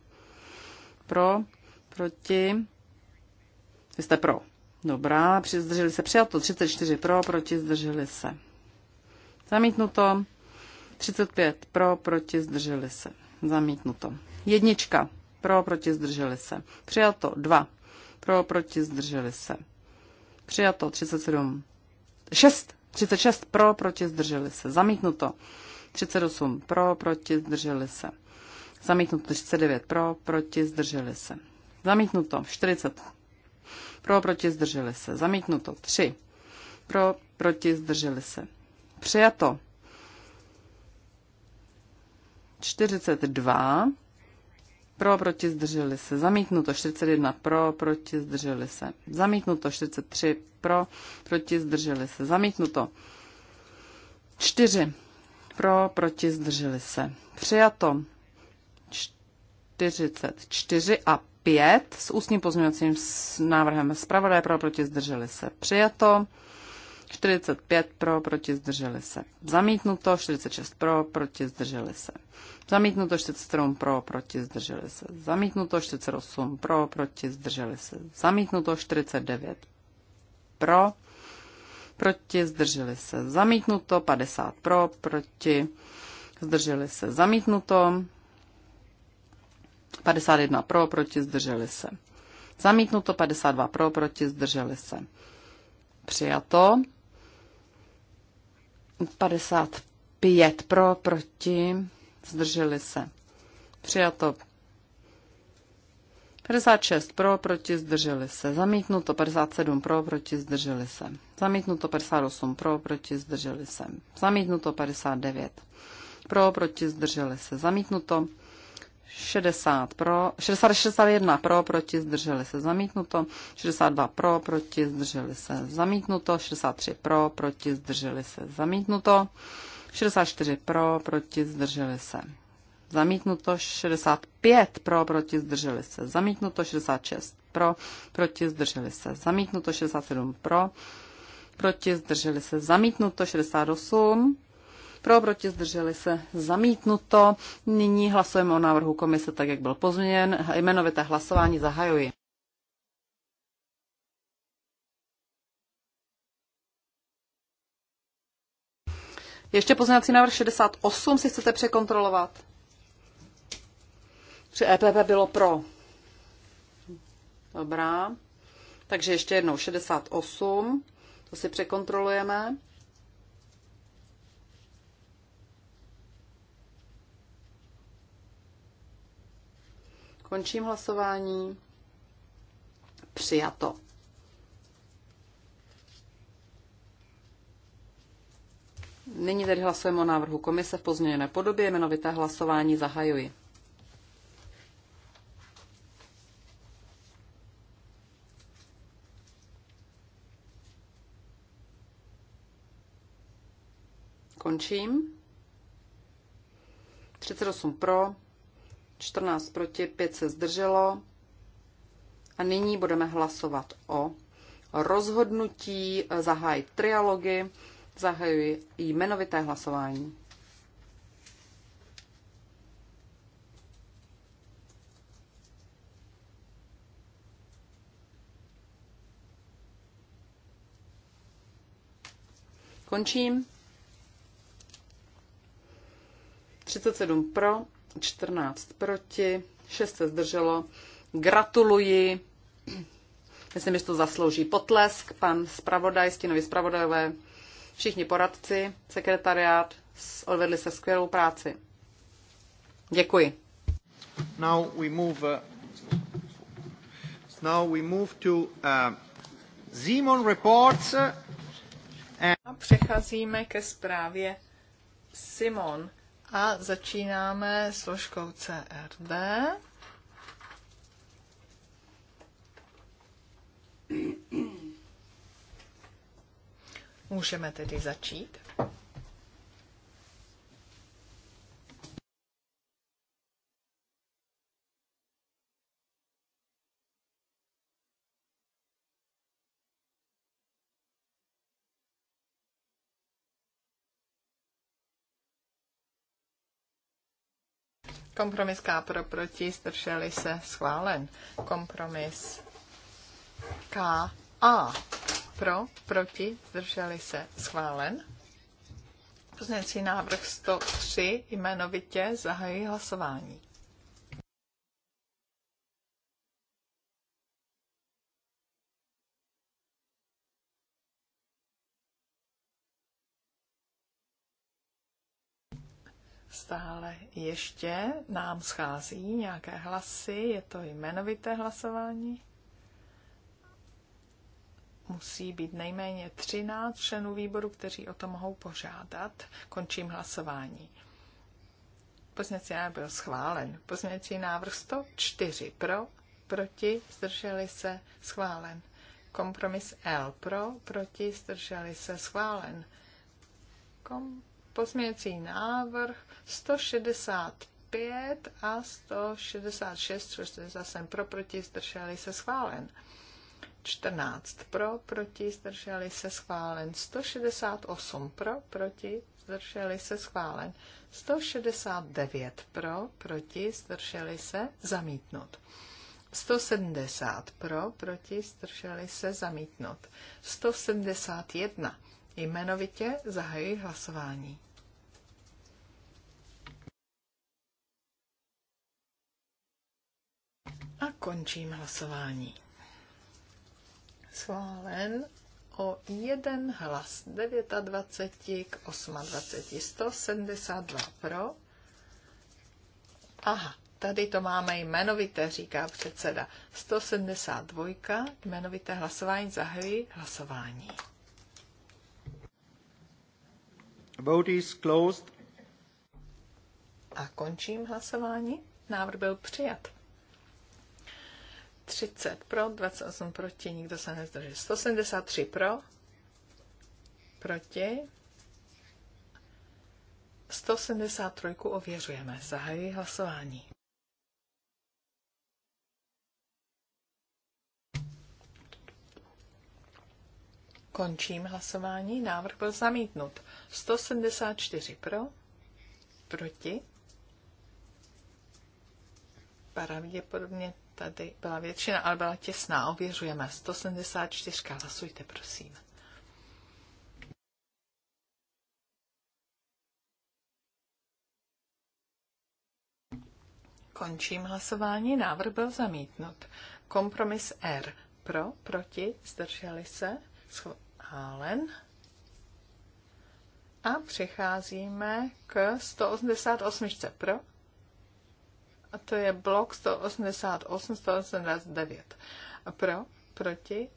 pro, proti. Vy jste pro. Dobrá, zdrželi se přijato 34 pro, proti zdrželi se. Zamítnuto 35 pro, proti, zdrželi se. Zamítnuto. Jednička. Pro, proti, zdrželi se. Přijato. 2. Pro, proti, zdrželi se. Přijato. 37. 6. 36 pro, proti, zdrželi se. Zamítnuto. 38 pro, proti, zdrželi se. Zamítnuto 39 pro, proti, zdrželi se. Zamítnuto 40 pro, proti, zdrželi se. Zamítnuto 3 pro, proti, zdrželi se. Přijato 42 pro, proti, zdrželi se, zamítnuto 41 pro, proti, zdrželi se, zamítnuto 43 pro, proti, zdrželi se, zamítnuto 4 pro, proti, zdrželi se, přijato 44 a 5 s ústním pozměňovacím návrhem zpravodaje pro, proti, zdrželi se, přijato 45 pro, proti zdrželi se. Zamítnuto 46 pro, proti zdrželi se. Zamítnuto 47 pro, proti zdrželi se. Zamítnuto 48 pro, proti zdrželi se. Zamítnuto 49 pro, proti zdrželi se. Zamítnuto 50 pro, proti zdrželi se. Zamítnuto 51 pro, proti zdrželi se. Zamítnuto 52 pro, proti zdrželi se. Přijato 55 pro, proti, zdrželi se. Přijato. 56 pro, proti, zdrželi se. Zamítnuto 57 pro, proti, zdrželi se. Zamítnuto 58 pro, proti, zdrželi se. Zamítnuto 59 pro, proti, zdrželi se. Zamítnuto 60 pro, 60, 61 pro, proti zdrželi se zamítnuto, 62 pro, proti zdrželi se zamítnuto, 63 pro, proti zdrželi se zamítnuto, 64 pro, proti zdrželi se zamítnuto, 65 pro, proti zdrželi se zamítnuto, 66 pro, proti zdrželi se zamítnuto, 67 pro, proti zdrželi se zamítnuto, 68 pro, proti, zdrželi se, zamítnuto. Nyní hlasujeme o návrhu komise tak, jak byl pozměněn. Jmenovité hlasování zahajuji. Ještě pozměňovací návrh 68 si chcete překontrolovat. Při EPP bylo pro. Dobrá. Takže ještě jednou 68. To si překontrolujeme. Končím hlasování. Přijato. Nyní tedy hlasujeme o návrhu komise v pozměněné podobě. Jmenovité hlasování zahajuji. Končím. 38 pro, 14 proti, 5 se zdrželo. A nyní budeme hlasovat o rozhodnutí zahájit trialogy. Zahajuji jmenovité hlasování. Končím. 37 pro, 14 proti, 6 se zdrželo. Gratuluji. Myslím, že to zaslouží potlesk. Pan zpravodaj, stínovi zpravodajové, všichni poradci, sekretariát, odvedli se skvělou práci. Děkuji. Now we move, uh, now we move to uh, Zimon reports. Uh, and... A přecházíme ke zprávě Simon a začínáme složkou CRD. Můžeme tedy začít. Kompromis K pro proti, zdrželi se, schválen. Kompromis K A pro, proti, zdrželi se, schválen. Pozměňovací návrh 103 jmenovitě zahají hlasování. Stále ještě nám schází nějaké hlasy, je to jmenovité hlasování. Musí být nejméně 13 členů výboru, kteří o to mohou požádat. Končím hlasování. Pozměňovací návrh byl schválen. Pozměňovací návrh 104 pro, proti, zdrželi se, schválen. Kompromis L pro, proti, zdrželi se, schválen. Kom Pozměňovací návrh 165 a 166, což je zase pro, proti, zdrželi se schválen. 14 pro, proti, zdrželi se schválen. 168 pro, proti, zdrželi se schválen. 169 pro, proti, zdrželi se zamítnut. 170 pro, proti, zdrželi se zamítnut. 171 Jmenovitě zahajuji hlasování. A končím hlasování. Schválen o jeden hlas 29 k 28, 172 pro. Aha, tady to máme jmenovité, říká předseda. 172, jmenovité hlasování, zahajuji hlasování. Vote is closed. A končím hlasování. Návrh byl přijat. 30 pro, 28 proti, nikdo se nezdržel. 173 pro, proti. 173 ověřujeme. Zahajuji hlasování. Končím hlasování. Návrh byl zamítnut. 174 pro, proti. Pravděpodobně tady byla většina, ale byla těsná. Ověřujeme. 174. Hlasujte, prosím. Končím hlasování. Návrh byl zamítnut. Kompromis R. Pro, proti, zdrželi se schválen. A přecházíme k 188 pro. A to je blok 188, 189 pro, proti.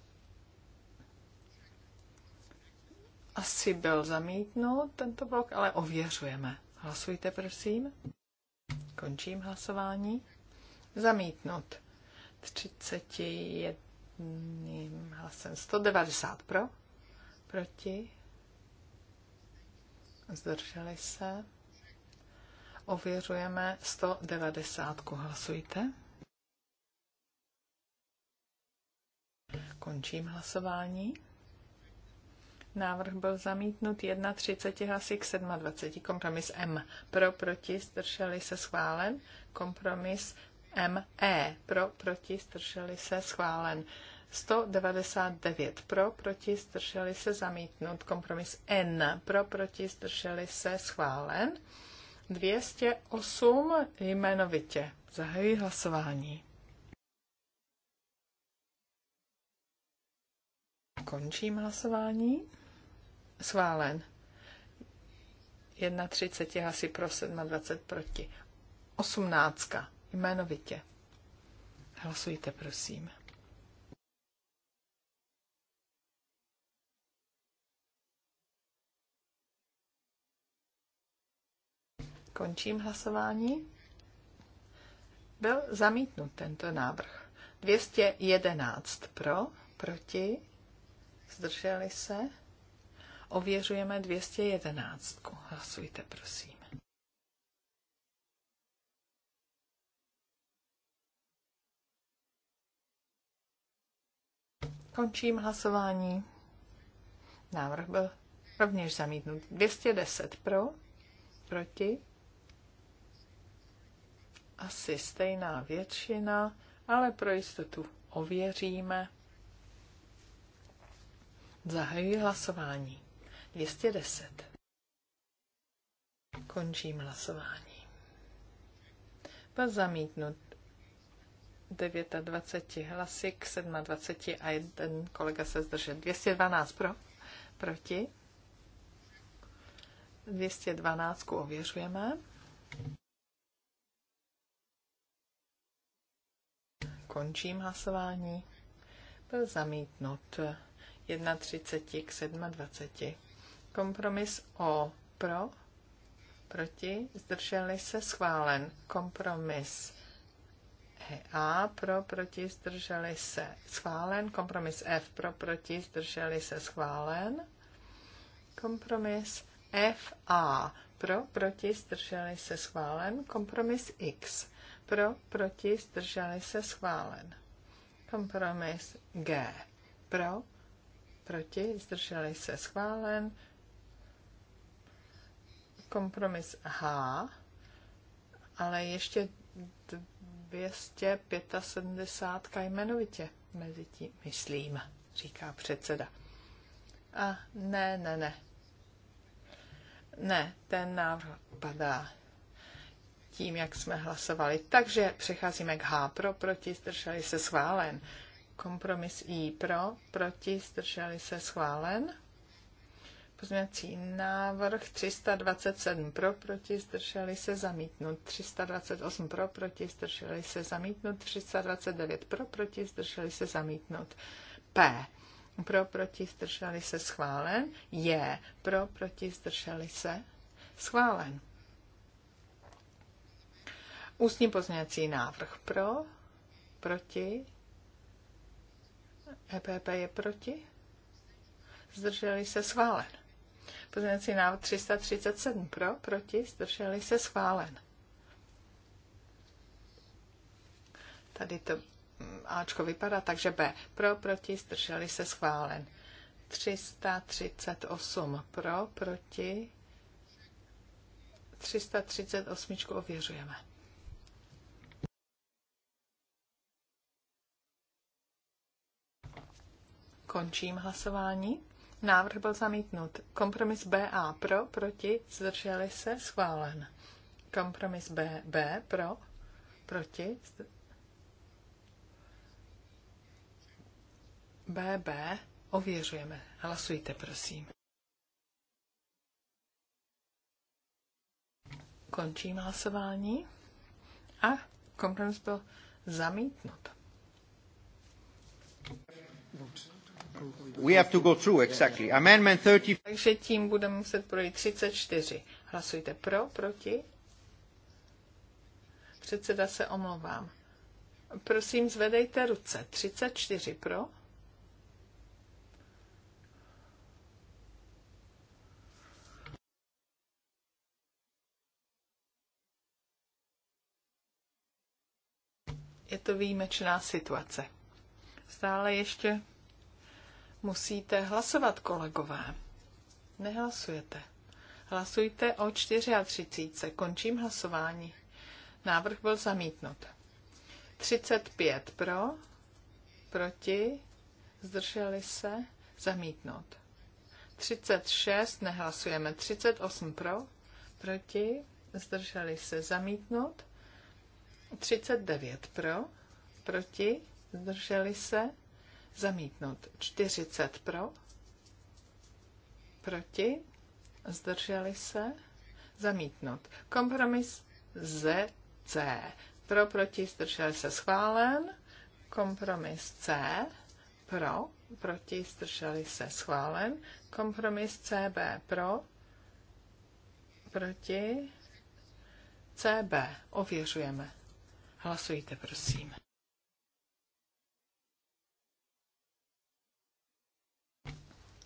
Asi byl zamítnut tento blok, ale ověřujeme. Hlasujte, prosím. Končím hlasování. Zamítnut. 31 jedním hlasem. 190 pro, proti, zdrželi se. Ověřujeme 190. Hlasujte. Končím hlasování. Návrh byl zamítnut 31 hlasy k 27. Kompromis M. Pro, proti, zdrželi se schválen. Kompromis ME. Pro, proti, zdrželi se schválen. 199 pro, proti, zdrželi se, zamítnut. Kompromis N pro, proti, zdrželi se, schválen. 208 jmenovitě. Zahajuji hlasování. Končím hlasování. Schválen. 31 hlasy pro, 27 proti. 18. Jmenovitě. Hlasujte, prosím. Končím hlasování. Byl zamítnut tento návrh. 211 pro, proti, zdrželi se. Ověřujeme 211. Hlasujte, prosím. Končím hlasování. Návrh byl rovněž zamítnut. 210 pro, proti, asi stejná většina, ale pro jistotu ověříme. Zahajuji hlasování. 210. Končím hlasování. Byl zamítnut 29 hlasy k 27 a jeden kolega se zdržel. 212 pro, proti. 212 ověřujeme. Končím hlasování. Byl zamítnut 31 k 27. Kompromis O pro, proti, zdrželi se schválen. Kompromis e. a pro, proti, zdrželi se schválen. Kompromis F pro, proti, zdrželi se schválen. Kompromis f a pro, proti, zdrželi se schválen. Kompromis X pro, proti, zdrželi se, schválen. Kompromis G. Pro, proti, zdrželi se, schválen. Kompromis H, ale ještě 275 jmenovitě mezi tím, myslím, říká předseda. A ne, ne, ne. Ne, ten návrh padá tím, jak jsme hlasovali. Takže přecházíme k H pro, proti, zdrželi se schválen. Kompromis I pro, proti, zdrželi se schválen. Pozměňovací návrh 327 pro, proti, zdrželi se zamítnut. 328 pro, proti, zdrželi se zamítnut. 329 pro, proti, zdrželi se zamítnut. P. Pro, proti, zdrželi se schválen. J. Pro, proti, zdrželi se schválen. Ústní pozměňovací návrh pro, proti, EPP je proti, zdrželi se schválen. Pozměňovací návrh 337 pro, proti, zdrželi se schválen. Tady to mm, Ačko vypadá, takže B. Pro, proti, zdrželi se schválen. 338 pro, proti. 338 ověřujeme. Končím hlasování. Návrh byl zamítnut. Kompromis BA pro, proti, zdrželi se, schválen. Kompromis B B pro, proti, BB ověřujeme. Hlasujte, prosím. Končím hlasování a kompromis byl zamítnut. We have to go through, exactly. Amendment 30. Takže tím budeme muset projít 34. Hlasujte pro, proti. Předseda se omlouvám. Prosím, zvedejte ruce. 34 pro. Je to výjimečná situace. Stále ještě musíte hlasovat, kolegové. Nehlasujete. Hlasujte o 34. Končím hlasování. Návrh byl zamítnut. 35 pro, proti, zdrželi se, zamítnout. 36 nehlasujeme, 38 pro, proti, zdrželi se, zamítnout. 39 pro, proti, zdrželi se, Zamítnout 40 pro, proti, zdrželi se, zamítnout. Kompromis ZC. Pro, proti, zdrželi se, schválen. Kompromis C. Pro, proti, zdrželi se, schválen. Kompromis CB. Pro, proti, CB. Ověřujeme. Hlasujte, prosím.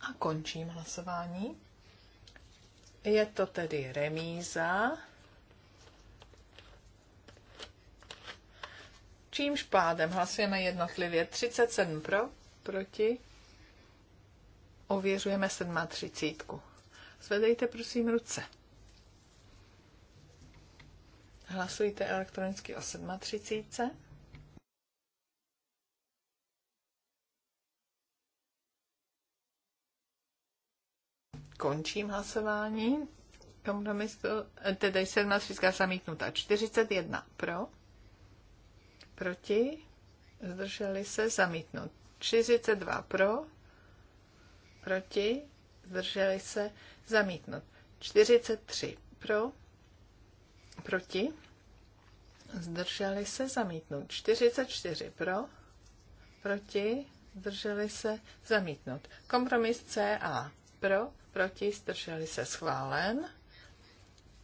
A končím hlasování. Je to tedy remíza. Čímž pádem hlasujeme jednotlivě 37 pro, proti. Ověřujeme 37. Zvedejte prosím ruce. Hlasujte elektronicky o 37. Končím hlasování. Kompromis, eh, tedy 17 fiskál zamítnuta. 41 pro, proti, zdrželi se zamítnut. 42 pro, proti, zdrželi se zamítnut. 43 pro, proti, zdrželi se zamítnout. 44 pro, proti, zdrželi se zamítnout. Kompromis CA pro, proti, zdrželi se schválen.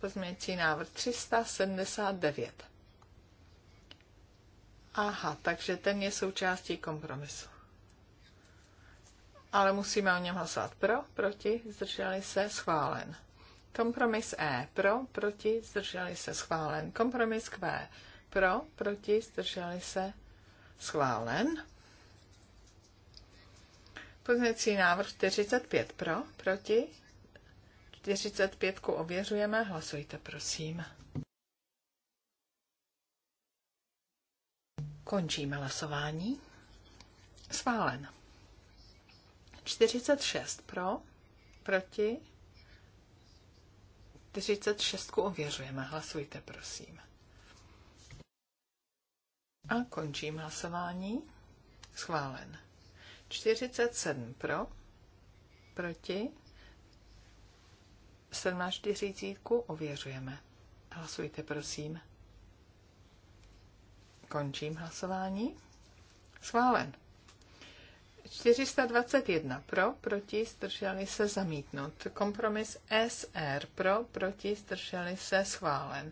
Pozměnící návrh 379. Aha, takže ten je součástí kompromisu. Ale musíme o něm hlasovat pro, proti, zdrželi se, schválen. Kompromis E, pro, proti, zdrželi se, schválen. Kompromis Q, pro, proti, zdrželi se, schválen. Pozměňovací návrh 45 pro, proti. 45 ověřujeme, hlasujte prosím. Končíme hlasování. Schválen. 46 pro, proti. 46 ověřujeme, hlasujte prosím. A končím hlasování. Schválen. 47 pro, proti, 17 ověřujeme. Hlasujte, prosím. Končím hlasování. Schválen. 421 pro, proti, zdrželi se zamítnut. Kompromis SR pro, proti, zdrželi se schválen.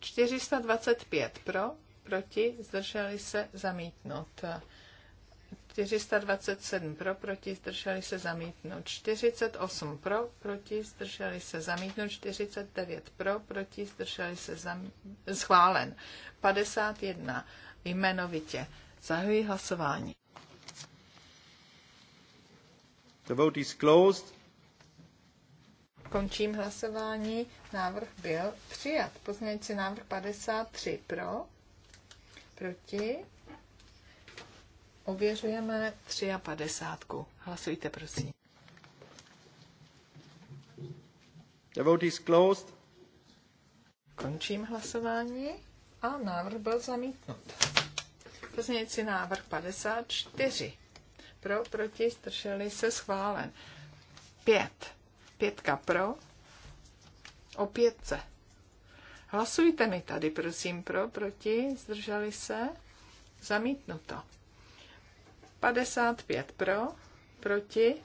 425 pro, proti, zdrželi se zamítnut. 427 pro, proti, zdrželi se zamítnout 48 pro, proti, zdrželi se zamítnout 49 pro, proti, zdrželi se zam... schválen 51 jmenovitě. Zahajuji hlasování. The vote is closed. Končím hlasování. Návrh byl přijat. Pozměňující návrh 53 pro, proti, Ověřujeme 53. Hlasujte, prosím. The vote is closed. Končím hlasování a návrh byl zamítnut. Pozměňující návrh 54. Pro, proti, zdrželi se schválen. Pět. Pětka pro. O pětce. Hlasujte mi tady, prosím, pro, proti, zdrželi se. Zamítnuto. 55 pro, proti.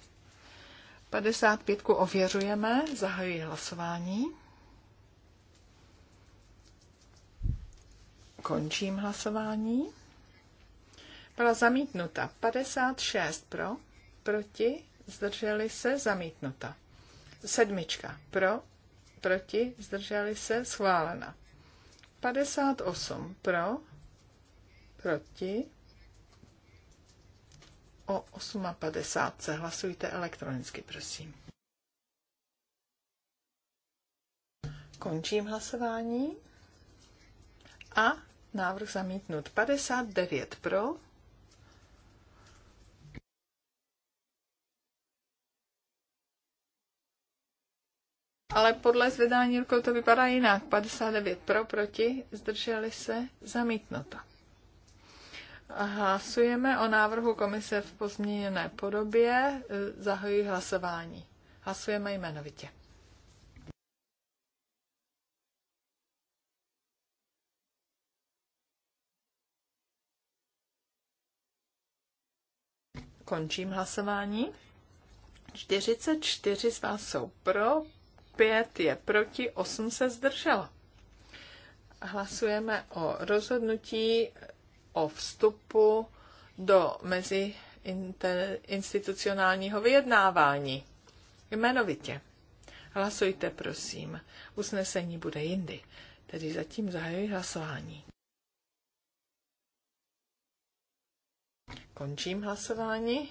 55 ověřujeme, zahajuji hlasování. Končím hlasování. Byla zamítnuta 56 pro, proti, zdrželi se, zamítnuta. Sedmička pro, proti, zdrželi se, schválena. 58 pro, proti, o 8.50. Hlasujte elektronicky, prosím. Končím hlasování. A návrh zamítnut. 59 pro. Ale podle zvedání rukou to vypadá jinak. 59 pro, proti, zdrželi se, zamítnuto. Hlasujeme o návrhu komise v pozměněné podobě. Zahajuji hlasování. Hlasujeme jmenovitě. Končím hlasování. 44 z vás jsou pro, 5 je proti, 8 se zdrželo. Hlasujeme o rozhodnutí o vstupu do mezi institucionálního vyjednávání. Jmenovitě. Hlasujte, prosím. Usnesení bude jindy. Tedy zatím zahajuji hlasování. Končím hlasování.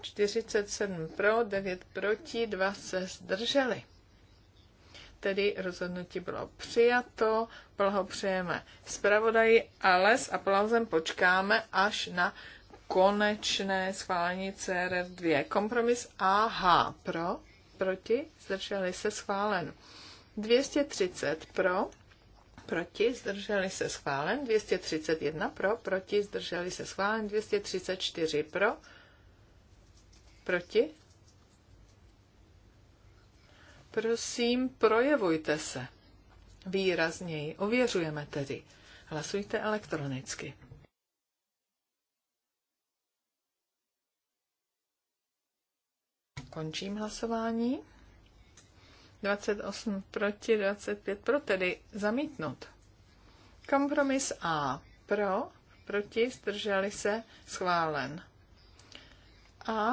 47 pro, 9 proti, 2 se zdrželi tedy rozhodnutí bylo přijato, blahopřejeme zpravodaji, ale s aplauzem počkáme až na konečné schválení CRF2. Kompromis AH pro, proti, zdrželi se schválen. 230 pro, proti, zdrželi se schválen. 231 pro, proti, zdrželi se schválen. 234 pro, proti, Prosím, projevujte se výrazněji. Ověřujeme tedy. Hlasujte elektronicky. Končím hlasování. 28 proti, 25 pro, tedy zamítnut. Kompromis A. Pro, proti, zdrželi se, schválen. A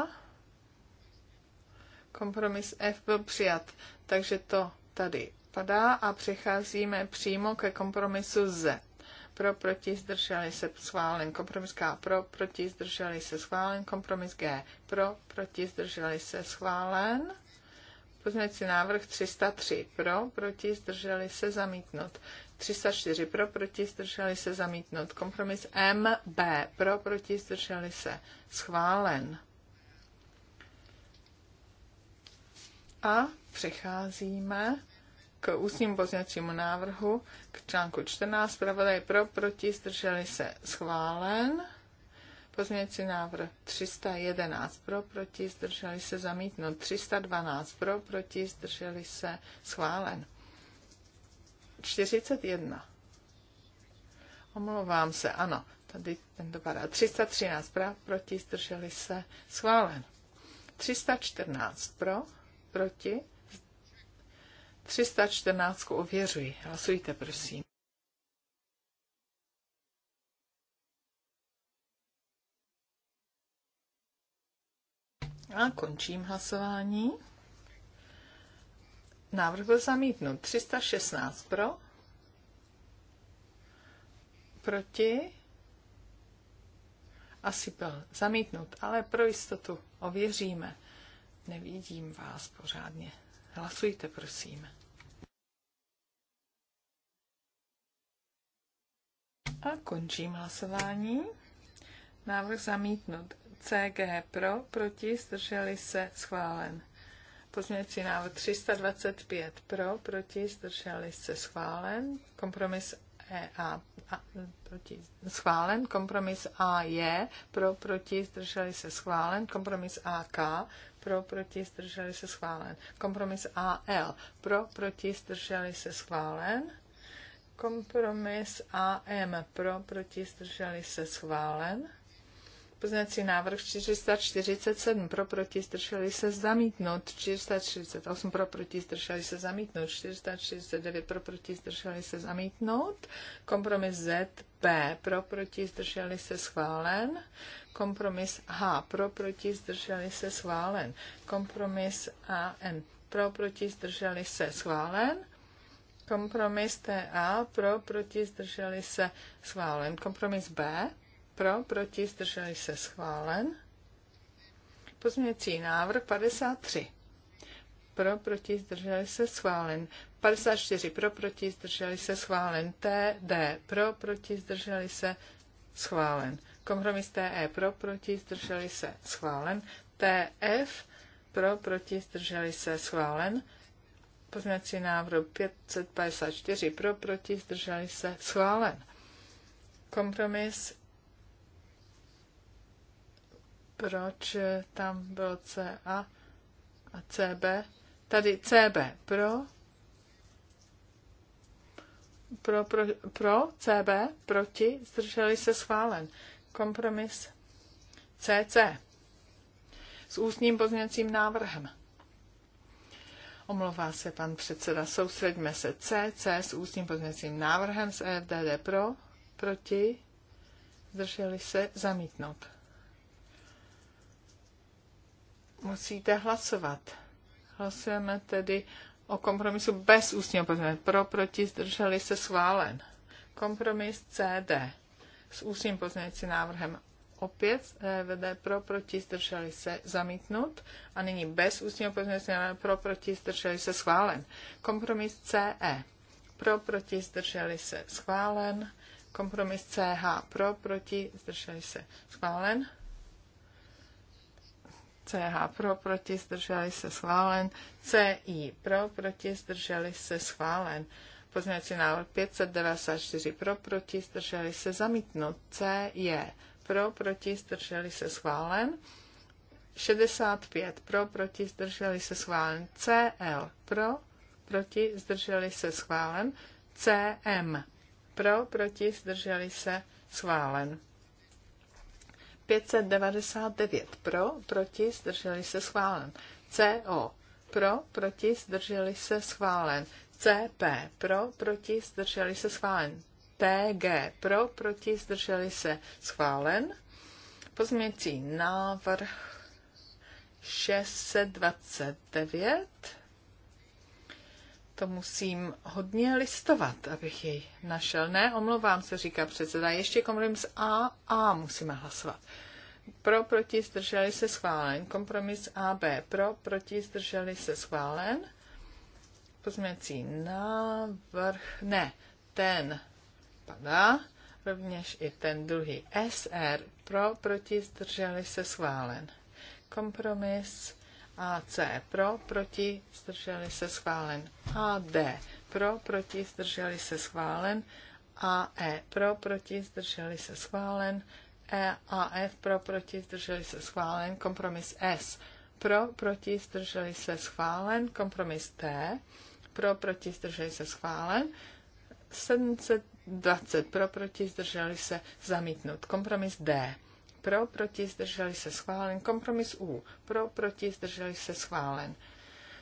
Kompromis F byl přijat, takže to tady padá a přecházíme přímo ke kompromisu Z. Pro, proti, zdrželi se schválen. Kompromis K. Pro, proti, zdrželi se schválen. Kompromis G. Pro, proti, zdrželi se schválen. Pozměňující návrh 303 pro, proti, zdrželi se zamítnout. 304 pro, proti, zdrželi se zamítnout. Kompromis MB pro, proti, zdrželi se schválen. A přecházíme k ústním pozněcímu návrhu k článku 14. Pravodaj pro, proti, zdrželi se schválen. Pozměňující návrh 311 pro, proti, zdrželi se zamítnout. 312 pro, proti, zdrželi se schválen. 41. Omlouvám se, ano, tady ten dopadá. 313 pro, proti, zdrželi se schválen. 314 pro, Proti? 314 ověřuji. Hlasujte, prosím. A končím hlasování. Návrh byl zamítnut. 316 pro. Proti. Asi byl zamítnut, ale pro jistotu ověříme. Nevidím vás pořádně. Hlasujte, prosím. A končím hlasování. Návrh zamítnut. CG pro, proti, zdrželi se, schválen. Pozměňující návrh 325 pro, proti, zdrželi se, schválen. Kompromis EA a, proti, schválen. Kompromis A je pro, proti, zdrželi se, schválen. Kompromis AK pro, proti, zdrželi se schválen. Kompromis AL, pro, proti, zdrželi se schválen. Kompromis AM, pro, proti, zdrželi se schválen pozměňovací návrh 447 pro proti zdrželi se zamítnout, 448 pro proti zdrželi se zamítnout, 449 pro proti zdrželi se zamítnout, kompromis ZP pro proti zdrželi se schválen, kompromis H pro proti zdrželi se schválen, kompromis AN pro proti zdrželi se schválen, kompromis TA pro proti zdrželi se schválen, kompromis B pro, proti, zdrželi se schválen. Pozměňovací návrh 53. Pro, proti, zdrželi se schválen. 54. Pro, proti, zdrželi se schválen. T, D. Pro, proti, zdrželi se schválen. Kompromis TE pro, proti, zdrželi se schválen. TF pro, proti, zdrželi se schválen. Pozměňovací návrh 554 pro, proti, zdrželi se schválen. Kompromis proč tam bylo CA a CB. Tady CB pro, pro, pro, pro CB, proti, zdrželi se schválen. Kompromis CC s ústním pozměňovacím návrhem. Omlouvá se pan předseda. Soustředíme se CC s ústním pozměňovacím návrhem z EFDD pro, proti, zdrželi se zamítnout. musíte hlasovat. Hlasujeme tedy o kompromisu bez ústního pozměnění. Pro, proti, zdrželi se schválen. Kompromis CD s ústním pozměňovacím návrhem opět eh, vede pro, proti, zdrželi se zamítnut a nyní bez ústního pozměňovacího návrhu pro, proti, zdrželi se schválen. Kompromis CE pro, proti, zdrželi se schválen. Kompromis CH pro, proti, zdrželi se schválen. CH pro, proti, zdrželi se schválen. CI pro, proti, zdrželi se schválen. Pozměňovací návrh 594 pro, proti, zdrželi se zamítnut. CJ pro, proti, zdrželi se schválen. 65 pro, proti, zdrželi se schválen. CL pro, proti, zdrželi se schválen. CM pro, proti, zdrželi se schválen. 599 pro, proti, zdrželi se schválen. CO pro, proti, zdrželi se schválen. CP pro, proti, zdrželi se schválen. TG pro, proti, zdrželi se schválen. Pozměcí návrh 629 to musím hodně listovat, abych jej našel. Ne, omlouvám se, říká předseda. Ještě kompromis A, A musíme hlasovat. Pro, proti, zdrželi se schválen. Kompromis A, B. Pro, proti, zdrželi se schválen. Pozměcí návrh. Ne, ten padá. Rovněž i ten druhý SR. Pro, proti, zdrželi se schválen. Kompromis a C pro, proti, zdrželi se schválen. A D pro, proti, zdrželi se schválen. A E pro, proti, zdrželi se schválen. E a F pro, proti, zdrželi se schválen. Kompromis S pro, proti, zdrželi se schválen. Kompromis T pro, proti, zdrželi se schválen. 720 pro, proti, zdrželi se zamítnut. Kompromis D pro, proti, zdrželi se schválen. Kompromis U, pro, proti, zdrželi se schválen.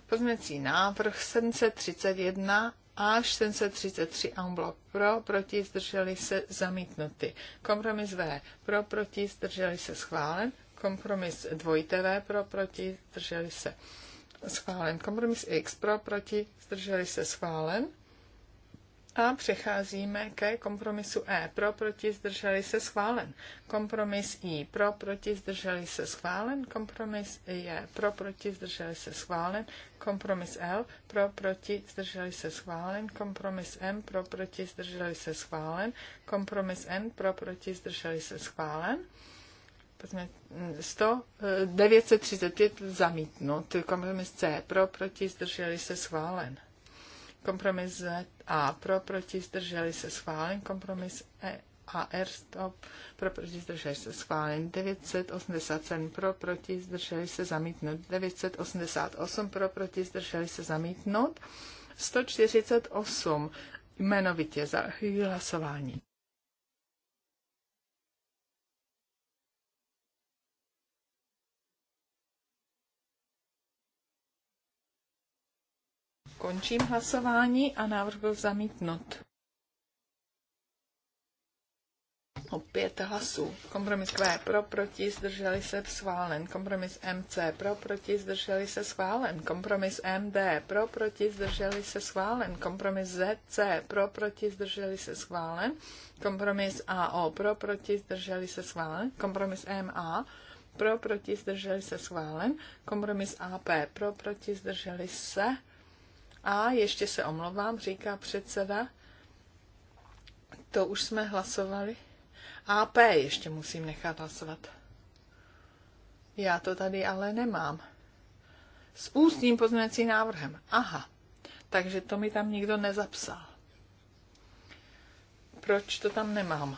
Pozměcí návrh 731 až 733 amblok pro, proti, zdrželi se zamítnuty. Kompromis V, pro, proti, zdrželi se schválen. Kompromis dvojité V, pro, proti, zdrželi se schválen. Kompromis X, pro, proti, zdrželi se schválen. A přecházíme ke kompromisu E. Pro, proti, zdrželi se schválen. Kompromis I. Pro, proti, zdrželi se schválen. Kompromis J. Pro, proti, zdrželi se schválen. Kompromis L. Pro, proti, zdrželi se schválen. Kompromis M. Pro, proti, zdrželi se schválen. Kompromis N. Pro, proti, zdrželi se schválen. 100, 935 eh, zamítnut. Kompromis C. Pro, proti, zdrželi se schválen. Kompromis Z A pro, proti, zdrželi se schválen. Kompromis E a R stop pro, proti, zdrželi se schválen. 987 pro, proti, zdrželi se zamítnout. 988 pro, proti, zdrželi se zamítnout. 148 jmenovitě za hlasování. Končím hlasování a návrh byl zamítnut. O pět hlasů. Kompromis Q pro, proti, zdrželi se schválen. Kompromis MC pro, proti, zdrželi se schválen. Kompromis MD pro, proti, zdrželi se schválen. Kompromis ZC pro, proti, zdrželi se schválen. Kompromis AO pro, proti, zdrželi se schválen. Kompromis MA pro, proti, zdrželi se schválen. Kompromis AP pro, proti, zdrželi se schválen a ještě se omlouvám, říká předseda. To už jsme hlasovali. AP ještě musím nechat hlasovat. Já to tady ale nemám. S ústním pozměňovacím návrhem. Aha, takže to mi tam nikdo nezapsal. Proč to tam nemám?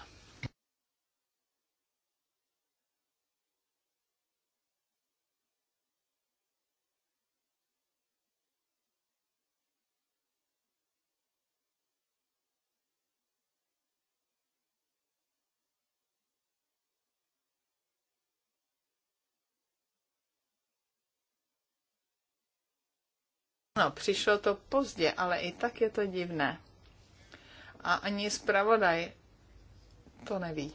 No, přišlo to pozdě, ale i tak je to divné. A ani zpravodaj to neví.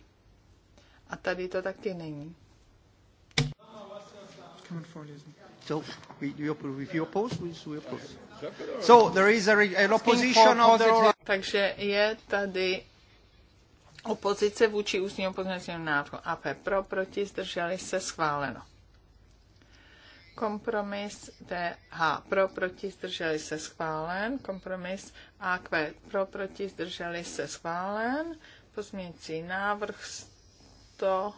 A tady to taky není. So, we, oppose, we, oppose. So, there is a, an opposition of the... Takže je tady opozice vůči ústnímu pozměňovacímu návrhu. AP pro, proti, zdrželi se, schváleno. Kompromis DH pro, proti, zdrželi se schválen. Kompromis AQ pro, proti, zdrželi se schválen. Pozměnící návrh 100.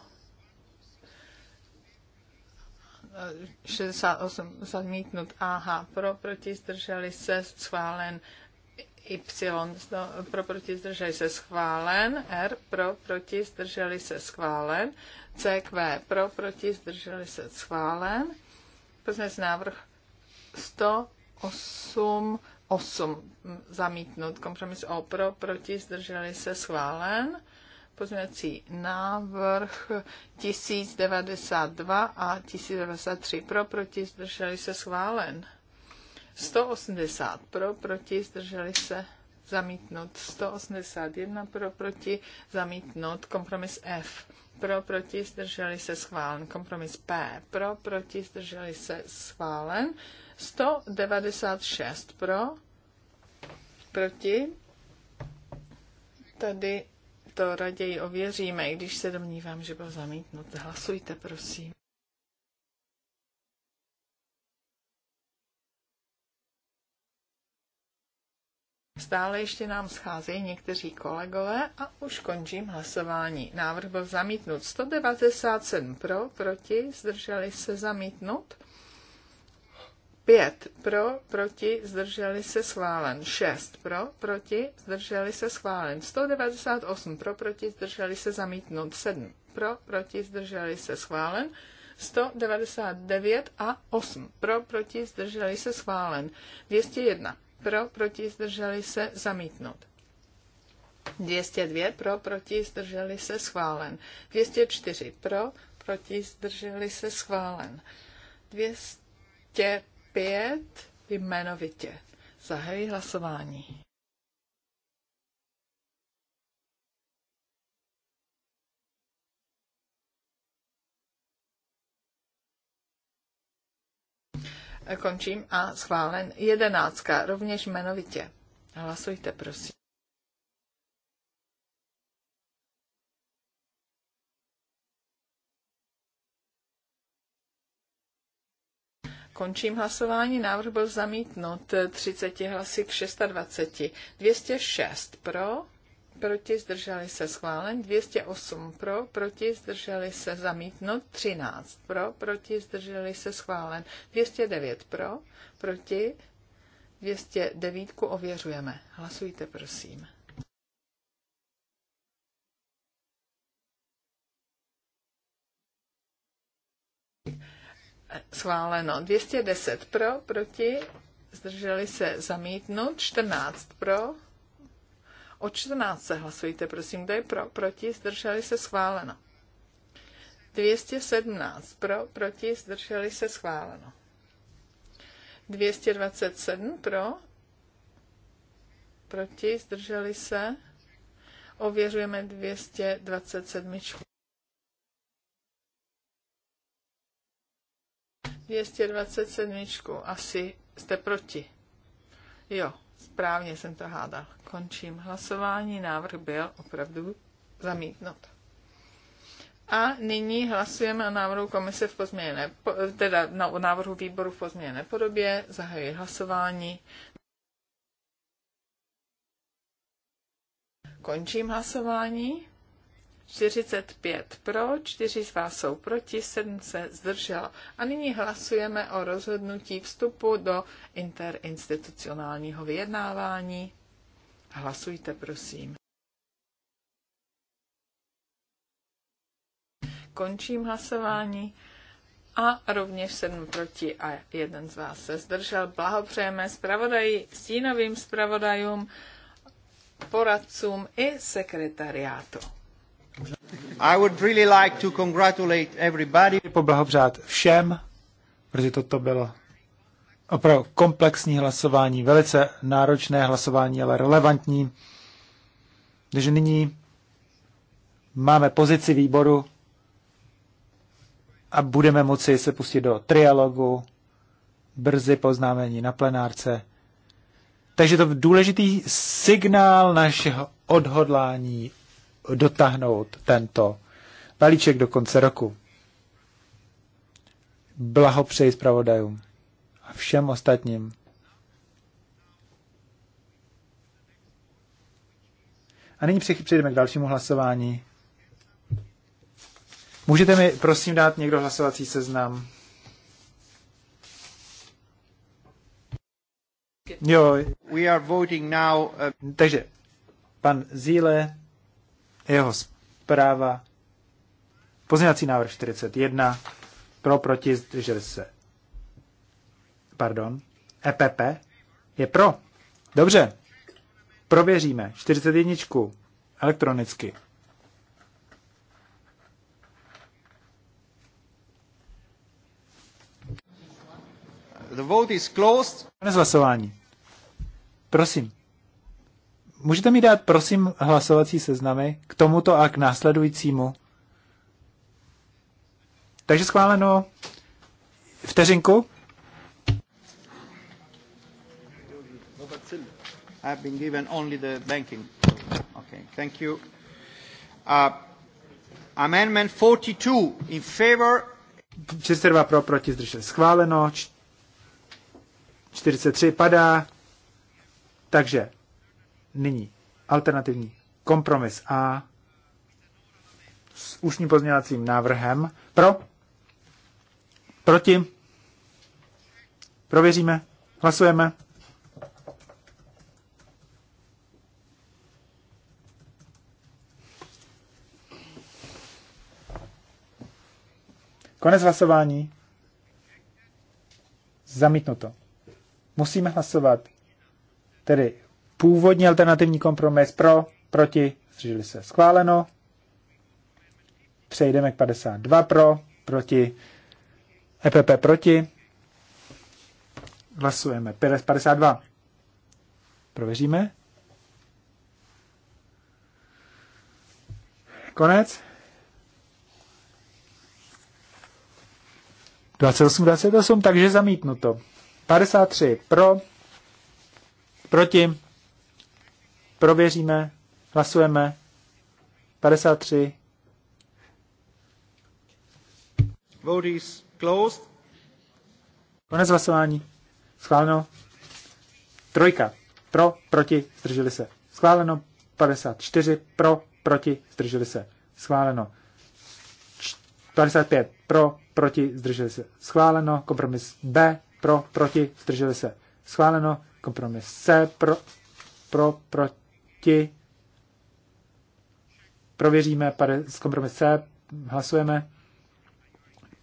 68 zamítnut AH pro, proti, zdrželi se schválen. Y pro, proti, zdrželi se schválen. R pro, proti, zdrželi se schválen. CQ pro, proti, zdrželi se schválen. Poznec návrh 108, 8 zamítnut. Kompromis O pro, proti, zdrželi se schválen. Pozměňovací návrh 1092 a 1093 pro, proti, zdrželi se schválen. 180 pro, proti, zdrželi se zamítnut. 181 pro, proti, zamítnut. Kompromis F pro, proti, zdrželi se schválen. Kompromis P, pro, proti, zdrželi se schválen. 196 pro, proti. Tady to raději ověříme, i když se domnívám, že byl zamítnut. Hlasujte, prosím. Stále ještě nám scházejí někteří kolegové a už končím hlasování. Návrh byl zamítnut. 197 pro, proti, zdrželi se zamítnut. 5 pro, proti, zdrželi se schválen. 6 pro, proti, zdrželi se schválen. 198 pro, proti, zdrželi se zamítnut. 7 pro, proti, zdrželi se schválen. 199 a 8 pro, proti, zdrželi se schválen. 201 pro, proti, zdrželi se, zamítnout. 202 pro, proti, zdrželi se, schválen. 204 pro, proti, zdrželi se, schválen. 205 jmenovitě. Zahajuji hlasování. Eh, končím a schválen. Jedenáctka, rovněž jmenovitě. Hlasujte, prosím. Končím hlasování. Návrh byl zamítnut 30 eh, hlasy k 26. 206 pro proti zdrželi se schválen, 208 pro, proti zdrželi se zamítnut, 13 pro, proti zdrželi se schválen, 209 pro, proti 209 ověřujeme. Hlasujte, prosím. Schváleno 210 pro, proti, zdrželi se zamítnout, 14 pro, O 14 se hlasujte, prosím, kdo je pro, proti, zdrželi se schváleno. 217 pro, proti, zdrželi se schváleno. 227 pro, proti, zdrželi se. Ověřujeme 227. 227. Asi jste proti. Jo, Správně jsem to hádal. Končím hlasování. Návrh byl opravdu zamítnut. A nyní hlasujeme o návrhu komise v pozměněné, teda o návrhu výboru v pozměněné podobě. Zahajuji hlasování. Končím hlasování. 45 pro, 4 z vás jsou proti, 7 se zdrželo. A nyní hlasujeme o rozhodnutí vstupu do interinstitucionálního vyjednávání. Hlasujte, prosím. Končím hlasování a rovněž 7 proti a jeden z vás se zdržel. Blahopřejeme zpravodaji, stínovým zpravodajům, poradcům i sekretariátu. I would really like to congratulate everybody. Poblahopřát všem, protože toto bylo opravdu komplexní hlasování, velice náročné hlasování, ale relevantní. Takže nyní máme pozici výboru a budeme moci se pustit do trialogu, brzy poznámení na plenárce. Takže to důležitý signál našeho odhodlání dotáhnout tento balíček do konce roku. Blahopřeji zpravodajům a všem ostatním. A nyní přejdeme k dalšímu hlasování. Můžete mi prosím dát někdo hlasovací seznam? Jo. We are voting now, uh... Takže pan Zíle jeho zpráva. Pozměňovací návrh 41. Pro, proti, zdrželi se. Pardon. EPP je pro. Dobře. Prověříme 41 elektronicky. The vote is closed. Konec hlasování. Prosím. Můžete mi dát, prosím, hlasovací seznamy k tomuto a k následujícímu? Takže schváleno vteřinku. I've been given only the banking. Okay, thank you. Uh, amendment 42 in favor. 42 pro, proti, zdržel. Schváleno. 43 padá. Takže Nyní alternativní kompromis A s ústním pozměňovacím návrhem. Pro? Proti? Prověříme? Hlasujeme? Konec hlasování. Zamítnuto. Musíme hlasovat tedy původní alternativní kompromis pro, proti, zdrželi se schváleno. Přejdeme k 52 pro, proti, EPP proti. Hlasujeme 52. Prověříme. Konec. 28, 28, takže zamítnuto. 53 pro, proti, Prověříme, hlasujeme. 53. Vote is closed. Konec hlasování. Schváleno. Trojka. Pro, proti, zdrželi se. Schváleno. 54. Pro, proti, zdrželi se. Schváleno. 55. Pro, proti, zdrželi se. Schváleno. Kompromis B. Pro, proti, zdrželi se. Schváleno. Kompromis C. Pro, pro, proti proti. Prověříme z kompromise, hlasujeme.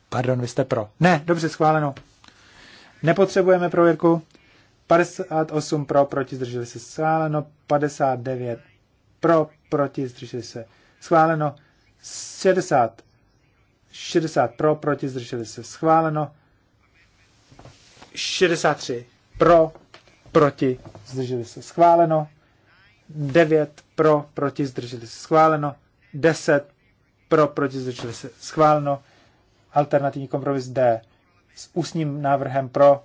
Pardon, vy jste pro. Ne, dobře, schváleno. Nepotřebujeme prověrku. 58 pro, proti, zdrželi se schváleno. 59 pro, proti, zdrželi se schváleno. 60 60 pro, proti, zdrželi se schváleno. 63 pro, proti, zdrželi se schváleno. 9 pro, proti, zdrželi se schváleno. 10 pro, proti, zdrželi se schváleno. Alternativní kompromis D s ústním návrhem pro,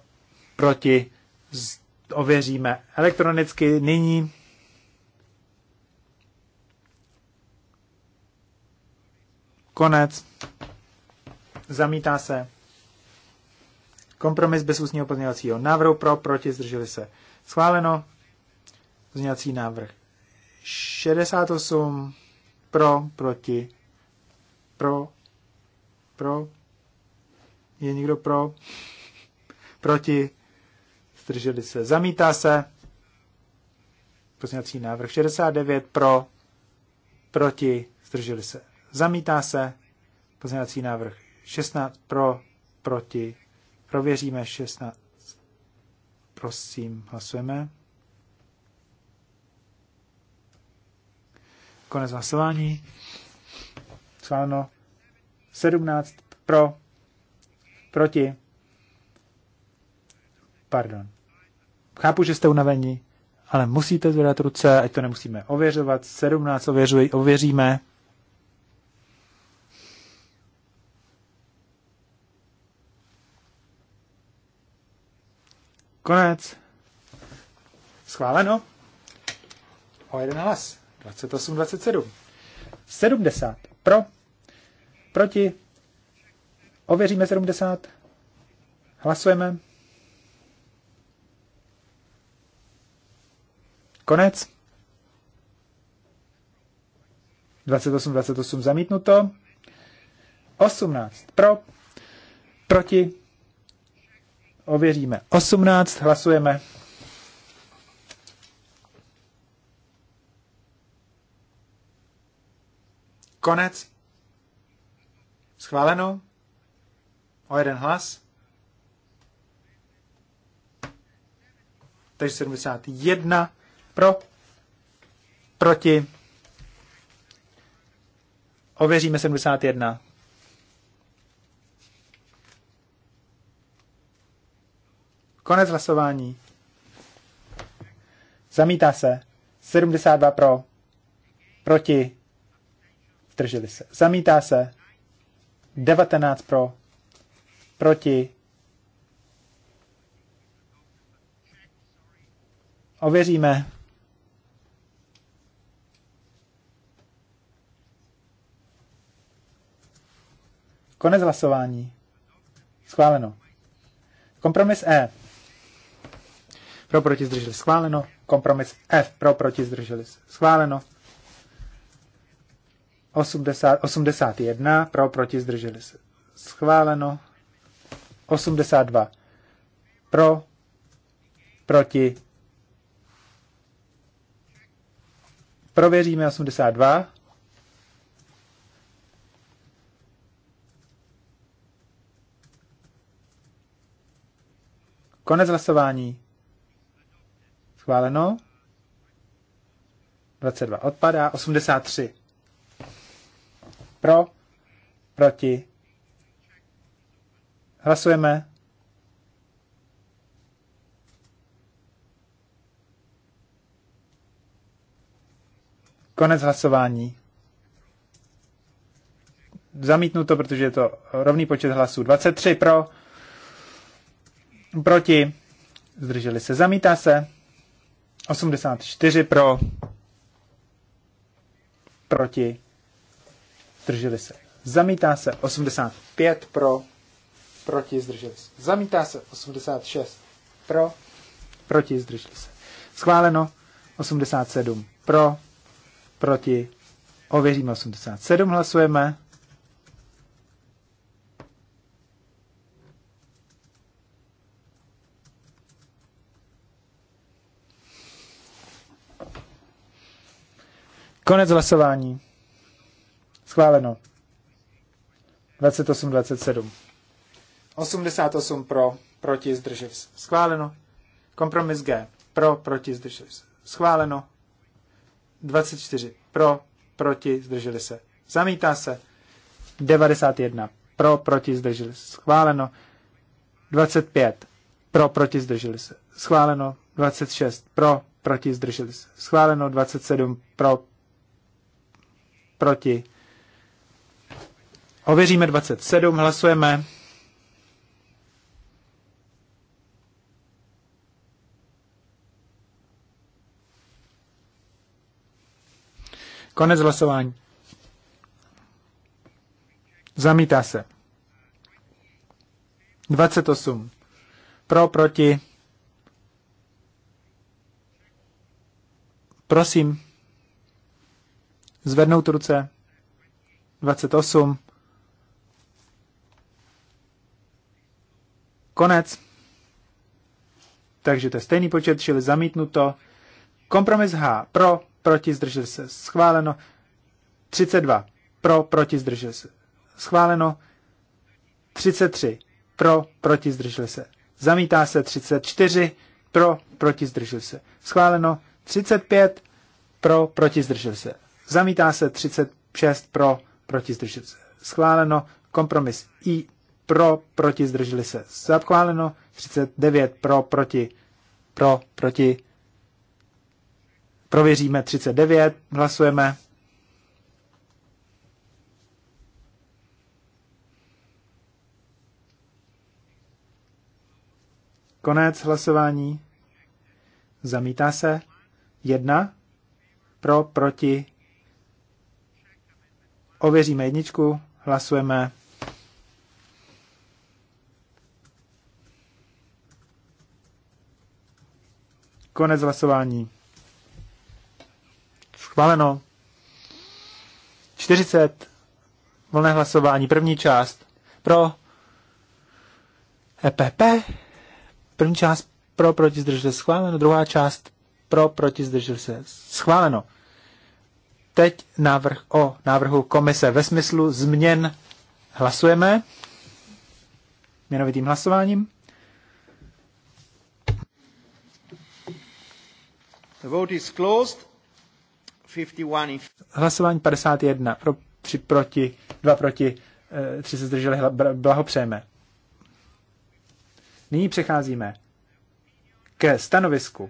proti, z, ověříme elektronicky nyní. Konec. Zamítá se. Kompromis bez ústního pozměňovacího návrhu pro, proti, zdrželi se. Schváleno. Pozměňovací návrh 68 pro, proti, pro, pro, je někdo pro, proti, zdrželi se, zamítá se, pozměňovací návrh 69 pro, proti, zdrželi se, zamítá se, pozměňovací návrh 16 pro, proti, prověříme 16, prosím, hlasujeme. Konec hlasování. Sváno. 17 pro, proti. Pardon. Chápu, že jste unavení, ale musíte zvedat ruce, ať to nemusíme ověřovat. 17 ověřuj, ověříme. Konec. Schváleno. O jeden hlas. 28, 27. 70. Pro. Proti. Ověříme 70. Hlasujeme. Konec. 28, 28 zamítnuto. 18 pro. Proti. Ověříme 18. Hlasujeme. Konec. Schváleno. O jeden hlas. Takže 71 pro, proti. Ověříme 71. Konec hlasování. Zamítá se. 72 pro. Proti zdrželi se, zamítá se, 19 pro, proti, ověříme, Konec hlasování. Schváleno. Kompromis E. Pro proti zdrželi schváleno. Kompromis F. Pro proti zdrželi schváleno. 80, 81 pro, proti, zdrželi se. Schváleno. 82 pro, proti. Prověříme 82. Konec hlasování. Schváleno. 22 odpadá. 83 pro, proti. Hlasujeme. Konec hlasování. to, protože je to rovný počet hlasů. 23 pro, proti, zdrželi se, zamítá se. 84 pro, proti, zdrželi se. Zamítá se 85 pro, proti, zdrželi se. Zamítá se 86 pro, proti, zdrželi se. Schváleno 87 pro, proti, ověříme 87, hlasujeme. Konec hlasování. Schváleno. 28, 27. 88 pro, proti zdržel Schváleno. Kompromis G. Pro, proti zdržel Schváleno. 24 pro, proti zdrželi se. Zamítá se. 91 pro, proti zdrželi se. Schváleno. 25 pro, proti zdrželi se. Schváleno. 26 pro, proti zdrželi se. Schváleno. 27 pro, proti Ověříme 27, hlasujeme. Konec hlasování. Zamítá se. 28. Pro, proti. Prosím. Zvednout ruce. 28. Konec. Takže to je stejný počet, čili zamítnuto. Kompromis H. Pro, proti, zdržel se. Schváleno. 32. Pro, proti, zdržel se. Schváleno. 33. Pro, proti, zdržel se. Zamítá se 34. Pro, proti, zdržel se. Schváleno. 35. Pro, proti, zdržel se. Zamítá se 36. Pro, proti, zdržel se. Schváleno. Kompromis I pro, proti, zdrželi se. Zapchváleno 39 pro, proti, pro, proti. Prověříme 39, hlasujeme. Konec hlasování. Zamítá se. Jedna. Pro, proti. Ověříme jedničku. Hlasujeme. Konec hlasování. Schváleno. 40. Volné hlasování. První část. Pro. EPP. První část pro, proti, zdržel se. Schváleno. Druhá část pro, proti, zdržel se. Schváleno. Teď návrh o návrhu komise ve smyslu změn hlasujeme Měnovitým hlasováním. The vote is closed. 51 Hlasování 51. Pro, tři proti, dva proti, eh, tři se zdrželi. Blahopřejeme. Nyní přecházíme ke stanovisku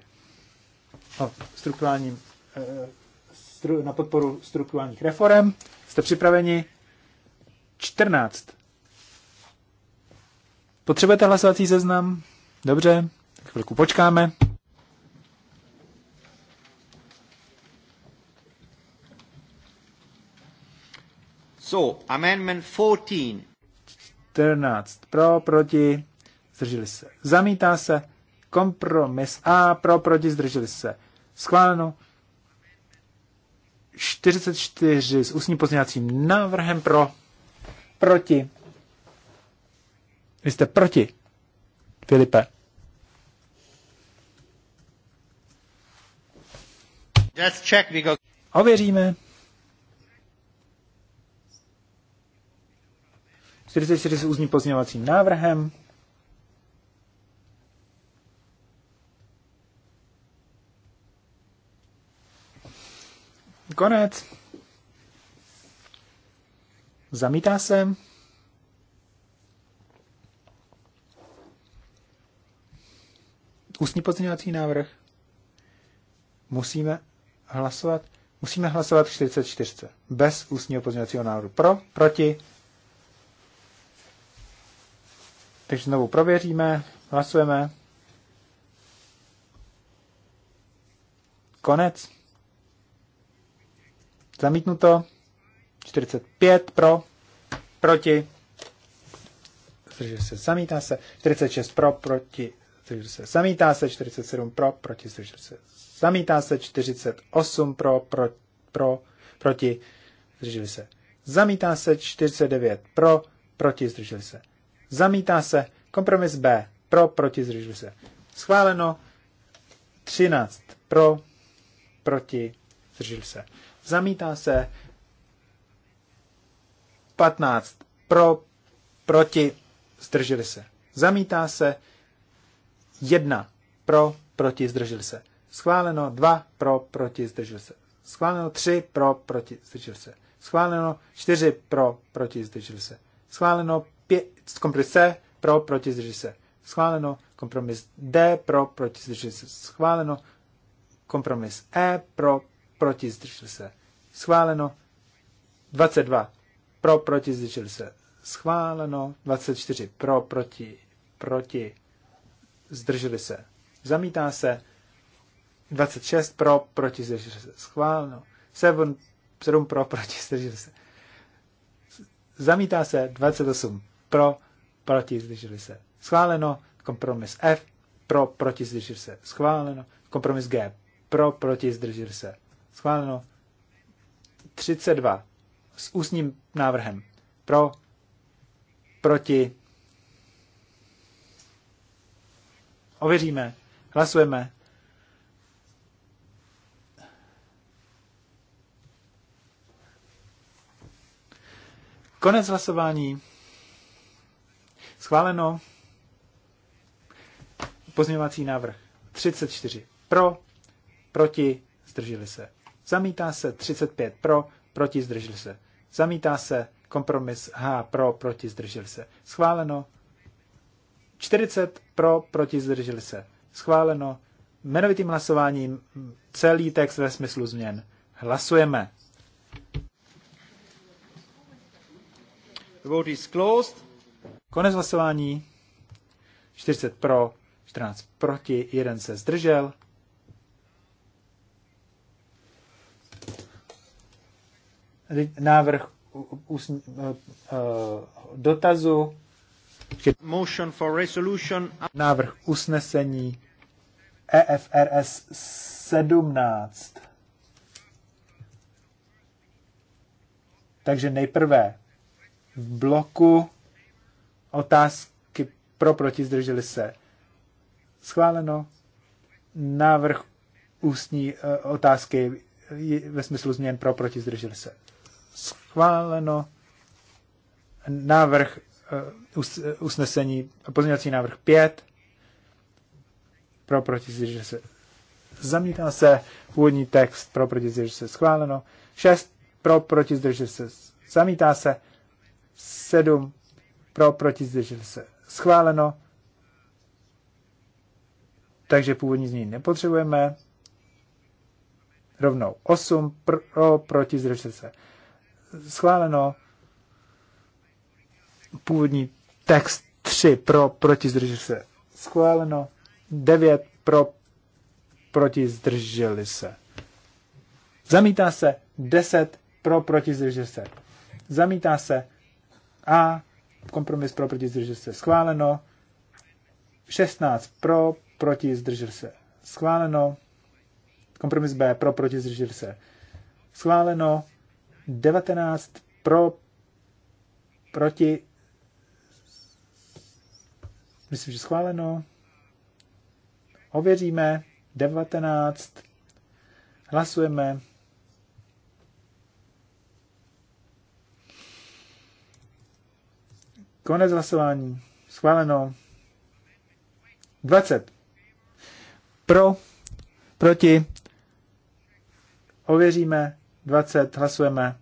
o strukturálním, eh, stru, na podporu strukturálních reform. Jste připraveni? 14. Potřebujete hlasovací seznam? Dobře, chvilku počkáme. So, amendment 14. pro, proti, zdrželi se. Zamítá se. Kompromis A pro, proti, zdrželi se. Schváleno. 44 s ústním pozměňovacím návrhem pro, proti. Vy jste proti, Filipe. Let's check because... Ověříme. 44 s úzním pozměňovacím návrhem. Konec. Zamítá se. Ústní pozměňovací návrh. Musíme hlasovat. Musíme hlasovat 44. Bez ústního pozměňovacího návrhu. Pro, proti, Takže znovu prověříme, hlasujeme. Konec. Zamítnuto. 45 pro, proti. Zdržel se, zamítá se. 46 pro, proti. Zdržel se, zamítá se. 47 pro, proti. Zdržel se, zamítá se. 48 pro, pro, pro proti. Zdrželi se. Zamítá se. 49 pro, proti. Zdrželi se Zamítá se. Kompromis B. Pro, proti, zdrželi se. Schváleno. 13. Pro, proti, zdrželi se. Zamítá se. 15. Pro, proti, zdrželi se. Zamítá se. 1. Pro, proti, zdrželi se. Schváleno 2 pro, proti, zdržil se. Schváleno 3 pro, proti, zdržil se. Schváleno 4 pro, proti, zdržil se. Schváleno Pě, kompromis C pro, proti, zdrží se. Schváleno. Kompromis D pro, proti, zdrží se. Schváleno. Kompromis E pro, proti, zdrží se. Schváleno. 22 pro, proti, zdrží se. Schváleno. 24 pro, proti, proti, zdrželi se. Zamítá se. 26 pro, proti, zdrželi se. Schváleno. 7, 7 pro, proti, zdrželi se. Zamítá se. 28 pro, proti, zdrželi se, schváleno. Kompromis F, pro, proti, zdrželi se, schváleno. Kompromis G, pro, proti, zdrželi se, schváleno. 32 s ústním návrhem pro, proti, ověříme, hlasujeme. Konec hlasování. Schváleno. Pozměňovací návrh 34 pro, proti, zdrželi se. Zamítá se 35 pro, proti, zdrželi se. Zamítá se kompromis H pro, proti, zdrželi se. Schváleno. 40 pro, proti, zdrželi se. Schváleno. Jmenovitým hlasováním celý text ve smyslu změn. Hlasujeme. The vote is closed. Konec hlasování. 40 pro, 14 proti, Jeden se zdržel. Návrh eh, eh, dotazu. Motion for resolution. Návrh usnesení EFRS 17. Takže nejprve v bloku Otázky pro, proti, zdrželi se. Schváleno. Návrh ústní eh, otázky ve smyslu změn pro, proti, zdrželi se. Schváleno. Návrh eh, eh, usnesení, pozměňovací návrh 5, pro, proti, zdrželi se. Zamítá se původní text pro, proti, zdrželi se. Schváleno. 6, pro, proti, zdrželi se. Zamítá se. 7, pro, proti, zdrželi se, schváleno. Takže původní znění nepotřebujeme. Rovnou 8 pro, proti, zdrželi se, schváleno. Původní text 3 pro, proti, zdrželi se, schváleno. 9 pro, proti, zdrželi se. Zamítá se 10 pro, proti, zdrželi se. Zamítá se A Kompromis pro, proti, zdržel se, schváleno. 16 pro, proti, zdržel se, schváleno. Kompromis B pro, proti, zdržel se, schváleno. 19 pro, proti, myslím, že schváleno. Ověříme. 19. Hlasujeme. Konec hlasování. Schváleno. 20. Pro, proti, ověříme, 20, hlasujeme.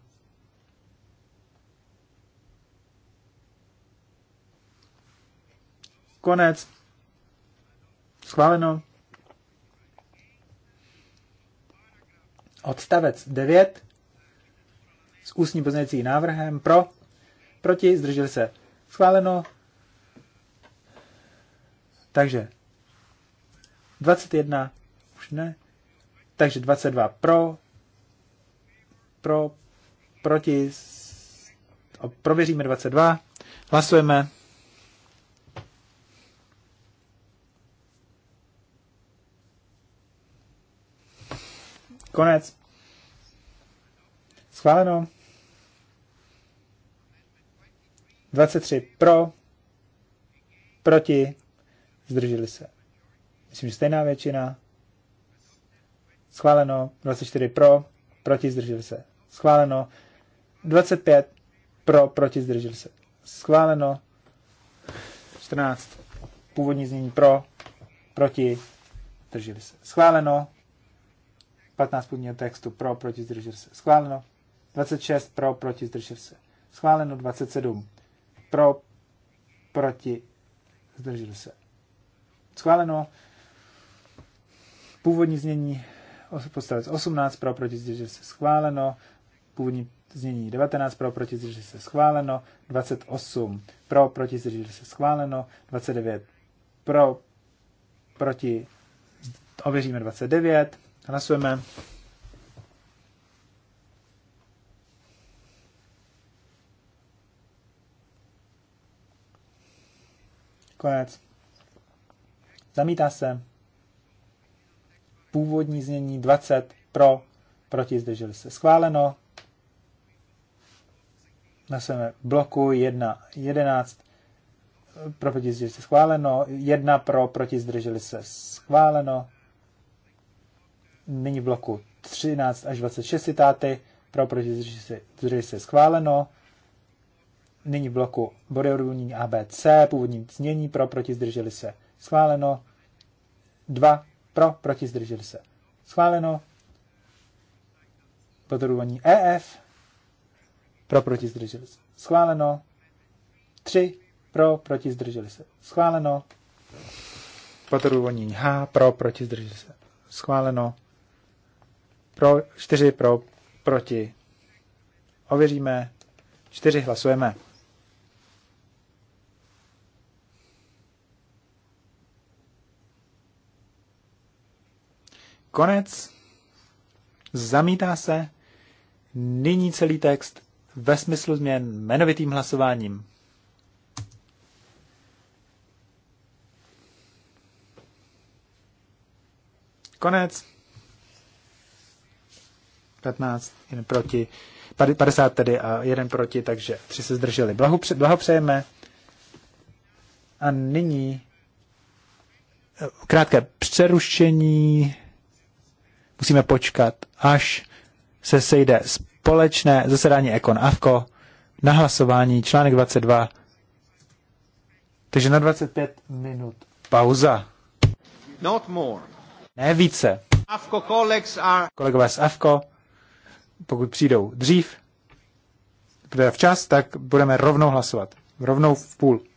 Konec. Schváleno. Odstavec 9 s ústním pozměňovacím návrhem pro, proti, zdrželi se Schváleno. Takže 21, už ne. Takže 22 pro, pro, proti, prověříme 22, hlasujeme. Konec. Schváleno. 23 pro, proti, zdrželi se. Myslím, že stejná většina. Schváleno 24 pro, proti, zdrželi se. Schváleno 25 pro, proti, zdrželi se. Schváleno 14 původní znění pro, proti, zdrželi se. Schváleno 15 původního textu pro, proti, zdrželi se. Schváleno 26 pro, proti, zdrželi se. Schváleno 27 pro, proti, zdržel se. Schváleno. Původní znění podstavec 18 pro, proti, zdržel se. Schváleno. Původní znění 19 pro, proti, zdržel se. Schváleno. 28 pro, proti, zdržel se. Schváleno. 29 pro, proti, ověříme 29. Hlasujeme. Konec. Zamítá se. Původní znění 20 pro, proti zdrželi se. Schváleno. Naseme bloku 1, 11 pro, proti zdrželi se. Schváleno. 1 pro, proti zdrželi se. Schváleno. Nyní v bloku 13 až 26 citáty pro, proti zdrželi se. Zdrželi se. Schváleno. Nyní v bloku body odůvodnění ABC, původní znění pro, proti, zdrželi se. Schváleno. 2 pro, proti, zdrželi se. Schváleno. Bod odůvodnění EF pro, proti, zdrželi se. Schváleno. 3 pro, proti, zdrželi se. Schváleno. Bod odůvodnění H pro, proti, zdrželi se. Schváleno. Pro, čtyři pro, proti. Ověříme. 4 hlasujeme. Konec. Zamítá se. Nyní celý text ve smyslu změn jmenovitým hlasováním. Konec. 15 jen proti, 50 tedy a jeden proti, takže tři se zdrželi. Blahopře, blahopřejeme. A nyní eh, krátké přerušení musíme počkat, až se sejde společné zasedání Ekon Avko na hlasování článek 22. Takže na 25 minut pauza. Not more. Ne více. Avko colleagues are... Kolegové z Avko, pokud přijdou dřív, včas, tak budeme rovnou hlasovat. Rovnou v půl.